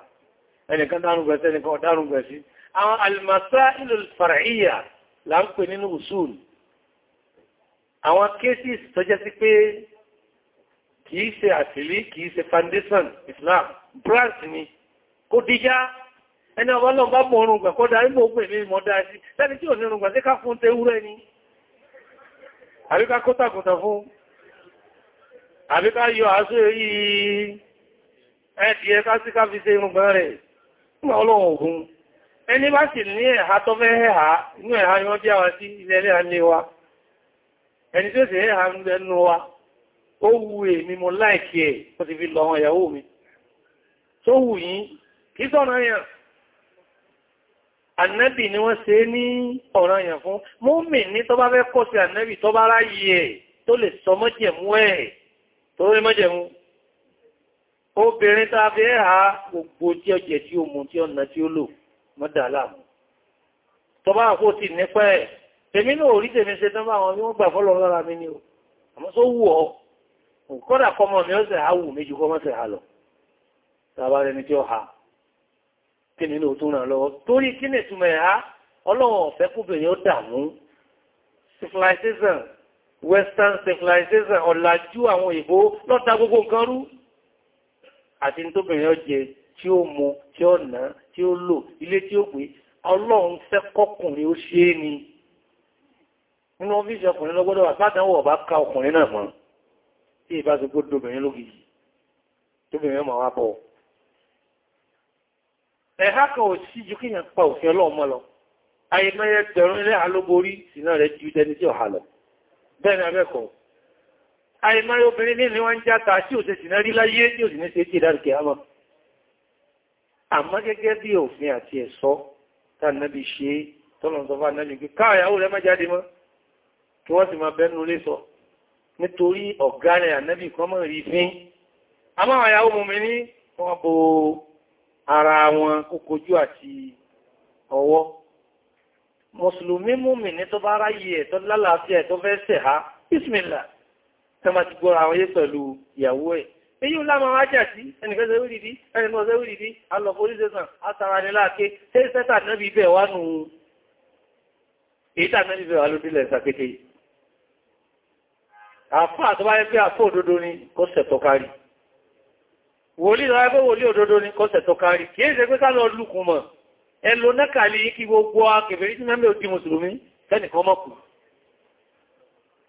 ẹnìkan dárúgbẹ̀sí ẹnìkan ọ̀dárúgbẹ̀sí àwọn al-masā'il al-far'iyya là ń pè nínú usul àwọn cases tó jẹ́ sí pé kìí ṣe àṣìlí kìí ṣe foundation Islam branch ni kó díjá ẹni ọgbọ́n bá mọ̀ orùngbà kó darí mọ̀ ògbè ní ìmọ̀dá sí lẹ́ni ẹ̀dì ẹ̀ká sí ká fi ṣe irùngbọ̀n rẹ̀ fún ọlọ́run ogun ẹni bá sì ní ẹ̀há tó fẹ́ ẹ̀há inú ẹ̀há ni wọ́n bí àwọn sí ilẹ̀ ilẹ̀ alẹ́ wa ẹni tí ó sì ẹ̀há ń bẹnu wa ó wù èmi mo láìkí ẹ̀ ó ti fi lọ àwọn ìyàwó mi ànẹ́bì ni wọ́n ṣe ní ọ̀rọ̀ yàn fún mọ́mì ní tó bá fẹ́ kọ́ sí ànẹ́bì tó bá ẹ̀ tó lè sọ mọ́jẹ̀mú ẹ̀ tó rí mọ́jẹ̀mú obìnrin tá a fi ha gbogbo tí ọjẹ́ tí ó mú tí ọ̀nà tí ó lò mọ́dàlá mú tọba àpò ti nípa ẹ̀ tèmi náà orí tèmi ṣe tán bá àwọn ní wọ́n gbà fọ́lọ̀ lára mi ni o àmọ́ tó wù ọ́ kọ́dà kọmọ mi ọ́sẹ̀ ha wù méjì kọmọ sẹ̀ ha lọ tàbá rẹni tí ó ha tèmi náà tó ràn lọ́wọ́ torí kí ni túmọ̀ ẹ̀ ha ọlọ́wọ̀n ọ̀fẹ́ kúbìnrin ó dààmú civilization western civilization ọ̀làjú àwọn òyìnbó lọ́ta gbogbo nǹkan rú àti tóbìnrin ọjẹ́ tí ó mu tí ó nà tí ó lò ilé tí ó pè ọlọ́run fẹ́ kọkùnrin ó ṣe é ni nínú ọ́fíìsì ọkùnrin lọ́gbọ́dọ̀ wà pátánwò ọ̀bá ká ọkùnrin náà mọ́ tí ìbá ti gbó dóbìnrin lógìí tóbìnrin ọmọ wá bọ̀ ẹ̀há kan ò sí ju kíyàn pa òfin ọlọ́ọ̀mọ́ lọ ayé mẹ́rẹ́ tẹ̀rún ilé alóborí sínú rẹ̀ ju tẹni tí ọ̀hà lọ bẹ́ẹ̀ ni abẹ́kọ̀ọ́ àìmáyé obìnrin ní ni wọ́n ń játa sí òṣèṣìná rí láyé ní òṣìṣẹ́ ṣe tí ìdárìkẹ̀ àmọ́ àmọ́ gẹ́gẹ́ bí òfin àti ẹ̀ṣọ́ tánàbí ṣe tọ́lọ̀ntọ́fà náà gbé káàyàwó rẹ̀ má jáde mọ́ kí wọ́n sì máa bẹ́nu lé sọ nítorí ọ̀gá rẹ̀ ànábì kan mọ́ rí fín àmọ́ àyàwó mú mi ní wọ́n bo ara wọn kókojú àti ọwọ́ mùsùlùmí mú ní tó bá ráyè ẹ̀ lálàáfíà ẹ̀ fẹ́ sẹ̀ ha bismillah tó máa ti gbọ́ra àwọn yé pẹ̀lú ìyàwó ẹ̀. Èyí ńlá máa wá jà sí ẹnìkan ṣe wíri bí, ẹnìkan ṣe wíri bí, a lọ police station, a tara ní láàké, ṣe sẹ́tà náà bí bẹ̀ wá nù èyí tà náà bí bẹ̀ wá ló dílẹ̀ sàkété. Àfá àtọ́báyé pé àfó òdodo ni kó sẹ̀tọ́ kárí. Wòlí ìlọ́wọ́ pé wòlí òdodo ni kó sẹ̀tọ́ kárí. Kì í ṣe pé ká lọ lùkùn mọ̀, ẹ lo nákàlí kí gbogbo akẹ̀fẹ̀rí sí mẹ́mẹ́ òdí mùsùlùmí, kẹ́nìkan mọ̀kùn.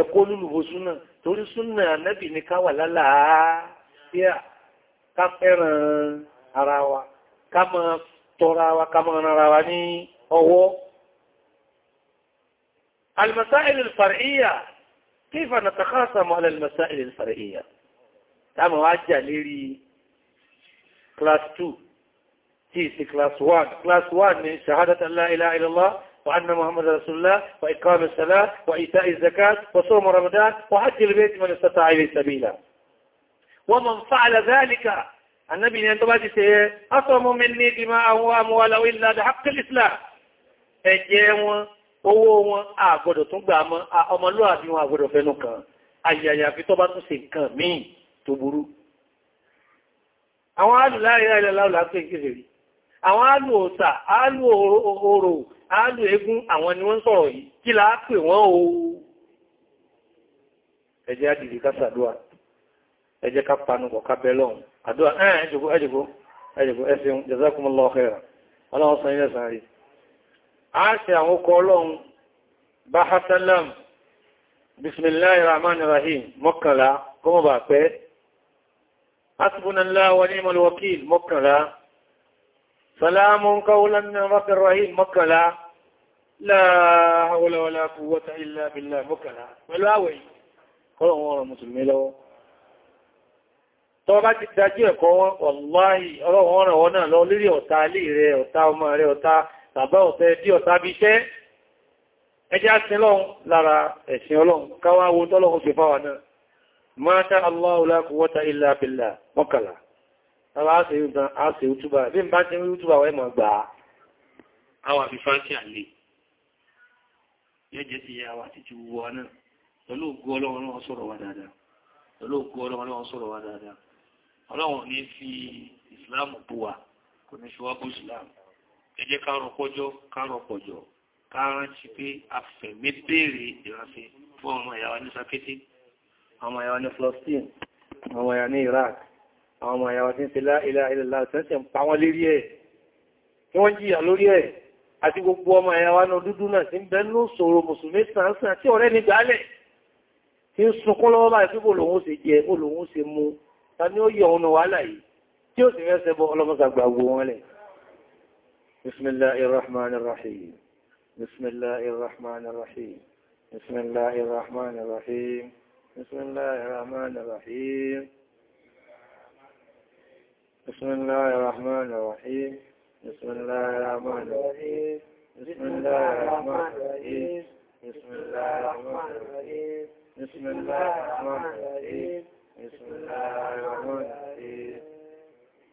ẹkọ́ olúlùwò súnà torí súnà ànábì ní ká wà lálàáfíà ká fẹ́ràn ara wa ká máa tọra wa ká máa ara wa ní ọwọ́ المسائل الفرعية كيف نتخاصم على المسائل الفرعية táàmù wá jà lérí class 2 tí sí class 1 class 1 ni ṣàhádàtà la ilaha illallah وأن محمد رسول الله وإقام الصلاة وإيتاء الزكاة وصوم رمضان وحج البيت من استطاع إليه سبيلا ومن فعل ذلك النبي يعني أن تبادي أصوم أصم مني دماء وأموال وإلا بحق الإسلام أجيهم وووهم أقودوا تنبعهم أعملوا أبيهم أقودوا فنوكا أيها يا في طبعاته سيكا مين تبرو أولا لا إله إلا الله لا تنكذبين àwọn àlù òòṣà àlù orò àlù eégún àwọn ni wọ́n sọ̀rọ̀ yìí kí la pè wọ́n o ẹ jẹ́ àdìrí ká ṣàdúà ẹ jẹ́ ká panupọ̀ ká bẹ́ lọ́hùn àdúà ẹjẹ̀kú ẹjẹ̀kú ẹjẹ̀kú ẹsẹ̀un jazakumullahu khairan ọlọ́run sọ ilẹ̀ sàárì a ṣe àwọn ọkọ̀ ọlọ́run bá mọ́kànlá سلام قولا من رب الرحيم مكلا لا حول ولا قوة إلا بالله مكلا ولاوي قلوا ورى مسلمي لو tọba ti dájú ẹ̀kọ́ wọn wàláhì ọlọ́run ọ̀rọ̀ wọn náà lọ lórí ọ̀tá ilé rẹ ọ̀tá ọmọ rẹ ọ̀tá tàbá ọ̀tá ẹbí ọ̀tá bí iṣẹ́ ẹjẹ́ àti lọ́run lára ẹ̀sìn ọlọ́run káwàá wo tọ́lọ́run ṣe fáwà náà máa ṣá aláwọ̀lá kúwọ́ta ilẹ̀ abìlà mọ́kànlá Àwọn aṣe ìgbà aṣe ìtúbà, bí n bá ti ń ìtúbà wọ́n mọ̀ gbà á. Àwọn àfi Fáńkì àlè, yóò jẹ́ sí àwọn àti ti wọ náà, pẹ̀lú ògo ọlọ́run náà sọ̀rọ̀ wá dáadáa. Pẹ̀lú ògo ọlọ́run náà sọ̀rọ̀ wá dáadáa. Ọlọ́run ní fi Ìsìláàmù bú wa, kò ní ṣe wá bú Ìsìláàmù. Ẹ jẹ́ ká rọ pọ́jọ́, ká rọ pọ̀jọ́, ká rántí pé afẹ̀mí béèrè ìránṣẹ́ fún ọmọ ìyàwó ní Sakété, ọmọ ìyàwó ní Flọ́stín, ọmọ ìyàwó ní Iraq, àwọn ọmọ ìyàwó tí ń ṣe láìlá ìlàlá tẹ́sẹ̀ ń pa wọ́n lérí ẹ̀ tí wọ́n jìyà lórí ẹ̀ àti gbogbo ọmọ ìyàwó náà dúdú náà tí ń bẹ ní ṣòro mùsùlùmí sàánsàn tí ọ̀rẹ́ ní gbálẹ̀ tí ń sunkún Bismillahirrahmanirrahim Bismillahirrahmanirrahim Bismillahirrahmanirrahim Bismillahirrahmanirrahim بسم الله الرحمن الرحيم بسم الله الرحمن الرحيم بسم الله الرحمن الرحيم بسم الله الرحمن الرحيم بسم الله الرحمن الرحيم بسم الله الرحمن الرحيم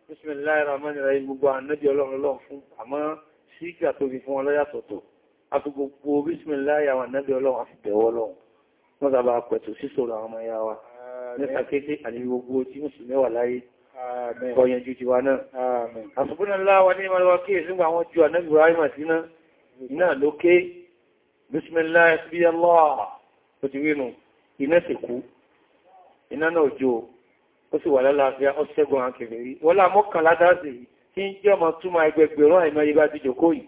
بسم الله الرحمن الرحيم gbogbo ànábì ọlọ́run ọlọ́run fún àmọ́ síkà tó fi fún ọlọ́yàtọ̀tọ̀ àti gbogbo bísmì láyà wà náàbì ọlọ́run àti tẹ̀wọ́ ọlọ́run wọ́n sábà pẹ̀tù sísọ̀rọ̀ àwọn ọmọ ya wa nípa kéèkéé àti gbogbo tí mùsùlùmí wà láyé kọ̀yànjú ti wa náà àṣùgbọ́n láwà ní ìmọ̀lọ́wà kí èsì gbà wọn ju ànábì Ibrahim sí náà lókè bísmìlá ẹ̀sìbí Allah ó ti rínú iná sì kú iná náà jò ó sì wà lálàáfíà ó ṣẹ́gun àkẹ̀rẹ̀ rí wọ́lá mọ́kànlá dáàsì kí ń jẹ́ ọmọ túnmà ẹgbẹgbẹ̀rún àìmọye bá dìjọ kó yìí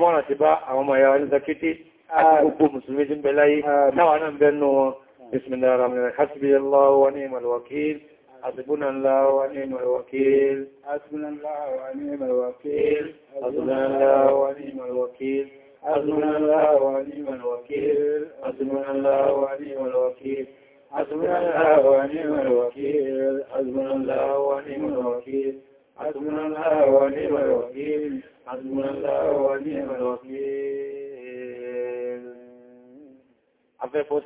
mọ́ràn ti bá àwọn ọmọ ẹ̀yà mùsùlùmí ti ń bẹ láyé táwa náà ń bẹ́nu wọn bísmìlá rahman rahim hasbi Allah حسبنا الله ونعم الوكيل حسبنا الله ونعم الوكيل حسبنا الله ونعم الوكيل حسبنا الله ونعم الوكيل حسبنا الله ونعم الوكيل حسبنا الله ونعم الوكيل حسبنا الله ونعم الوكيل حسبنا الله ونعم الوكيل حسبنا الله ونعم الوكيل الوكيل حسبنا الله ونعم الوكيل حسبنا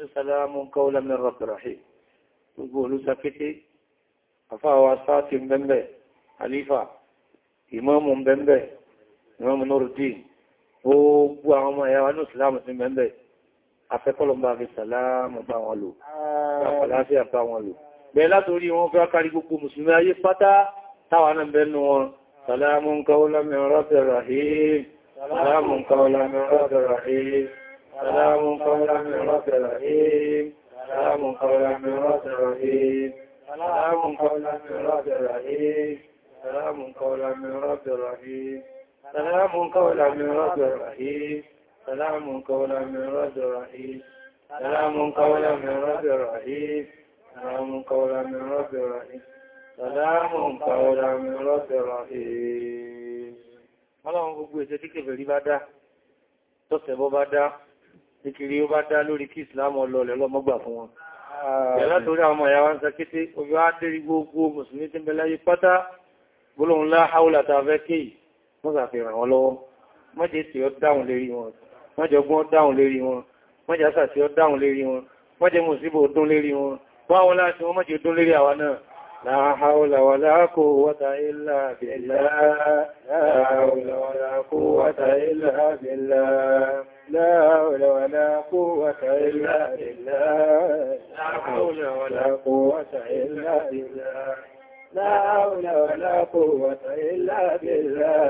الله ونعم الوكيل àfáàwà sáàtì bẹ́m̀bẹ̀ alifa ìmáàmù bẹ́m̀bẹ̀ ìmáàmù Nuruddin gbogbo àwọn ọmọ ẹ̀yà wa ní ìsìláàmù sí bẹ́m̀bẹ̀ afẹ́kọ́lọmbà fi sàlámù bá wọn lò àpàláfíà bá wọn lò bẹ́ẹ̀ látorí wọn fẹ́ kárí gbogbo mùsùlùmí ayé pátá táwa náà bẹ́nu wọn sàlámù qawlan min rabbir rahim sàlámù qawlan min rabbir rahim sàlámù qawlan min rahim قولا من رب رحيم سلام قولا من رب رحيم سلام قولا من رب رحيم سلام قولا من رب رحيم سلام قولا من رب رحيم سلام قولا من رب رحيم سلام قولا من رب رحيم Ọlọ́run gbogbo ètò tí kèfèrí bá dá, tó ṣẹbọ bá dá, ìkìrí ó bá dá lórí kí ìsìlámù ọlọ́ọ̀lẹ́ lọ́mọ́gbà fún wọn. Yàlátòrí àwọn ọmọ ìyàwó ń sàkété, ojú á dérí gbogbo Mùsùlùmí tí ń bẹ láyé pátá, gbólóhùn lá haúlà ta fẹ́ kéyì, wọ́n sàfihàn wọn lọ́wọ́. Mọ́jẹ́ tí ó dáhùn lérí wọn, mọ́jẹ́ ọgbọ́n dáhùn lérí wọn, mọ́jẹ́ àṣà tí ó dáhùn lérí wọn, mọ́jẹ́ mùsíbò dún lérí wọn, wọ́n wọn láti wọ́n mọ́jẹ́ dún lérí لا حول ولا قوة إلا بالله لا حول ولا قوة إلا بالله لا حول ولا قوة إلا بالله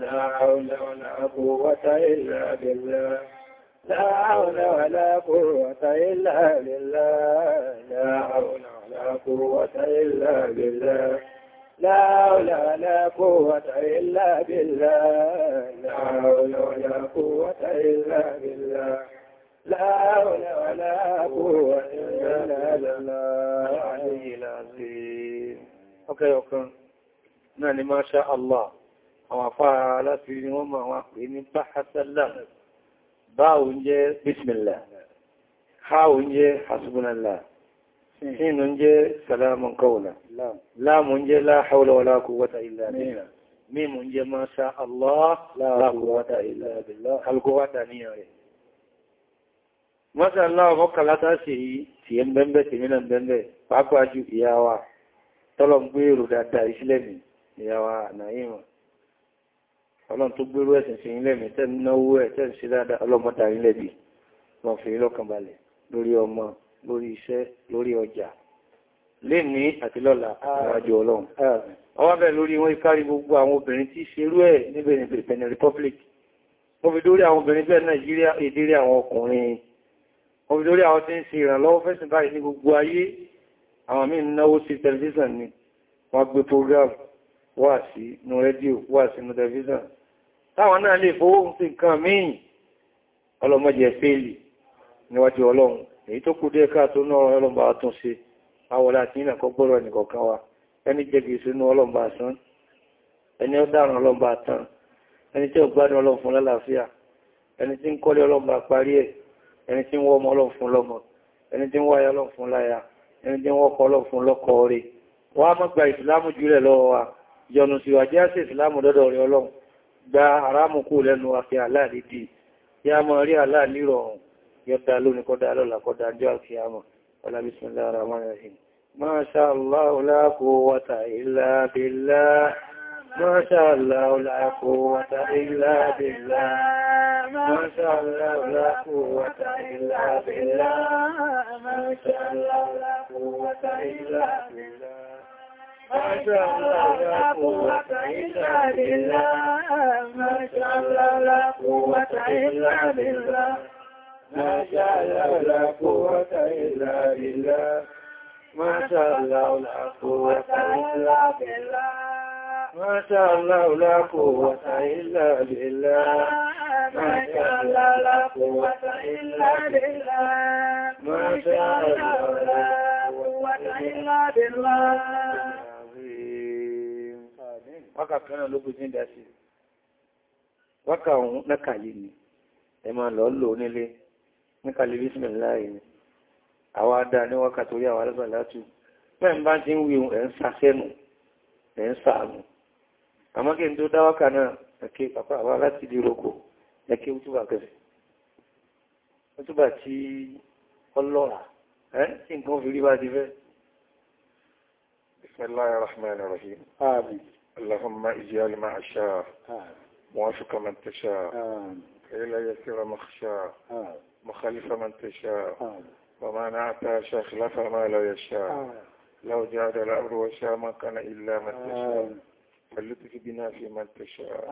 لا حول ولا قوة إلا بالله لا حول ولا قوة إلا بالله لا حول ولا قوة إلا بالله لا حول ولا قوة إلا بالله لا حول ولا قوة إلا بالله لا حول ولا قوة إلا بالله العلي العظيم Okay, okay. Náà ni máa ṣá Allah, àwọn afárá láti rí wọ́n máa wá pè ní Báhásálà, bá oúnjẹ Bísmìlá, ha oúnjẹ Hasbunallah sínú ń jẹ́ salamun qawla láàmù ń jẹ́ la hawla wala quwwata illa hmm. billah mímù ń jẹ́ ma sha Allah la quwwata illa billah alquwwata ní rẹ̀ mọ́sàn láwọ̀ mọ́kànlá tá ṣe yìí tí ẹ bẹ́m̀bẹ̀ tí mínà bẹ́m̀bẹ̀ pàápàá ju ìyáwà tọ́lọ̀ ń gbèrò dáadáa ìṣílẹ̀mì ìyáwà ànáyìnwà ọlọ́n tó gbèrò ẹ̀sìn sí ilẹ̀mì tẹ́ náwó ẹ̀ tẹ́ sí dáadáa ọlọ́mọdà ilẹ̀bì wọ́n fi lọ́kànbalẹ̀ lórí ọmọ lórí iṣẹ́ lórí ọjà lè ní àti lọ́la àwájú ọlọ́run ọwá bẹ̀ lórí wọn ikárí gbogbo àwọn obìnrin tí ṣerú ẹ̀ níbẹ̀ ní Benin Republic wọ́n fi dórí àwọn obìnrin bẹ́ẹ̀ Nàìjíríà ìdírí àwọn ọkùnrin wọ́n fi dórí àwọn tí ń ṣe ìrànlọ́wọ́ fẹ́sìn báyìí ní gbogbo ayé àwọn míì náwó sí tẹlifíṣàn ni wọ́n gbé program wà sí nu rédíò wà sí nu tẹlifíṣàn táwọn náà lè fowó sí nǹkan míì ọlọ́mọdé fẹ́ẹ̀lì níwájú ọlọ́run èyí tó kù díẹ̀ káàtó náà ọlọ́mbà tún sí àwọ̀lá àti ìnà kọ gbọ́rọ̀ ẹnìkọ̀ọ̀kan wa ẹni jẹ́gì sínú ọlọ́mbà sán ẹni ó dáràn ọlọ́mbà tán ẹni tí ó gbádùn ọlọ́m fún lálàáfíà ẹni tí ń kọ́lé ọlọ́mbà parí ẹ̀ ẹni tí ń wọ́ ọmọ ọlọ́m ẹni tí ń wáyà wa yọnu sí wàjẹ́ àṣẹ ìsìlámù dọ́dọ̀ rẹ̀ ọlọ́m gba aráàmù kú lẹ́nu àfi aláàrídì yá mọ́ yọ́dá lónìí kọ́dá lọ́la kọ́dá jọ àfihàmọ̀ ọlá bismillah rahman rahim masha Allah la quwwata illa billah masha Allah la quwwata illa billah masha Allah la quwwata illa billah masha la quwwata illa billah ما شاء الله لا قوة إلا بالله ما شاء الله ما شاء الله لا قوة إلا بالله ما شاء الله لا قوة إلا بالله ما شاء الله لا قوة إلا بالله ما شاء الله لا قوة إلا بالله ما شاء الله لا قوة إلا بالله Wákà kan náà ló bú jíndà sí. Wákà òun nákà yìí ni, ẹ máa lọ lò nílé ní kalẹ̀ bismillah àwọn adá ní wákàtí orí àwọn alẹ́sà látú mẹ́rin bá ti ń wí ẹ̀ ń sàṣẹ́nu ẹ̀ ń sàánù àmọ́ kí n tó dá náà ẹ̀kẹ́ pàpá di roko ẹ̀kẹ́ útúbà kẹfẹ́ útúbà tí ọlọ́ra ẹ́ tí nǹkan fi rí bá ti fẹ́ بسم الله اللهم اجعل ما شاء موافق من تشاء إلى يسير مخشى آمين مخلف من تشاء ومن أعطى شخلف ما لا يشاء لو جاد الأمر وشاء ما كان إلا من تشاء فلتك بنا في من تشاء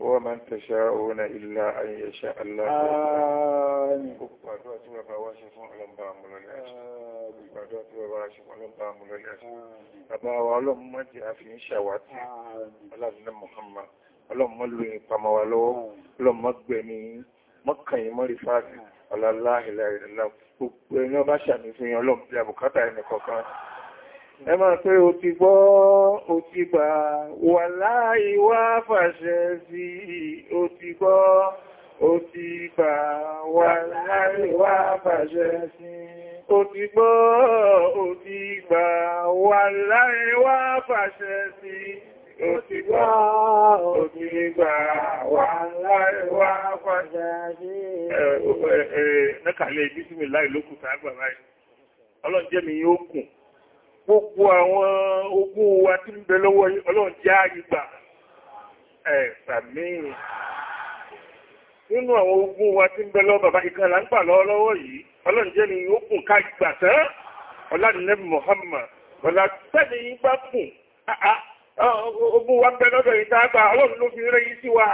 ومن تشاءون إلا أن يشاء الله آمين gbàdúrà tí bàbá wá ṣe fún ọlọ́mbà àmúlọ́lẹ́ àṣì gbàdúrà tí bàbá ṣe fún ọlọ́mbà àmúlọ́lẹ́ àṣì bàbá wa ọlọ́mọ jẹ́ àfi ń ṣàwátí ọlọ́dúnlẹ́ Muhammad ọlọ́mọ lóyìn pàmọ́ wa lọ́wọ́ ọlọ́mọ gbẹ̀mí mọ́kànyìn mọ́rí fásitì ọ̀làláìláìlá gbogbo ẹni ọba ṣàmì fún yàn lọ́pù bí àbùkátà ẹni kọ̀ọ̀kan ẹ máa pé o ti gbọ́ o ti gbà wà fàṣẹ sí o ti wà láìwá wà fàṣẹ sí ó ti wá òbí gbà wà láìwá pàdà sí ẹ̀ẹ́nẹ́kàlẹ̀ ìbísímì láì lókùtà àgbà báyìí ọlọ́run jẹ́ mi yóò kùn gbogbo àwọn ogún wa tí ń bẹ lọ́wọ́ ọlọ́run jẹ́ àyígbà ẹ̀sàmí nínú àwọn ogún wa tí ń bẹ lọ́wọ́ bàbá ìkan là ń gbà lọ́wọ́ yìí ọlọ́run jẹ́ mi yóò kùn ká ìgbà tán ọlá nẹ́bì Muhammad ọlá tẹ́lẹ̀ yìí bá kùn ah, ah. ogun wa bẹ lọ́dọ̀ ìtagbà ọlọ́run ló fi rẹ̀ yí sí wa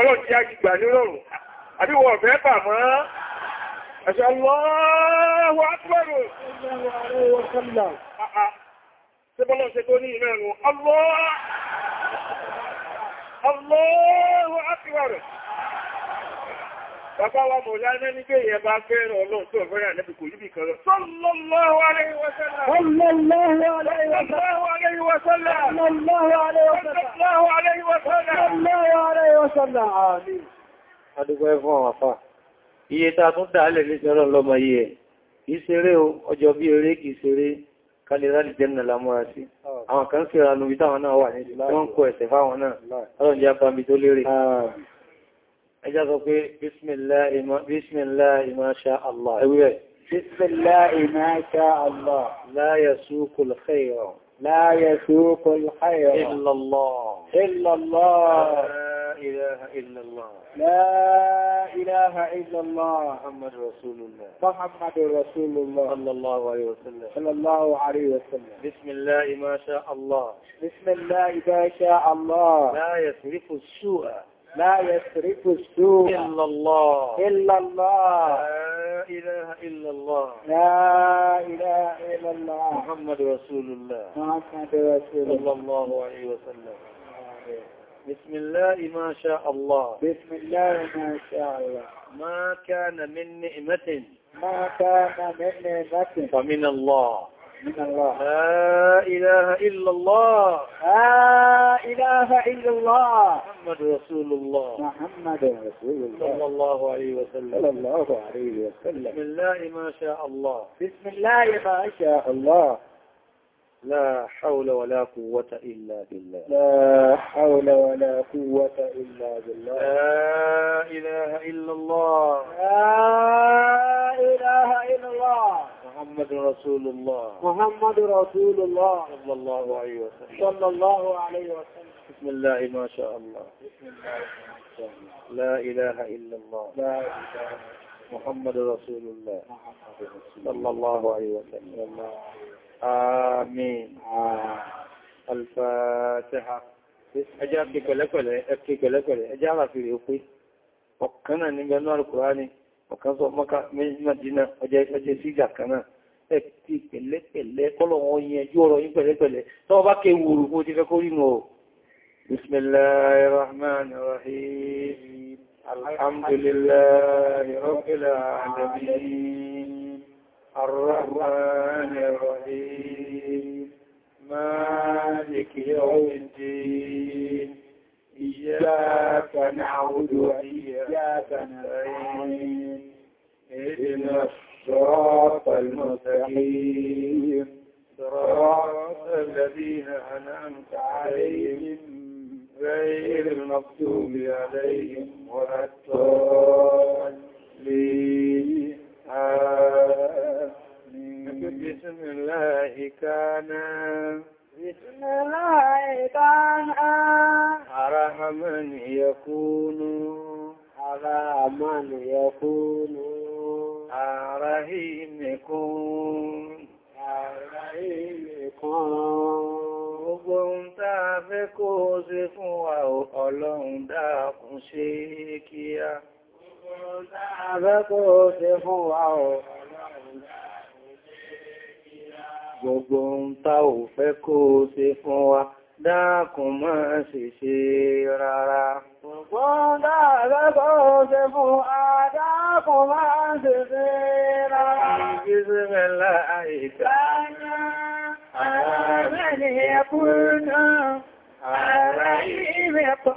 ọlọ́run tí a ti gbà nírọ̀rùn àbí wọ́n fẹ́ bà mọ́ ẹ̀ṣẹ́ lọ́wọ́ akúrò Bàbá wa mọ̀ lánà ní pé ìyẹn bá fẹ́ràn ọlọ́run tó ọ̀fẹ́rẹ́ ànẹ́bì kò níbi kan lọ. Sallallahu alaihi wa sallam. Sallallahu alaihi wa sallam. Sallallahu alaihi wa sallam. Sallallahu alaihi wa sallam. Sallallahu alaihi wa sallam. Àmín. Adúgbò ẹ̀fọ́ àwọn àfà. Iye ta tún dáálẹ̀ ní ṣẹ́rọ lọ́mọ yìí ẹ̀. Kìí ṣeré o, ọjọ́ bí eré kìí ṣeré kálẹ̀rá lè jẹ́ nà lámúra sí. Àwọn kan sí ra lóbi táwọn náà wà ní ìlú. Wọ́n kọ ẹ̀sẹ̀ fáwọn náà. Ọlọ́run jẹ́ abami tó lérè. أجابك بسم الله ما بسم الله ما شاء الله بسم الله ما شاء الله لا يسوق الخير لا يسوق الخير إلا الله إلا الله لا إله إلا الله لا إله إلا الله محمد رسول الله محمد رسول الله صلى الله عليه وسلم صلى الله عليه وسلم بسم الله ما شاء الله بسم الله ما شاء الله لا يصرف السوء لا يترك السوء إلا الله إلا الله لا إله إلا الله لا إله إلا الله محمد رسول الله محمد رسول الله صلى الله عليه وسلم بسم الله ما شاء الله بسم الله ما شاء الله ما كان من نعمة ما كان من نعمة فمن الله الله لا إله إلا الله لا إله إلا الله محمد رسول الله محمد رسول الله صلى الله عليه وسلم صلى الله عليه وسلم بسم الله ما شاء الله بسم الله ما شاء الله لا حول ولا قوة إلا بالله لا حول ولا قوة إلا بالله لا إله إلا الله لا إله إلا الله محمد رسول الله محمد رسول الله صلى الله عليه وسلم صلى الله عليه وسلم بسم الله ما شاء الله بسم الله ما شاء الله لا إله إلا الله لا إله محمد رسول الله صلى الله عليه وسلم آمين الفاتحة ẹjá kí pẹ̀lẹ́pẹ̀lẹ́ ẹkí pẹ̀lẹ́pẹ̀lẹ́ ẹjá àràfihì òpé ọ̀kan náà ní gẹ̀ẹ́nà alùkùránì ọ̀kan sọ mọ́ká méjìdínà ọjẹ́ sígà kan náà ẹkí pẹ̀lẹ́pẹ̀lẹ́ kọ́lọ̀ wọn yẹnjú ọ̀rọ̀ yí pẹ̀lẹ́pẹ̀lẹ́ tọ́wọ́ bá kéwòrò kó ti fẹ́ kó rí mọ́ بسم الله الرحمن الرحيم الحمد لله رب العالمين الرحمن الرحيم مالك يوم الدين إياك نعبد وإياك نعين إذن الصراط المستقيم صراط الذين أنعمت عليهم غير المكتوب عليهم ولا الضالين بسم الله كان بسم الله كان أرحما يكون على من يكون أرهيم كون أرهيم كون gbogbo ń tàà fẹ́ kó ṣe fún wa ọlọ́run dákun ṣe kíá. Àbẹ́kọ́ Gbogbo ń ta ò fẹ́ kó ṣe fún wa, dákùn má ṣe ṣe rárá. Gbogbo ń ta àbẹ́kọ́ ṣe fún wa, dákùn má ṣe ṣe rárá. Ìgbésẹ̀mẹ́lá àìkà. Ààrẹ ni ẹkùn náà, ààrẹ ìrẹ́pọ̀.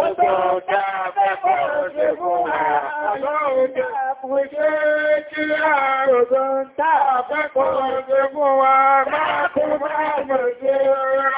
Ọjọ́ dáàbẹ́ fọ́rọ̀ ṣe fún wa, ọlọ́run dáàbù ṣe kí a rọ̀gbọ́n dáàbẹ́ fọ́rọ̀ ṣe fún wa, máa kó máa mọ̀ ṣe rọrọ.